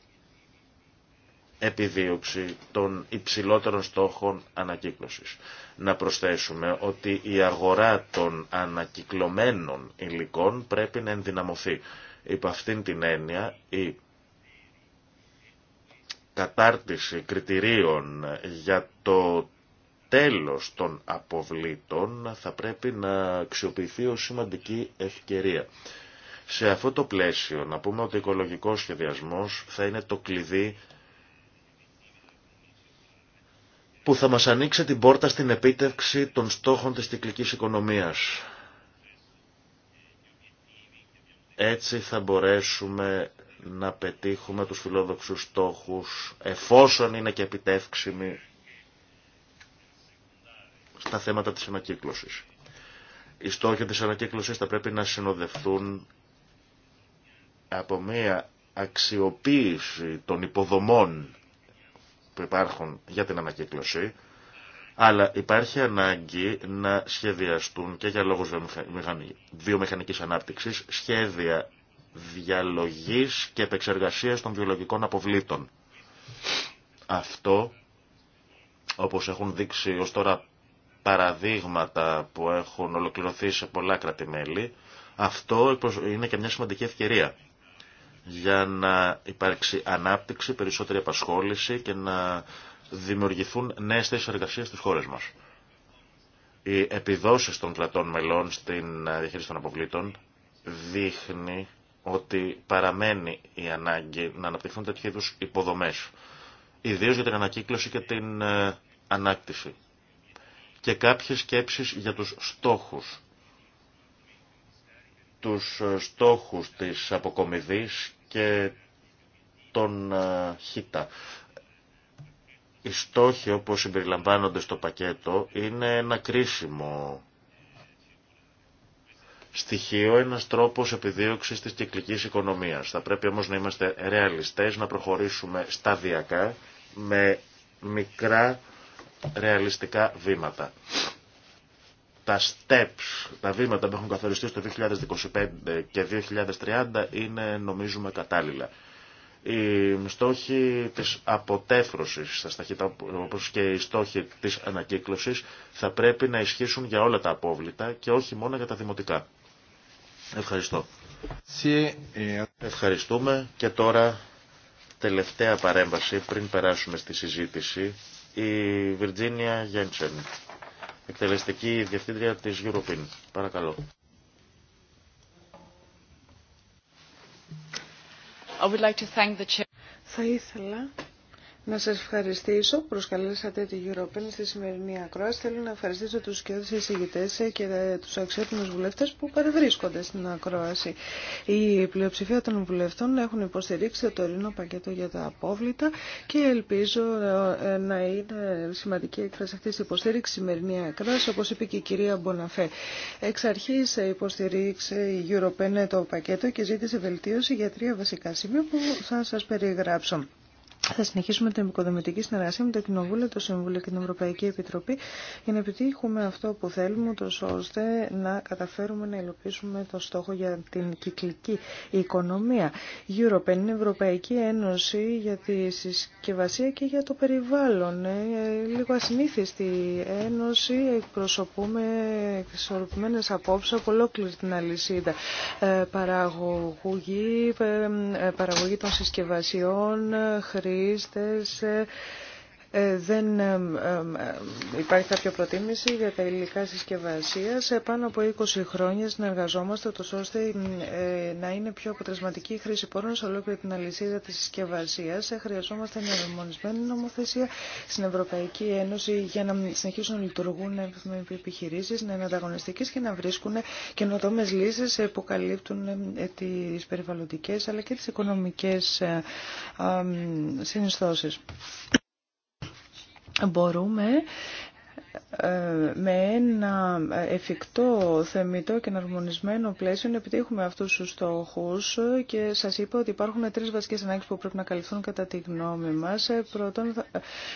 επιδίωξη των υψηλότερων στόχων ανακύκλωσης. Να προσθέσουμε ότι η αγορά των ανακυκλωμένων υλικών πρέπει να ενδυναμωθεί. Υπό αυτήν την έννοια η κατάρτιση κριτηρίων για το τέλος των αποβλήτων θα πρέπει να αξιοποιηθεί ως σημαντική ευκαιρία. Σε αυτό το πλαίσιο να πούμε ότι ο οικολογικός σχεδιασμός θα είναι το κλειδί που θα μας ανοίξει την πόρτα στην επίτευξη των στόχων της κυκλικής οικονομίας. Έτσι θα μπορέσουμε να πετύχουμε τους φιλόδοξους στόχους εφόσον είναι και επιτεύξιμοι στα θέματα της ανακύκλωσης. Οι στόχοι της ανακύκλωσης θα πρέπει να συνοδευτούν από μια αξιοποίηση των υποδομών που υπάρχουν για την ανακύκλωση, αλλά υπάρχει ανάγκη να σχεδιαστούν και για λόγους βιομηχανικής ανάπτυξης σχέδια διαλογής και επεξεργασίας των βιολογικών αποβλήτων. Αυτό, όπως έχουν δείξει ως τώρα παραδείγματα που έχουν ολοκληρωθεί σε πολλά κράτη-μέλη, αυτό είναι και μια σημαντική ευκαιρία για να υπάρξει ανάπτυξη, περισσότερη απασχόληση και να δημιουργηθούν νέες θέσεις εργασίας στις χώρες μας. Οι επιδόσεις των κρατών μελών στην ε, διαχείριση των αποβλήτων δείχνει ότι παραμένει η ανάγκη να αναπτυχθούν τέτοιου είδου υποδομέ. Ιδίω για την ανακύκλωση και την ε, ανάκτηση. Και κάποιες σκέψεις για τους στόχους. Τους ε, στόχους της αποκομιδής και των ε, χήτα. Οι στόχοι όπως συμπεριλαμβάνονται στο πακέτο είναι ένα κρίσιμο στοιχείο, ένα τρόπος επιδίωξη της κυκλικής οικονομίας. Θα πρέπει όμως να είμαστε ρεαλιστέ να προχωρήσουμε σταδιακά με μικρά ρεαλιστικά βήματα. Τα steps, τα βήματα που έχουν καθοριστεί στο 2025 και 2030 είναι νομίζουμε κατάλληλα. Οι στόχοι της αποτέφρωσης, όπως και οι στόχοι της ανακύκλωσης, θα πρέπει να ισχύσουν για όλα τα απόβλητα και όχι μόνο για τα δημοτικά. Ευχαριστώ. Ε, Ευχαριστούμε και τώρα τελευταία παρέμβαση πριν περάσουμε στη συζήτηση η Βιρτζίνια Γέντσεν, εκτελεστική διευθύντρια της European. Παρακαλώ. Θα να σας ευχαριστήσω προσκαλέσατε τη Europen στη σημερινή ακρόαση. Θέλω να ευχαριστήσω τους και εισηγητές και τους αξιότιμους βουλευτές που παρευρίσκονται στην ακρόαση. Η πλειοψηφία των βουλευτών έχουν υποστηρίξει το τωρινό πακέτο για τα απόβλητα και ελπίζω να είναι σημαντική έκφραση αυτής της υποστήριξης σημερινή ακρόαση, όπως είπε και η κυρία Μποναφέ. Εξ αρχής υποστηρίξε η Europen το πακέτο και ζήτησε βελτίωση για τρία βασικά σημεία που θα σας περιγράψω. Θα συνεχίσουμε την επικοδομητική συνεργασία με το Κοινοβούλιο, το Συμβούλιο και την Ευρωπαϊκή Επιτροπή για να επιτύχουμε αυτό που θέλουμε, ώστε να καταφέρουμε να υλοποιήσουμε το στόχο για την κυκλική οικονομία. Europe είναι η Ευρωπαϊκή Ένωση για τη συσκευασία και για το περιβάλλον. Ε, λίγο ασυνήθιστη ένωση, εκπροσωπούμε εξορροπημένες απόψεις από ολόκληρη την αλυσίδα. Ε, παραγωγή, ε, παραγωγή των συσκευασιών, χρήση χρήστες ε, δεν ε, ε, υπάρχει κάποια προτίμηση για τα υλικά συσκευασία. Σε πάνω από 20 χρόνια συνεργαζόμαστε τόσο ώστε να είναι πιο αποτελεσματική η χρήση πόρων σε ολόκληρη την αλυσίδα τη συσκευασία. Χρειαζόμαστε μια δαιμονισμένη νομοθεσία στην Ευρωπαϊκή Ένωση για να συνεχίσουν να λειτουργούν επιχειρήσει, να είναι ανταγωνιστικέ και να βρίσκουν καινοτόμε λύσει που καλύπτουν τι περιβαλλοντικέ αλλά και τι οικονομικέ συνιστώσει μπορούμε με ένα εφικτό, θεμητό και εναρμονισμένο πλαίσιο να επιτύχουμε αυτούς τους στόχους και σας είπα ότι υπάρχουν τρεις βασικές ανάγκες που πρέπει να καλυφθούν κατά τη γνώμη μας. Πρώτον,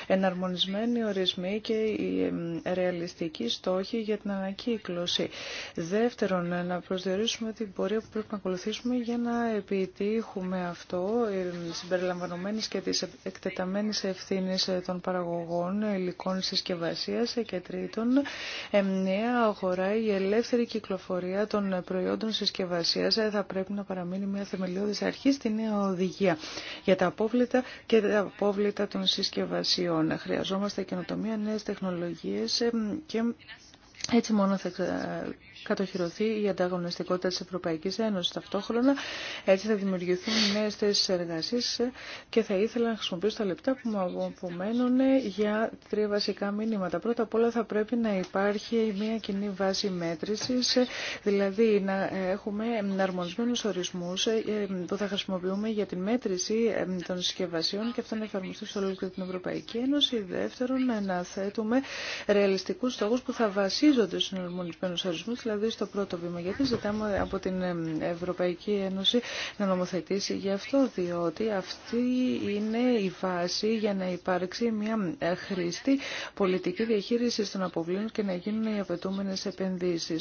εναρμονισμένοι ορισμοί και οι ρεαλιστικοί στόχοι για την ανακύκλωση. Δεύτερον, να προσδιορίσουμε την πορεία που πρέπει να ακολουθήσουμε για να επιτύχουμε αυτό συμπεριλαμβανομένης και της εκτεταμένης ευθύνης των παραγωγών υλικών συσκευασία και τρίτον, αγορά, η ελεύθερη κυκλοφορία των προϊόντων συσκευασία ε, θα πρέπει να παραμείνει μια θεμελιώδης αρχή στη νέα οδηγία για τα απόβλητα και τα απόβλητα των συσκευασιών. Χρειαζόμαστε καινοτομία, νέες τεχνολογίες και έτσι μόνο θα κατοχυρωθεί η ανταγωνιστικότητα της Ευρωπαϊκής Ένωσης. Ταυτόχρονα έτσι θα δημιουργηθούν νέες θέσεις εργασίας και θα ήθελα να χρησιμοποιήσω τα λεπτά που μου απομένουν για τρία βασικά μήνυματα. Πρώτα απ' όλα θα πρέπει να υπάρχει μια κοινή βάση μέτρησης, δηλαδή να έχουμε αρμονισμένους ορισμούς ε, που θα χρησιμοποιούμε για την μέτρηση ε, των συσκευασιών και αυτό να εφαρμοστεί σε όλη την Ευρωπαϊκή Ένωση. Δεύτερον, να θέτουμε ρεαλιστικούς στόχους που θα βασίζονται στους αρμονισμένους ορισμούς, δηλαδή δηλαδή στο πρώτο βήμα. Γιατί ζητάμε από την Ευρωπαϊκή Ένωση να νομοθετήσει γι' αυτό, διότι αυτή είναι η βάση για να υπάρξει μια ε, χρήστη πολιτική διαχείριση των αποβλήνων και να γίνουν οι απαιτούμενε επενδύσει.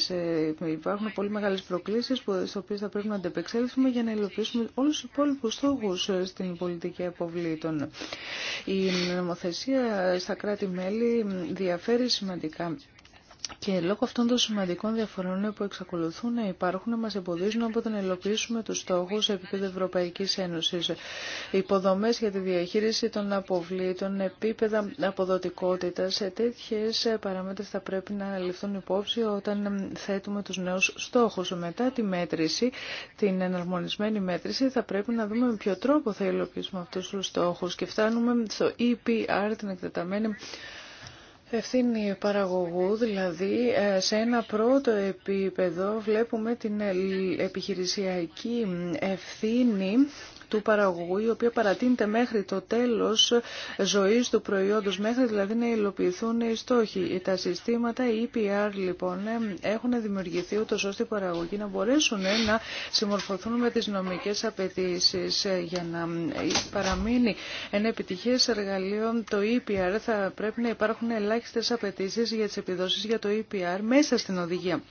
Ε, υπάρχουν πολύ μεγάλε προκλήσει στι οποίε θα πρέπει να αντεπεξέλθουμε για να υλοποιήσουμε όλου του υπόλοιπου στόχου ε, στην πολιτική αποβλήτων. Η νομοθεσία στα κράτη-μέλη διαφέρει σημαντικά και λόγω αυτών των σημαντικών διαφορών που εξακολουθούν να υπάρχουν, μα εμποδίζουν από να υλοποιήσουμε του στόχου σε επίπεδο Ευρωπαϊκή Ένωση. Υποδομέ για τη διαχείριση των αποβλήτων, επίπεδα αποδοτικότητα, σε τέτοιε παραμέτρε θα πρέπει να ληφθούν υπόψη όταν θέτουμε του νέου στόχου. Μετά τη μέτρηση, την εναρμονισμένη μέτρηση, θα πρέπει να δούμε με ποιο τρόπο θα υλοποιήσουμε αυτού του στόχου. Και φτάνουμε στο EPR, την εκτεταμένη ευθύνη παραγωγού, δηλαδή ε, σε ένα πρώτο επίπεδο βλέπουμε την ε, επιχειρησιακή ευθύνη του παραγωγού, η οποία παρατείνεται μέχρι το τέλος ζωής του προϊόντος, μέχρι δηλαδή να υλοποιηθούν οι στόχοι. Τα συστήματα EPR λοιπόν έχουν δημιουργηθεί ούτως ώστε οι παραγωγοί να μπορέσουν ε, να συμμορφωθούν με τις νομικές απαιτήσει ε, για να ε, παραμείνει ένα επιτυχές εργαλείο το EPR θα πρέπει να υπάρχουν ελάχιστες απαιτήσει για τις επιδόσεις για το EPR μέσα στην οδηγία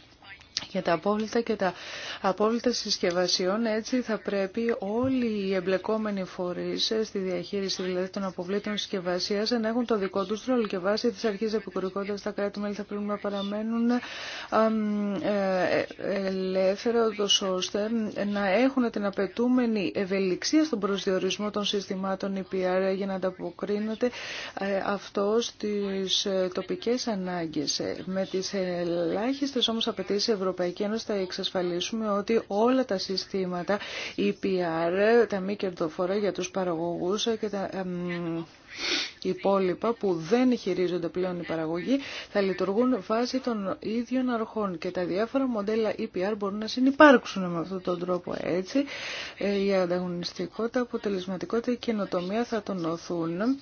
για τα απόβλητα και τα απόβλητα συσκευασιών. Έτσι θα πρέπει όλοι οι εμπλεκόμενοι φορείς ε, στη διαχείριση δηλαδή των αποβλήτων συσκευασίας να έχουν το δικό τους ρόλο και βάσει της αρχής επικουρικότητας τα κράτη-μέλη θα πρέπει να παραμένουν ε, ε, ελεύθερα ώστε να έχουν την απαιτούμενη ευελιξία στον προσδιορισμό των συστημάτων EPR για να ανταποκρίνεται αυτό στις τοπικές ανάγκες. Με τις ελάχιστες όμως απαιτήσεις Ευρωπαϊκή Ένωση θα εξασφαλίσουμε ότι όλα τα συστήματα EPR, τα μη κερδοφορά για τους παραγωγούς και τα υπόλοιπα που δεν χειρίζονται πλέον οι παραγωγοί θα λειτουργούν βάσει των ίδιων αρχών και τα διάφορα μοντέλα EPR μπορούν να συνεπάρξουν με αυτόν τον τρόπο έτσι ε, η ανταγωνιστικότητα, αποτελεσματικότητα και η καινοτομία θα τονωθούν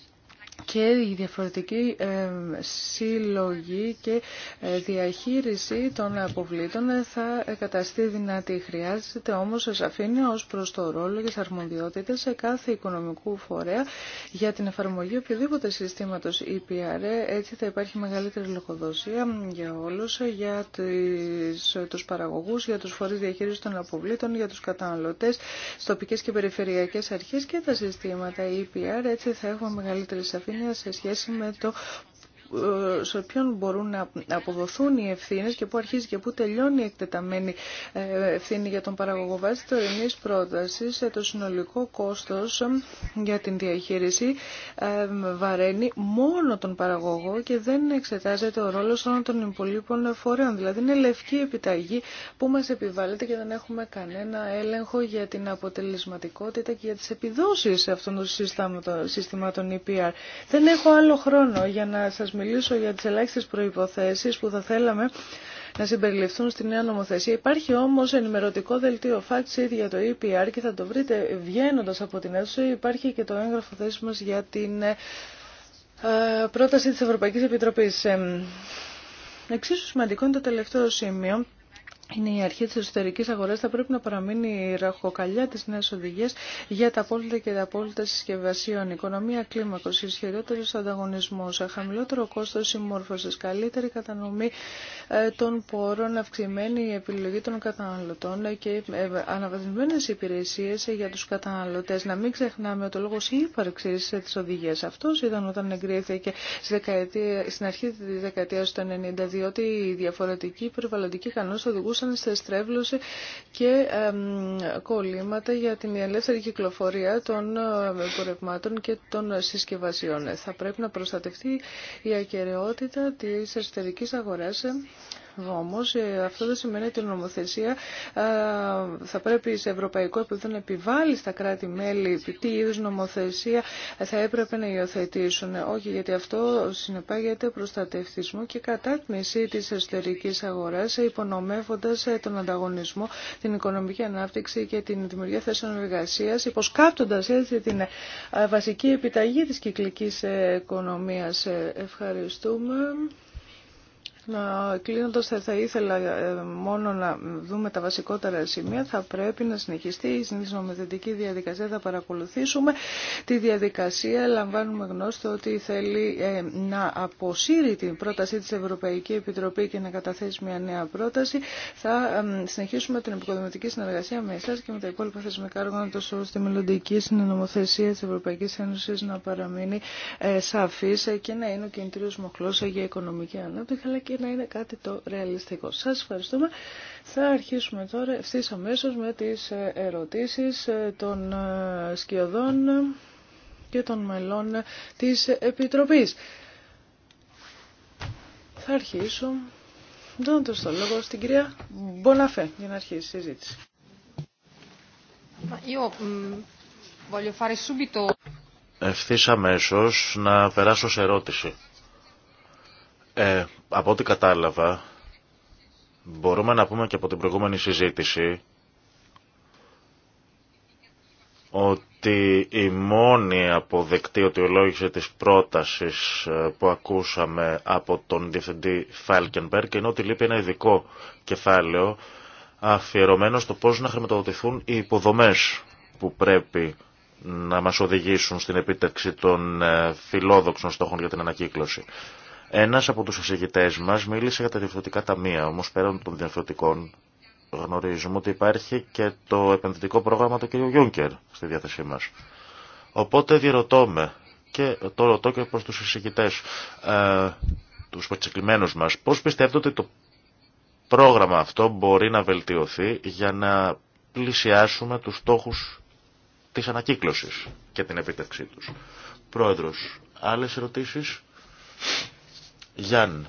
και η διαφορετική ε, συλλογή και ε, διαχείριση των αποβλήτων ε, θα καταστεί δυνατή. Χρειάζεται όμως σαφήνεια ως προς το ρόλο και τις αρμοδιότητες σε κάθε οικονομικού φορέα για την εφαρμογή οποιοδήποτε συστήματος EPR. Έτσι θα υπάρχει μεγαλύτερη λογοδοσία για όλους, για τις, τους παραγωγούς, για τους φορείς διαχείρισης των αποβλήτων, για τους καταναλωτές, στις τοπικές και περιφερειακές αρχές και τα συστήματα EPR. Έτσι θα έχουμε μεγαλύτερη σε σχέση με το ε, σε ποιον μπορούν να αποδοθούν οι ευθύνε και πού αρχίζει και πού τελειώνει η εκτεταμένη ε, ευθύνη για τον παραγωγό. Βάσει τωρινής πρότασης, ε, το συνολικό κόστο για την διαχείριση βαραίνει μόνο τον παραγωγό και δεν εξετάζεται ο ρόλο όλων των υπολείπων φορέων. Δηλαδή είναι λευκή επιταγή που μα επιβάλλεται και δεν έχουμε κανένα έλεγχο για την αποτελεσματικότητα και για τι επιδόσεις αυτών των συστημάτων EPR. Δεν έχω άλλο χρόνο για να σας μιλήσω μιλήσω για τις ελάχιστες προϋποθέσεις που θα θέλαμε να συμπεριληφθούν στη νέα νομοθεσία. Υπάρχει όμως ενημερωτικό δελτίο fact για το EPR και θα το βρείτε βγαίνοντας από την αίθουσα. Υπάρχει και το έγγραφο θέση μας για την ε, ε, πρόταση της Ευρωπαϊκής Επιτροπής. Εξίσου σημαντικό είναι το τελευταίο σημείο είναι η αρχή της εσωτερικής αγοράς, θα πρέπει να παραμείνει η ραχοκαλιά της νέας οδηγίας για τα απόλυτα και τα απόλυτα συσκευασίων. Οικονομία κλίμακος, ισχυρότερος ανταγωνισμός, χαμηλότερο κόστος συμμόρφωσης, καλύτερη κατανομή ε, των πόρων, αυξημένη η επιλογή των καταναλωτών και ε, αναβαθμισμένες υπηρεσίες για τους καταναλωτές. Να μην ξεχνάμε ότι ο λόγος ύπαρξης της οδηγίας αυτός ήταν όταν εγκρίθηκε στην αρχή της δεκαετίας του 90, διότι η διαφορετική περιβαλλοντική κανόνες αν σε στρέβλωση και κολλήματα για την ελεύθερη κυκλοφορία των ε, πορευμάτων και των συσκευασιών. Θα πρέπει να προστατευτεί η ακαιρεότητα της εσωτερικής αγοράς ε, όμως ε, αυτό δεν σημαίνει ότι η νομοθεσία ε, θα πρέπει σε ευρωπαϊκό επίπεδο να επιβάλλει στα κράτη-μέλη τι είδους νομοθεσία θα έπρεπε να υιοθετήσουν. Όχι, γιατί αυτό συνεπάγεται προστατευτισμό και κατάτμιση της εσωτερικής αγοράς υπονομεύοντας ε, τον ανταγωνισμό, την οικονομική ανάπτυξη και την δημιουργία θέσεων εργασίας, υποσκάπτοντας έτσι την βασική επιταγή της κυκλικής οικονομίας. Ευχαριστούμε. Κλείνοντας θα ήθελα ε, μόνο να δούμε τα βασικότερα σημεία. Θα πρέπει να συνεχιστεί η συνεισνομεθετική διαδικασία. Θα παρακολουθήσουμε τη διαδικασία. Λαμβάνουμε γνώστο ότι θέλει ε, να αποσύρει την πρότασή της Ευρωπαϊκή Επιτροπή και να καταθέσει μια νέα πρόταση. Θα ε, συνεχίσουμε την επικοδομητική συνεργασία με εσάς και με τα υπόλοιπα θεσμικά όργανα τόσο ώστε η μελλοντική συνενομοθεσία της Ευρωπαϊκής Ένωσης να παραμείνει σαφής και να είναι ο κινητήριος μοχλός για οικονομική ανάπτυξη και να είναι κάτι το ρεαλιστικό. Σας ευχαριστούμε. Θα αρχίσουμε τώρα ευθύς αμέσως με τις ε, ερωτήσεις ε, των ε, σκιωδών και των μελών της Επιτροπής. Θα αρχίσω δώντας το λόγο στην κυρία Μποναφέ για να αρχίσει η συζήτηση. Ευθύς αμέσως να περάσω σε ερώτηση από ό,τι κατάλαβα, μπορούμε να πούμε και από την προηγούμενη συζήτηση ότι η μόνη αποδεκτή οτιολόγηση της πρότασης ε, που ακούσαμε από τον Διευθυντή Φάλκενμπεργκ είναι ότι λείπει ένα ειδικό κεφάλαιο αφιερωμένο στο πώς να χρηματοδοτηθούν οι υποδομές που πρέπει να μας οδηγήσουν στην επίτευξη των ε, φιλόδοξων στόχων για την ανακύκλωση. Ένα από του εισηγητές μα μίλησε για τα διευθυντικά ταμεία, όμω πέραν των διευθυντικών γνωρίζουμε ότι υπάρχει και το επενδυτικό πρόγραμμα του κ. Γιούγκερ στη διάθεσή μα. Οπότε διερωτώ με, και το ρωτώ και προ τους εισηγητές, ε, τους μα, μας, πώς πιστεύετε ότι το πρόγραμμα αυτό μπορεί να βελτιωθεί για να πλησιάσουμε τους στόχου της ανακύκλωσης και την επίτευξή τους. Πρόεδρος, άλλες ερωτήσεις. Γιάννη.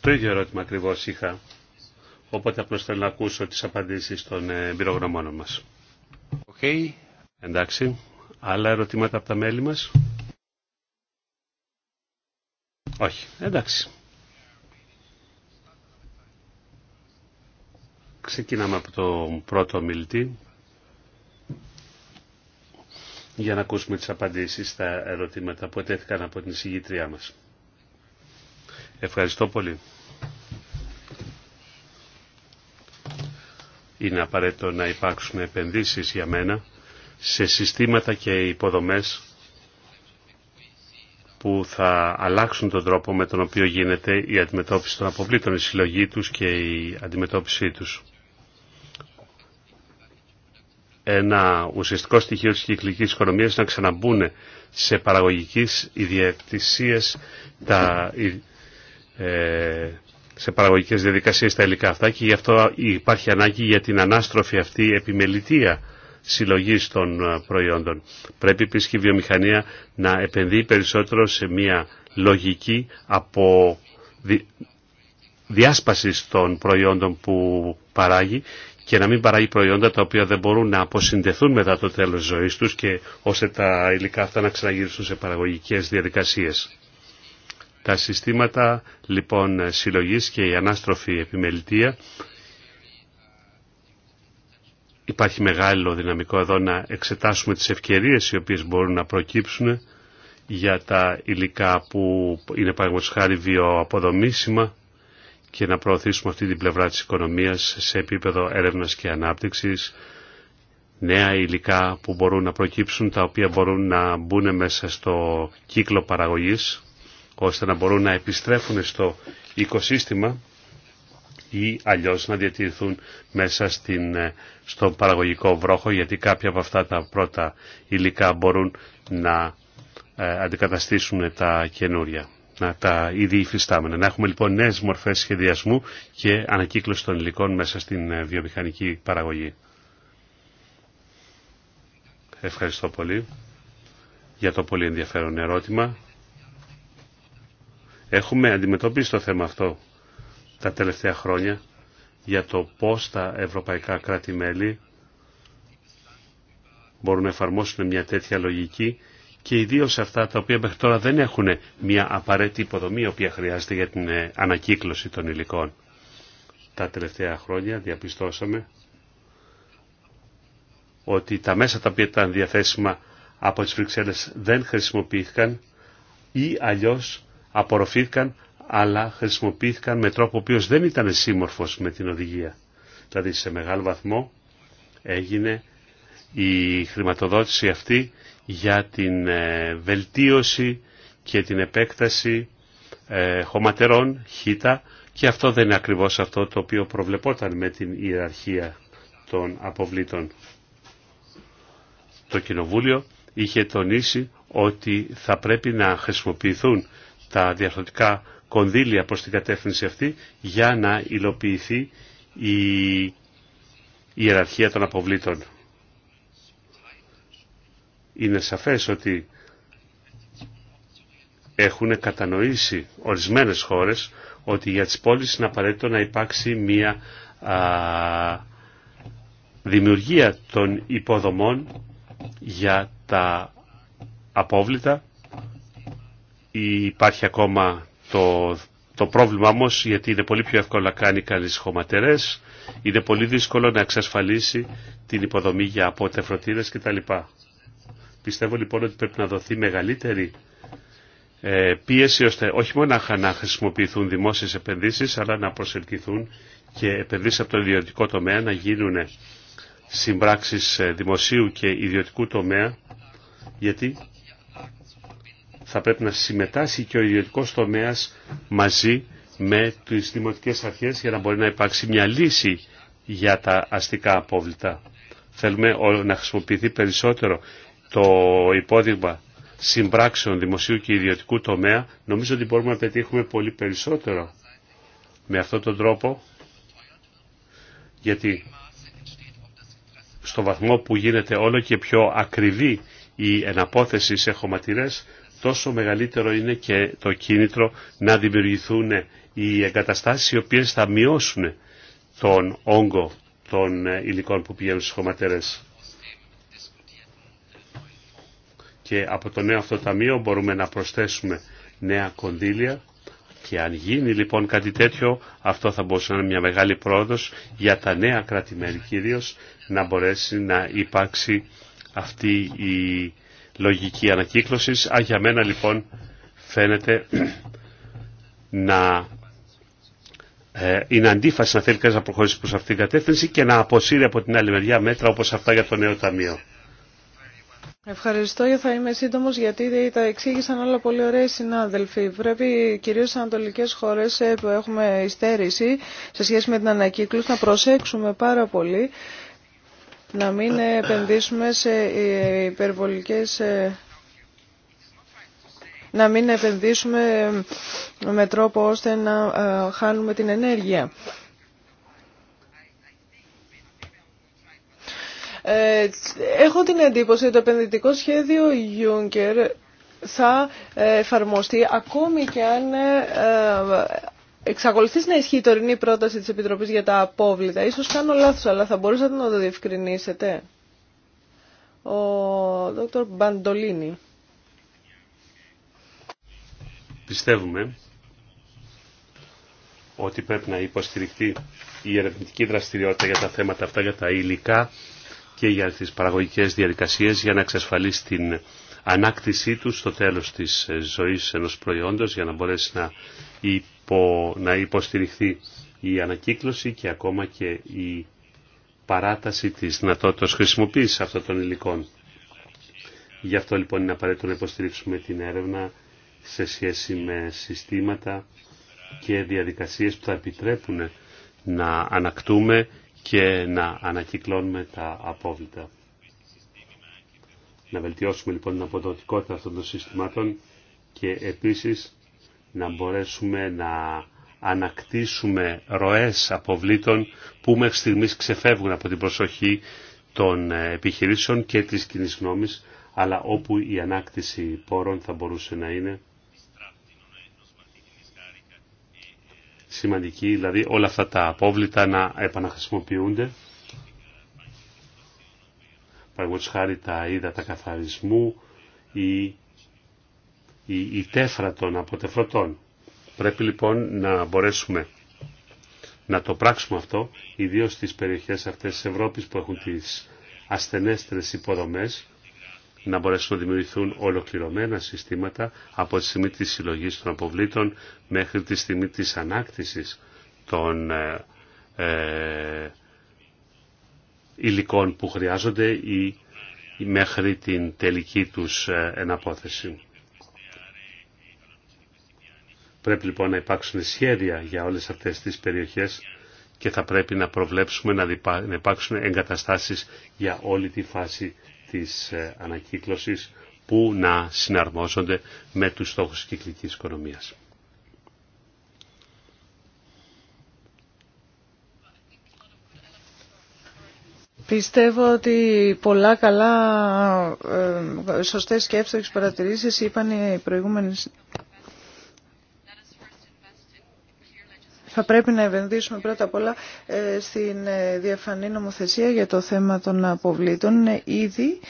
Το ίδιο ερώτημα ακριβώ είχα. Οπότε απλώ θέλω να ακούσω τι απαντήσει των ε, εμπειρογνωμόνων μα. Εντάξει. Άλλα ερωτήματα από τα μέλη μα. Όχι. Εντάξει. Ξεκινάμε από τον πρώτο μιλητή για να ακούσουμε τις απαντήσεις στα ερωτήματα που ετέθηκαν από την εισηγήτριά μας. Ευχαριστώ πολύ. Είναι απαραίτητο να υπάρξουν επενδύσεις για μένα σε συστήματα και υποδομές που θα αλλάξουν τον τρόπο με τον οποίο γίνεται η αντιμετώπιση των αποβλήτων, η συλλογή τους και η αντιμετώπιση τους ένα ουσιαστικό στοιχείο της κυκλικής οικονομίας να ξαναμπούν σε παραγωγικές ιδιαιτησίες τα, ε, σε παραγωγικές διαδικασίες τα υλικά αυτά και γι' αυτό υπάρχει ανάγκη για την ανάστροφη αυτή επιμελητία συλλογής των ε, προϊόντων. Πρέπει επίση και η βιομηχανία να επενδύει περισσότερο σε μια λογική από διάσπασης των προϊόντων που παράγει και να μην παράγει προϊόντα τα οποία δεν μπορούν να αποσυνδεθούν μετά το τέλος της ζωής τους και ώστε τα υλικά αυτά να ξαναγυρίσουν σε παραγωγικές διαδικασίες. Τα συστήματα λοιπόν συλλογής και η ανάστροφη επιμελητία υπάρχει μεγάλο δυναμικό εδώ να εξετάσουμε τις ευκαιρίες οι οποίες μπορούν να προκύψουν για τα υλικά που είναι παραγωγικά χάρη βιοαποδομήσιμα και να προωθήσουμε αυτή την πλευρά της οικονομίας σε επίπεδο έρευνας και ανάπτυξης, νέα υλικά που μπορούν να προκύψουν, τα οποία μπορούν να μπουν μέσα στο κύκλο παραγωγής, ώστε να μπορούν να επιστρέφουν στο οικοσύστημα ή αλλιώς να διατηρηθούν μέσα στην, στο παραγωγικό βρόχο, γιατί κάποια από αυτά τα πρώτα υλικά μπορούν να ε, αντικαταστήσουν τα καινούρια να τα ήδη υφιστάμενα. Να έχουμε λοιπόν νέε μορφές σχεδιασμού και ανακύκλωση των υλικών μέσα στην ε, βιομηχανική παραγωγή. Ευχαριστώ πολύ για το πολύ ενδιαφέρον ερώτημα. Έχουμε αντιμετωπίσει το θέμα αυτό τα τελευταία χρόνια για το πώς τα ευρωπαϊκά κράτη-μέλη μπορούν να εφαρμόσουν μια τέτοια λογική και ιδίω αυτά τα οποία μέχρι τώρα δεν έχουν μια απαραίτητη υποδομή η οποία χρειάζεται για την ε, ανακύκλωση των υλικών. Τα τελευταία χρόνια διαπιστώσαμε ότι τα μέσα τα οποία ήταν διαθέσιμα από τις Βρυξέλλες δεν χρησιμοποιήθηκαν ή αλλιώς απορροφήθηκαν αλλά χρησιμοποιήθηκαν με τρόπο ο οποίος δεν ήταν σύμμορφος με την οδηγία. Δηλαδή σε μεγάλο βαθμό έγινε η χρηματοδότηση αυτή για την ε, βελτίωση και την επέκταση ε, χωματερών, χήτα, και αυτό δεν είναι ακριβώς αυτό το οποίο προβλεπόταν με την ιεραρχία των αποβλήτων. Το Κοινοβούλιο είχε τονίσει ότι θα πρέπει να χρησιμοποιηθούν τα διαφορετικά κονδύλια προς την κατεύθυνση αυτή για να υλοποιηθεί η ιεραρχία των αποβλήτων είναι σαφές ότι έχουν κατανοήσει ορισμένες χώρες ότι για τις πόλεις είναι απαραίτητο να υπάρξει μια δημιουργία των υποδομών για τα απόβλητα. Υπάρχει ακόμα το, το πρόβλημα όμω γιατί είναι πολύ πιο εύκολο να κάνει κανείς χωματερές, είναι πολύ δύσκολο να εξασφαλίσει την υποδομή για αποτεφρωτήρες κτλ. Πιστεύω λοιπόν ότι πρέπει να δοθεί μεγαλύτερη ε, πίεση ώστε όχι μόνο να χρησιμοποιηθούν δημόσιες επενδύσεις αλλά να προσελκυθούν και επενδύσεις από το ιδιωτικό τομέα να γίνουν συμπράξεις ε, δημοσίου και ιδιωτικού τομέα γιατί θα πρέπει να συμμετάσχει και ο ιδιωτικός τομέας μαζί με τις δημοτικές αρχές για να μπορεί να υπάρξει μια λύση για τα αστικά απόβλητα. Θέλουμε να χρησιμοποιηθεί περισσότερο το υπόδειγμα συμπράξεων δημοσίου και ιδιωτικού τομέα, νομίζω ότι μπορούμε να πετύχουμε πολύ περισσότερο με αυτόν τον τρόπο, γιατί στο βαθμό που γίνεται όλο και πιο ακριβή η εναπόθεση σε χωματηρές, τόσο μεγαλύτερο είναι και το κίνητρο να δημιουργηθούν οι εγκαταστάσεις οι οποίες θα μειώσουν τον όγκο των υλικών που πηγαίνουν στις χωματερές. και από το νέο αυτό ταμείο μπορούμε να προσθέσουμε νέα κονδύλια και αν γίνει λοιπόν κάτι τέτοιο αυτό θα μπορούσε να είναι μια μεγάλη πρόοδος για τα νέα κυρίω να μπορέσει να υπάρξει αυτή η λογική ανακύκλωση. Α, για μένα λοιπόν φαίνεται να ε, είναι αντίφαση να θέλει κανείς να προχωρήσει προς αυτήν την κατεύθυνση και να αποσύρει από την άλλη μεριά μέτρα όπως αυτά για το νέο ταμείο. Ευχαριστώ. Θα είμαι σύντομος γιατί τα εξήγησαν όλα πολύ ωραίοι συνάδελφοι. Πρέπει κυρίως στις ανατολικές χώρες ε, που έχουμε υστέρηση σε σχέση με την ανακύκλωση να προσέξουμε πάρα πολύ να μην επενδύσουμε σε ε, υπερβολικές ε, να μην επενδύσουμε με τρόπο ώστε να χάνουμε την ενέργεια. Ε, έχω την εντύπωση ότι το επενδυτικό σχέδιο Juncker θα ε, εφαρμοστεί ακόμη και αν ε, εξακολουθεί να ισχύει η τωρινή πρόταση της Επιτροπής για τα απόβλητα. Ίσως κάνω λάθος, αλλά θα μπορούσατε να το διευκρινίσετε. Ο Δόκτωρ Μπαντολίνη. Πιστεύουμε ότι πρέπει να υποστηριχθεί η ερευνητική δραστηριότητα για τα θέματα αυτά, για τα υλικά και για τις παραγωγικές διαδικασίες για να εξασφαλίσει την ανάκτησή του στο τέλος της ε, ζωής ενός προϊόντος για να μπορέσει να, υπο, να υποστηριχθεί η ανακύκλωση και ακόμα και η παράταση της δυνατότητα χρησιμοποιήση αυτών των υλικών. Γι' αυτό λοιπόν είναι απαραίτητο να υποστηρίξουμε την έρευνα σε σχέση με συστήματα και διαδικασίες που θα επιτρέπουν να ανακτούμε και να ανακυκλώνουμε τα απόβλητα. Να βελτιώσουμε λοιπόν την αποδοτικότητα αυτών των συστημάτων και επίσης να μπορέσουμε να ανακτήσουμε ροές αποβλήτων που μέχρι στιγμής ξεφεύγουν από την προσοχή των ε, επιχειρήσεων και της κοινή γνώμη, αλλά όπου η ανάκτηση πόρων θα μπορούσε να είναι σημαντική, δηλαδή όλα αυτά τα απόβλητα να επαναχρησιμοποιούνται. Παραγωγή χάρη τα ύδατα καθαρισμού ή η, η, τέφρα των αποτεφρωτών. Πρέπει λοιπόν να μπορέσουμε να το πράξουμε αυτό, ιδίως στις περιοχές αυτές της Ευρώπης που έχουν τις ασθενέστερες υποδομές να μπορέσουν να δημιουργηθούν ολοκληρωμένα συστήματα από τη στιγμή της συλλογής των αποβλήτων μέχρι τη στιγμή της ανάκτησης των ε, ε, υλικών που χρειάζονται ή μέχρι την τελική τους ε, εναπόθεση. Πρέπει λοιπόν να υπάρξουν σχέδια για όλες αυτές τις περιοχές και θα πρέπει να προβλέψουμε να υπάρξουν εγκαταστάσεις για όλη τη φάση της ε, ανακύκλωσης που να συναρμόζονται με τους στόχους της κυκλικής οικονομίας. Πιστεύω ότι πολλά καλά, ε, σωστές σκέψεις παρατηρήσεις είπαν οι προηγούμενες θα πρέπει να επενδύσουμε πρώτα απ' όλα ε, στην ε, διαφανή νομοθεσία για το θέμα των αποβλήτων. Ε, ήδη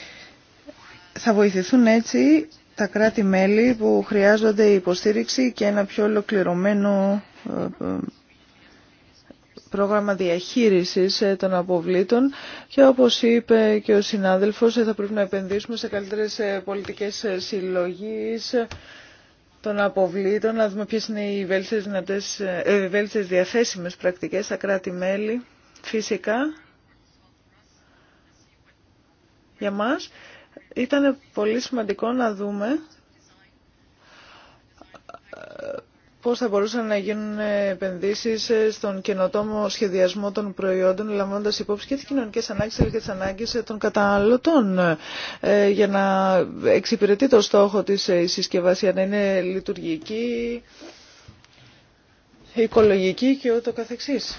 θα βοηθηθούν έτσι τα κράτη-μέλη που χρειάζονται υποστήριξη και ένα πιο ολοκληρωμένο πρόγραμμα διαχείρισης των αποβλήτων και όπως είπε και ο συνάδελφος θα πρέπει να επενδύσουμε σε καλύτερες πολιτικές συλλογής, των αποβλήτων, να δούμε ποιες είναι οι βέλτιστες, δυνατές, ε, βέλτιστες διαθέσιμες πρακτικές στα κράτη-μέλη. Φυσικά, για μας ήταν πολύ σημαντικό να δούμε πώς θα μπορούσαν να γίνουν επενδύσεις στον καινοτόμο σχεδιασμό των προϊόντων, λαμβάνοντας υπόψη και τις κοινωνικές ανάγκες αλλά και τις ανάγκες των καταναλωτών ε, για να εξυπηρετεί το στόχο της συσκευασίας, συσκευασία, να είναι λειτουργική, οικολογική και ούτω καθεξής.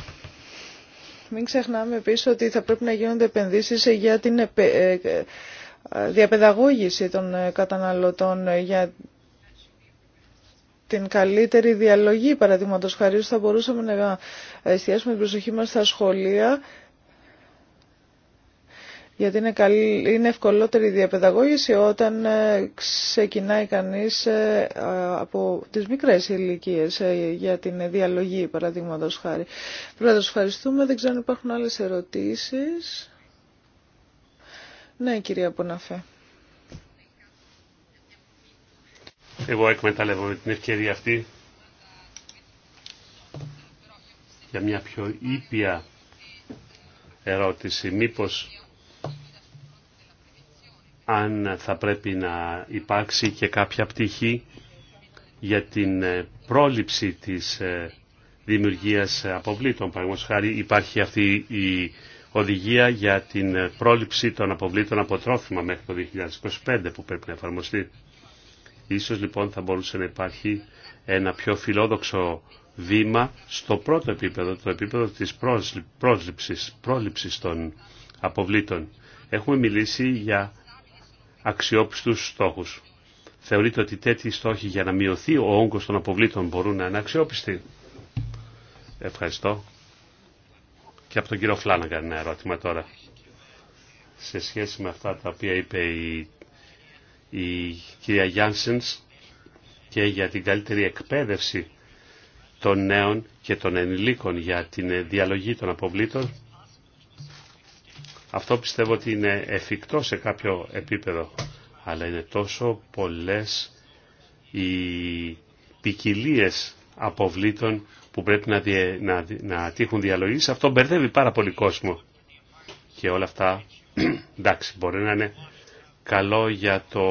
Μην ξεχνάμε επίσης ότι θα πρέπει να γίνονται επενδύσεις για την ε, ε, διαπαιδαγώγηση των καταναλωτών για την καλύτερη διαλογή παραδείγματο χάρη, θα μπορούσαμε να εστιάσουμε την προσοχή μας στα σχολεία γιατί είναι, ευκολότερη η διαπαιδαγώγηση όταν ε, ξεκινάει κανείς ε, από τις μικρές ηλικίε ε, για την διαλογή παραδείγματο χάρη. Πρέπει να σας ευχαριστούμε. Δεν ξέρω αν υπάρχουν άλλες ερωτήσεις. Ναι, κυρία Ποναφέ. Εγώ εκμεταλλεύομαι την ευκαιρία αυτή για μια πιο ήπια ερώτηση. Μήπως αν θα πρέπει να υπάρξει και κάποια πτυχή για την ε, πρόληψη της ε, δημιουργίας αποβλήτων. Παραδείγματος χάρη υπάρχει αυτή η οδηγία για την ε, πρόληψη των αποβλήτων από τρόφιμα μέχρι το 2025 που πρέπει να εφαρμοστεί. Ίσως λοιπόν θα μπορούσε να υπάρχει ένα πιο φιλόδοξο βήμα στο πρώτο επίπεδο, το επίπεδο της πρόσληψης, πρόληψης των αποβλήτων. Έχουμε μιλήσει για αξιόπιστους στόχους. Θεωρείτε ότι τέτοιοι στόχοι για να μειωθεί ο όγκος των αποβλήτων μπορούν να είναι αξιόπιστοι. Ευχαριστώ. Και από τον κύριο Φλάνα ένα ερώτημα τώρα. Σε σχέση με αυτά τα οποία είπε η η κυρία Γιάνσενς και για την καλύτερη εκπαίδευση των νέων και των ενηλίκων για την διαλογή των αποβλήτων. Αυτό πιστεύω ότι είναι εφικτό σε κάποιο επίπεδο, αλλά είναι τόσο πολλές οι ποικιλίε αποβλήτων που πρέπει να, διε, να, να Αυτό μπερδεύει πάρα πολύ κόσμο. Και όλα αυτά, εντάξει, μπορεί να είναι καλό για το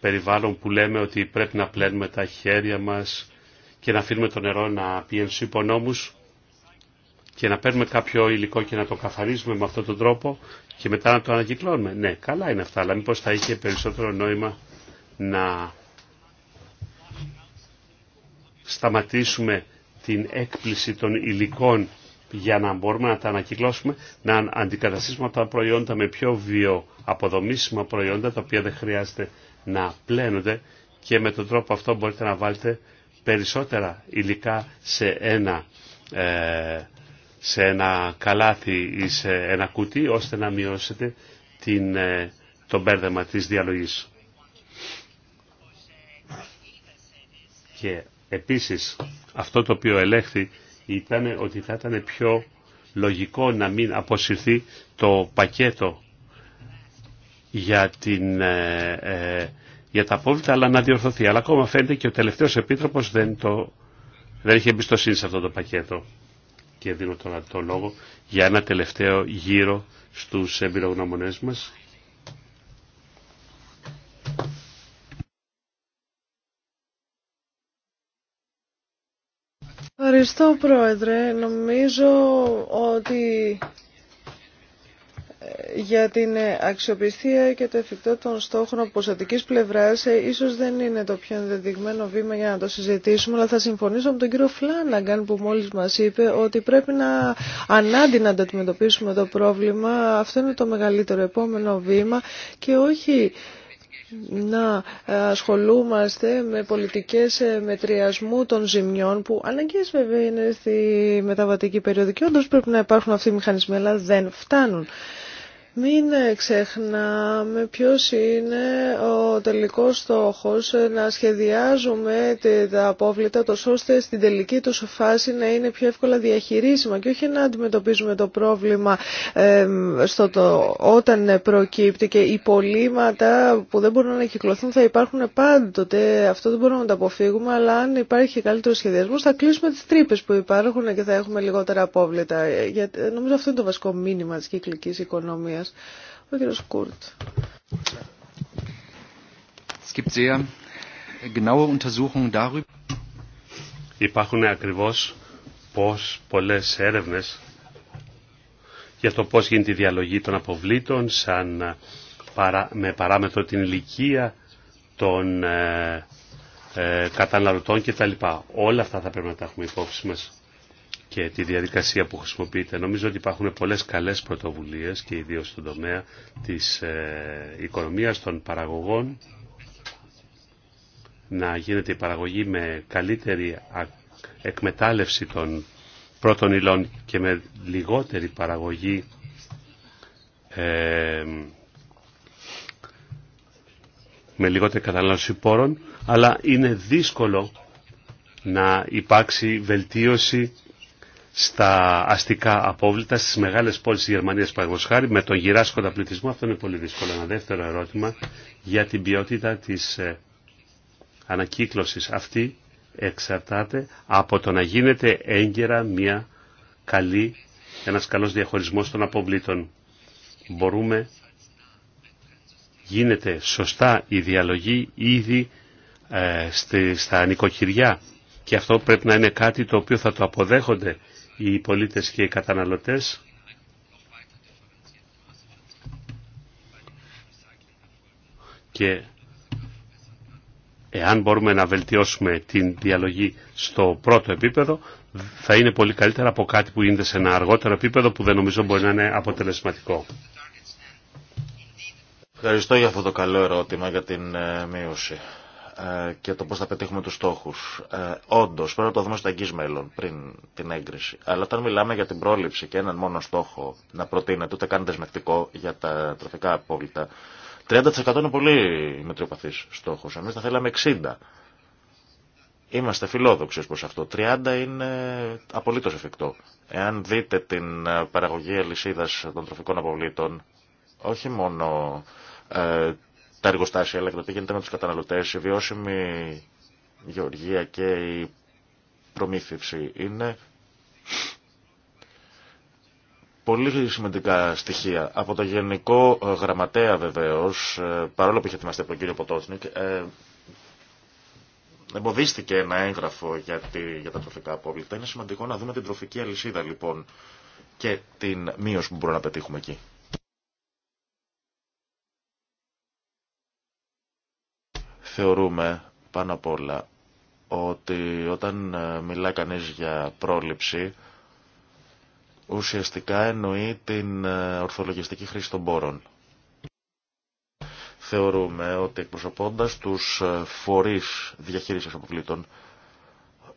περιβάλλον που λέμε ότι πρέπει να πλένουμε τα χέρια μας και να αφήνουμε το νερό να πιένσει στους υπονόμους και να παίρνουμε κάποιο υλικό και να το καθαρίζουμε με αυτόν τον τρόπο και μετά να το ανακυκλώνουμε. Ναι, καλά είναι αυτά, αλλά μήπως θα είχε περισσότερο νόημα να σταματήσουμε την έκπληση των υλικών για να μπορούμε να τα ανακυκλώσουμε, να αντικαταστήσουμε τα προϊόντα με πιο βιοαποδομήσιμα προϊόντα, τα οποία δεν χρειάζεται να πλένονται και με τον τρόπο αυτό μπορείτε να βάλετε περισσότερα υλικά σε ένα, ε, σε ένα καλάθι ή σε ένα κουτί, ώστε να μειώσετε την, ε, το μπέρδεμα της διαλογής. Και επίσης αυτό το οποίο ελέγχθη ήταν ότι θα ήταν πιο λογικό να μην αποσυρθεί το πακέτο για, την, ε, ε, για τα απόβλητα, αλλά να διορθωθεί. Αλλά ακόμα φαίνεται και ο τελευταίος επίτροπος δεν, το, δεν είχε εμπιστοσύνη σε αυτό το πακέτο. Και δίνω τώρα το λόγο για ένα τελευταίο γύρο στους εμπειρογνωμονές μας Ευχαριστώ Πρόεδρε. Νομίζω ότι ε, για την αξιοπιστία και το εφικτό των στόχων από ποσοτικής πλευράς ε, ίσως δεν είναι το πιο ενδεδειγμένο βήμα για να το συζητήσουμε αλλά θα συμφωνήσω με τον κύριο Φλάναγκαν που μόλις μας είπε ότι πρέπει να ανάντι να αντιμετωπίσουμε το πρόβλημα αυτό είναι το μεγαλύτερο επόμενο βήμα και όχι να ε, ασχολούμαστε με πολιτικές ε, μετριασμού των ζημιών που αναγκαίες βέβαια είναι στη μεταβατική και Όντως πρέπει να υπάρχουν αυτοί οι μηχανισμοί, αλλά δεν φτάνουν. Μην ξεχνάμε ποιος είναι ο τελικός στόχος να σχεδιάζουμε τα απόβλητα τόσο ώστε στην τελική τους φάση να είναι πιο εύκολα διαχειρίσιμα και όχι να αντιμετωπίζουμε το πρόβλημα στο το, όταν προκύπτει και οι πολλήματα που δεν μπορούν να κυκλωθούν θα υπάρχουν πάντοτε. Αυτό δεν μπορούμε να το αποφύγουμε, αλλά αν υπάρχει καλύτερο σχεδιασμό θα κλείσουμε τις τρύπες που υπάρχουν και θα έχουμε λιγότερα απόβλητα. νομίζω αυτό είναι το βασικό μήνυμα της κυκλικής οικονομία. Ο Υπάρχουν ακριβώς πώς πολλές έρευνες για το πώς γίνεται η διαλογή των αποβλήτων σαν, ε, με παράμετρο την ηλικία των ε, ε, καταναλωτών κτλ. Όλα αυτά θα πρέπει να τα έχουμε υπόψη μας και τη διαδικασία που χρησιμοποιείται. Νομίζω ότι υπάρχουν πολλές καλές πρωτοβουλίες και ιδίως στον τομέα της ε, οικονομίας των παραγωγών να γίνεται η παραγωγή με καλύτερη εκμετάλλευση των πρώτων υλών και με λιγότερη παραγωγή ε, με λιγότερη κατανάλωση πόρων αλλά είναι δύσκολο να υπάρξει βελτίωση στα αστικά απόβλητα, στις μεγάλες πόλεις της Γερμανίας χάρη, με τον γυράσκοντα πληθυσμό, αυτό είναι πολύ δύσκολο. Ένα δεύτερο ερώτημα για την ποιότητα της ε, ανακύκλωσης αυτή εξαρτάται από το να γίνεται έγκαιρα μια καλή, ένας καλός διαχωρισμός των αποβλήτων. Μπορούμε, γίνεται σωστά η διαλογή ήδη ε, στη, στα νοικοκυριά και αυτό πρέπει να είναι κάτι το οποίο θα το αποδέχονται οι πολίτες και οι καταναλωτές. Και εάν μπορούμε να βελτιώσουμε την διαλογή στο πρώτο επίπεδο, θα είναι πολύ καλύτερα από κάτι που γίνεται σε ένα αργότερο επίπεδο που δεν νομίζω μπορεί να είναι αποτελεσματικό. Ευχαριστώ για αυτό το καλό ερώτημα για την ε, μείωση. Ε, και το πώ θα πετύχουμε τους στόχους. Ε, Όντω, πρέπει να το δούμε στο εγγύ μέλλον πριν την έγκριση. Αλλά όταν μιλάμε για την πρόληψη και έναν μόνο στόχο να προτείνεται, ούτε καν δεσμευτικό για τα τροφικά απόλυτα, 30% είναι πολύ μετριοπαθή στόχος. Εμεί θα θέλαμε 60%. Είμαστε φιλόδοξοι προ αυτό. 30 είναι απολύτως εφικτό. Εάν δείτε την ε, παραγωγή αλυσίδα των τροφικών αποβλήτων, όχι μόνο τα εργοστάσια, αλλά και το τι γίνεται με τους καταναλωτές, η βιώσιμη γεωργία και η προμήθευση είναι πολύ σημαντικά στοιχεία. Από το Γενικό Γραμματέα βεβαίως, ε, παρόλο που είχε ετοιμαστεί από τον κύριο Ποτόσνικ, ε, εμποδίστηκε ένα έγγραφο για, τη, για τα τροφικά απόβλητα. Είναι σημαντικό να δούμε την τροφική αλυσίδα λοιπόν και την μείωση που μπορούμε να πετύχουμε εκεί. Θεωρούμε πάνω απ' όλα ότι όταν ε, μιλά κανείς για πρόληψη ουσιαστικά εννοεί την ε, ορθολογιστική χρήση των πόρων. Θεωρούμε ότι εκπροσωπώντας τους ε, φορείς διαχείρισης αποβλήτων,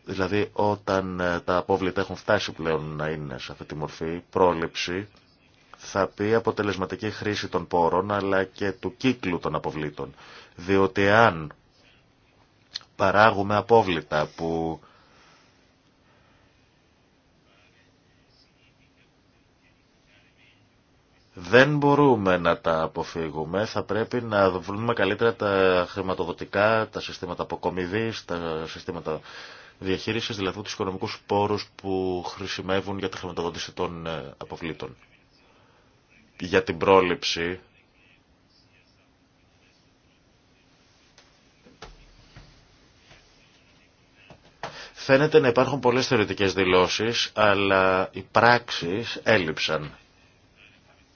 δηλαδή όταν τα απόβλητα έχουν φτάσει πλέον να είναι σε αυτή τη μορφή, πρόληψη θα πει αποτελεσματική χρήση των πόρων αλλά και του κύκλου των αποβλήτων. Διότι αν παράγουμε απόβλητα που δεν μπορούμε να τα αποφύγουμε, θα πρέπει να βρούμε καλύτερα τα χρηματοδοτικά, τα συστήματα αποκομιδής, τα συστήματα διαχείρισης, δηλαδή τους οικονομικούς πόρους που χρησιμεύουν για τη χρηματοδότηση των ε, αποβλήτων για την πρόληψη Φαίνεται να υπάρχουν πολλές θεωρητικές δηλώσεις, αλλά οι πράξεις έλειψαν.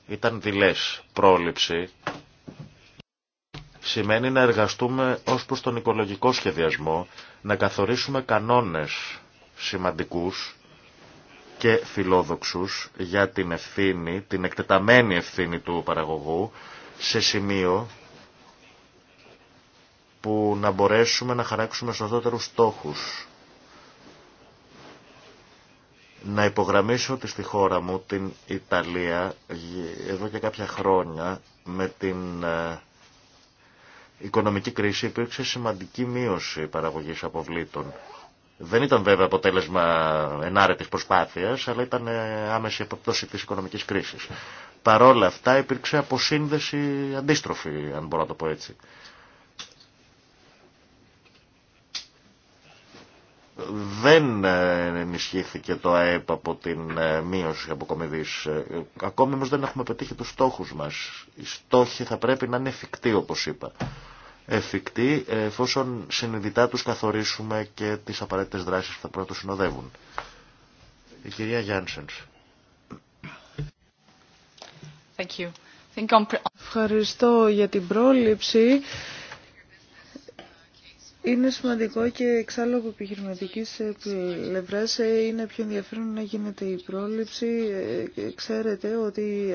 Ήταν δηλές πρόληψη. Σημαίνει να εργαστούμε ως προς τον οικολογικό σχεδιασμό, να καθορίσουμε κανόνες σημαντικούς και φιλόδοξους για την ευθύνη, την εκτεταμένη ευθύνη του παραγωγού σε σημείο που να μπορέσουμε να χαράξουμε σωστότερους στόχους. Να υπογραμμίσω ότι στη χώρα μου, την Ιταλία, εδώ και κάποια χρόνια, με την ε, οικονομική κρίση υπήρξε σημαντική μείωση παραγωγής αποβλήτων. Δεν ήταν βέβαια αποτέλεσμα ενάρετης προσπάθειας, αλλά ήταν ε, άμεση αποπτώση της οικονομικής κρίσης. Παρόλα αυτά υπήρξε αποσύνδεση αντίστροφη, αν μπορώ να το πω έτσι. δεν ε, ενισχύθηκε το ΑΕΠ από την ε, μείωση αποκομιδής. Ακόμη όμως δεν έχουμε πετύχει τους στόχους μας. Οι στόχοι θα πρέπει να είναι εφικτοί όπως είπα εφικτή εφόσον συνειδητά τους καθορίσουμε και τις απαραίτητες δράσεις που θα πρώτο συνοδεύουν. Η κυρία Γιάνσενς. Ευχαριστώ για την πρόληψη. Είναι σημαντικό και εξάλλου από επιχειρηματική ε, πλευρά ε, είναι πιο ενδιαφέρον να γίνεται η πρόληψη. Ε, ξέρετε ότι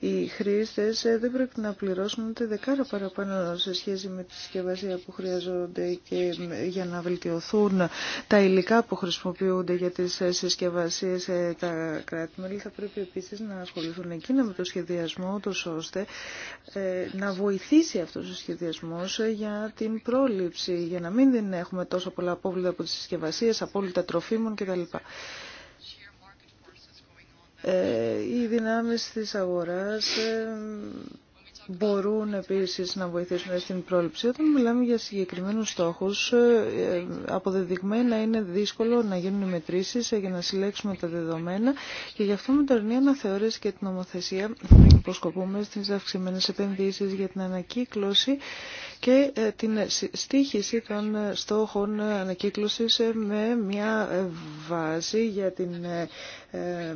οι χρήστε δεν πρέπει να πληρώσουν ούτε δεκάρα παραπάνω σε σχέση με τη συσκευασία που χρειαζόνται και για να βελτιωθούν τα υλικά που χρησιμοποιούνται για τι συσκευασίε τα κράτη-μέλη. Θα πρέπει επίση να ασχοληθούν εκείνα με το σχεδιασμό, ώστε να βοηθήσει αυτό ο σχεδιασμό για την πρόληψη για να μην έχουμε τόσο πολλά απόβλητα από τις συσκευασίες, απόλυτα τροφίμων κτλ. Ε, οι δυνάμεις της αγοράς ε, μπορούν επίσης να βοηθήσουν στην πρόληψη. Όταν μιλάμε για συγκεκριμένους στόχους, ε, αποδεδειγμένα είναι δύσκολο να γίνουν οι μετρήσεις ε, για να συλλέξουμε τα δεδομένα και γι' αυτό με να αναθεώρηση και την νομοθεσία σκοπούμε στις αυξημένες επενδύσεις για την ανακύκλωση και ε, την στήχηση των ε, στόχων ε, ανακύκλωσης με μια βάση για την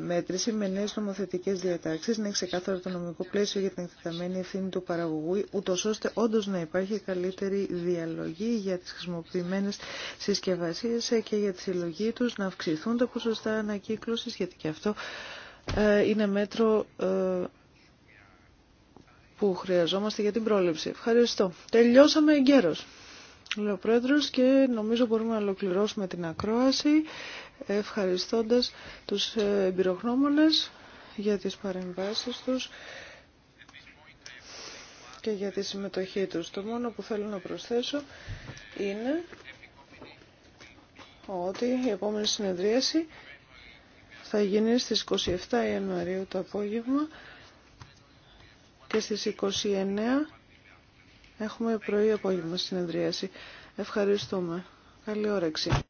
μέτρηση με νέες νομοθετικές διατάξεις, να έχει ξεκάθαρο το νομικό πλαίσιο για την εκτεταμένη ευθύνη του παραγωγού, ούτω ώστε όντως να υπάρχει καλύτερη διαλογή για τις χρησιμοποιημένες συσκευασίες και για τη συλλογή τους, να αυξηθούν τα ποσοστά ανακύκλωσης, γιατί και αυτό είναι μέτρο που χρειαζόμαστε για την πρόληψη. Ευχαριστώ. Τελειώσαμε εγκαίρως. Λέω Πρόεδρος και νομίζω μπορούμε να ολοκληρώσουμε την ακρόαση ευχαριστώντας τους ε, εμπειρογνώμονες για τις παρεμβάσεις τους και για τη συμμετοχή τους. Το μόνο που θέλω να προσθέσω είναι ότι η επόμενη συνεδρίαση θα γίνει στις 27 Ιανουαρίου το απόγευμα και στις 29 έχουμε πρωί απόγευμα συνεδρίαση. Ευχαριστούμε. Καλή όρεξη.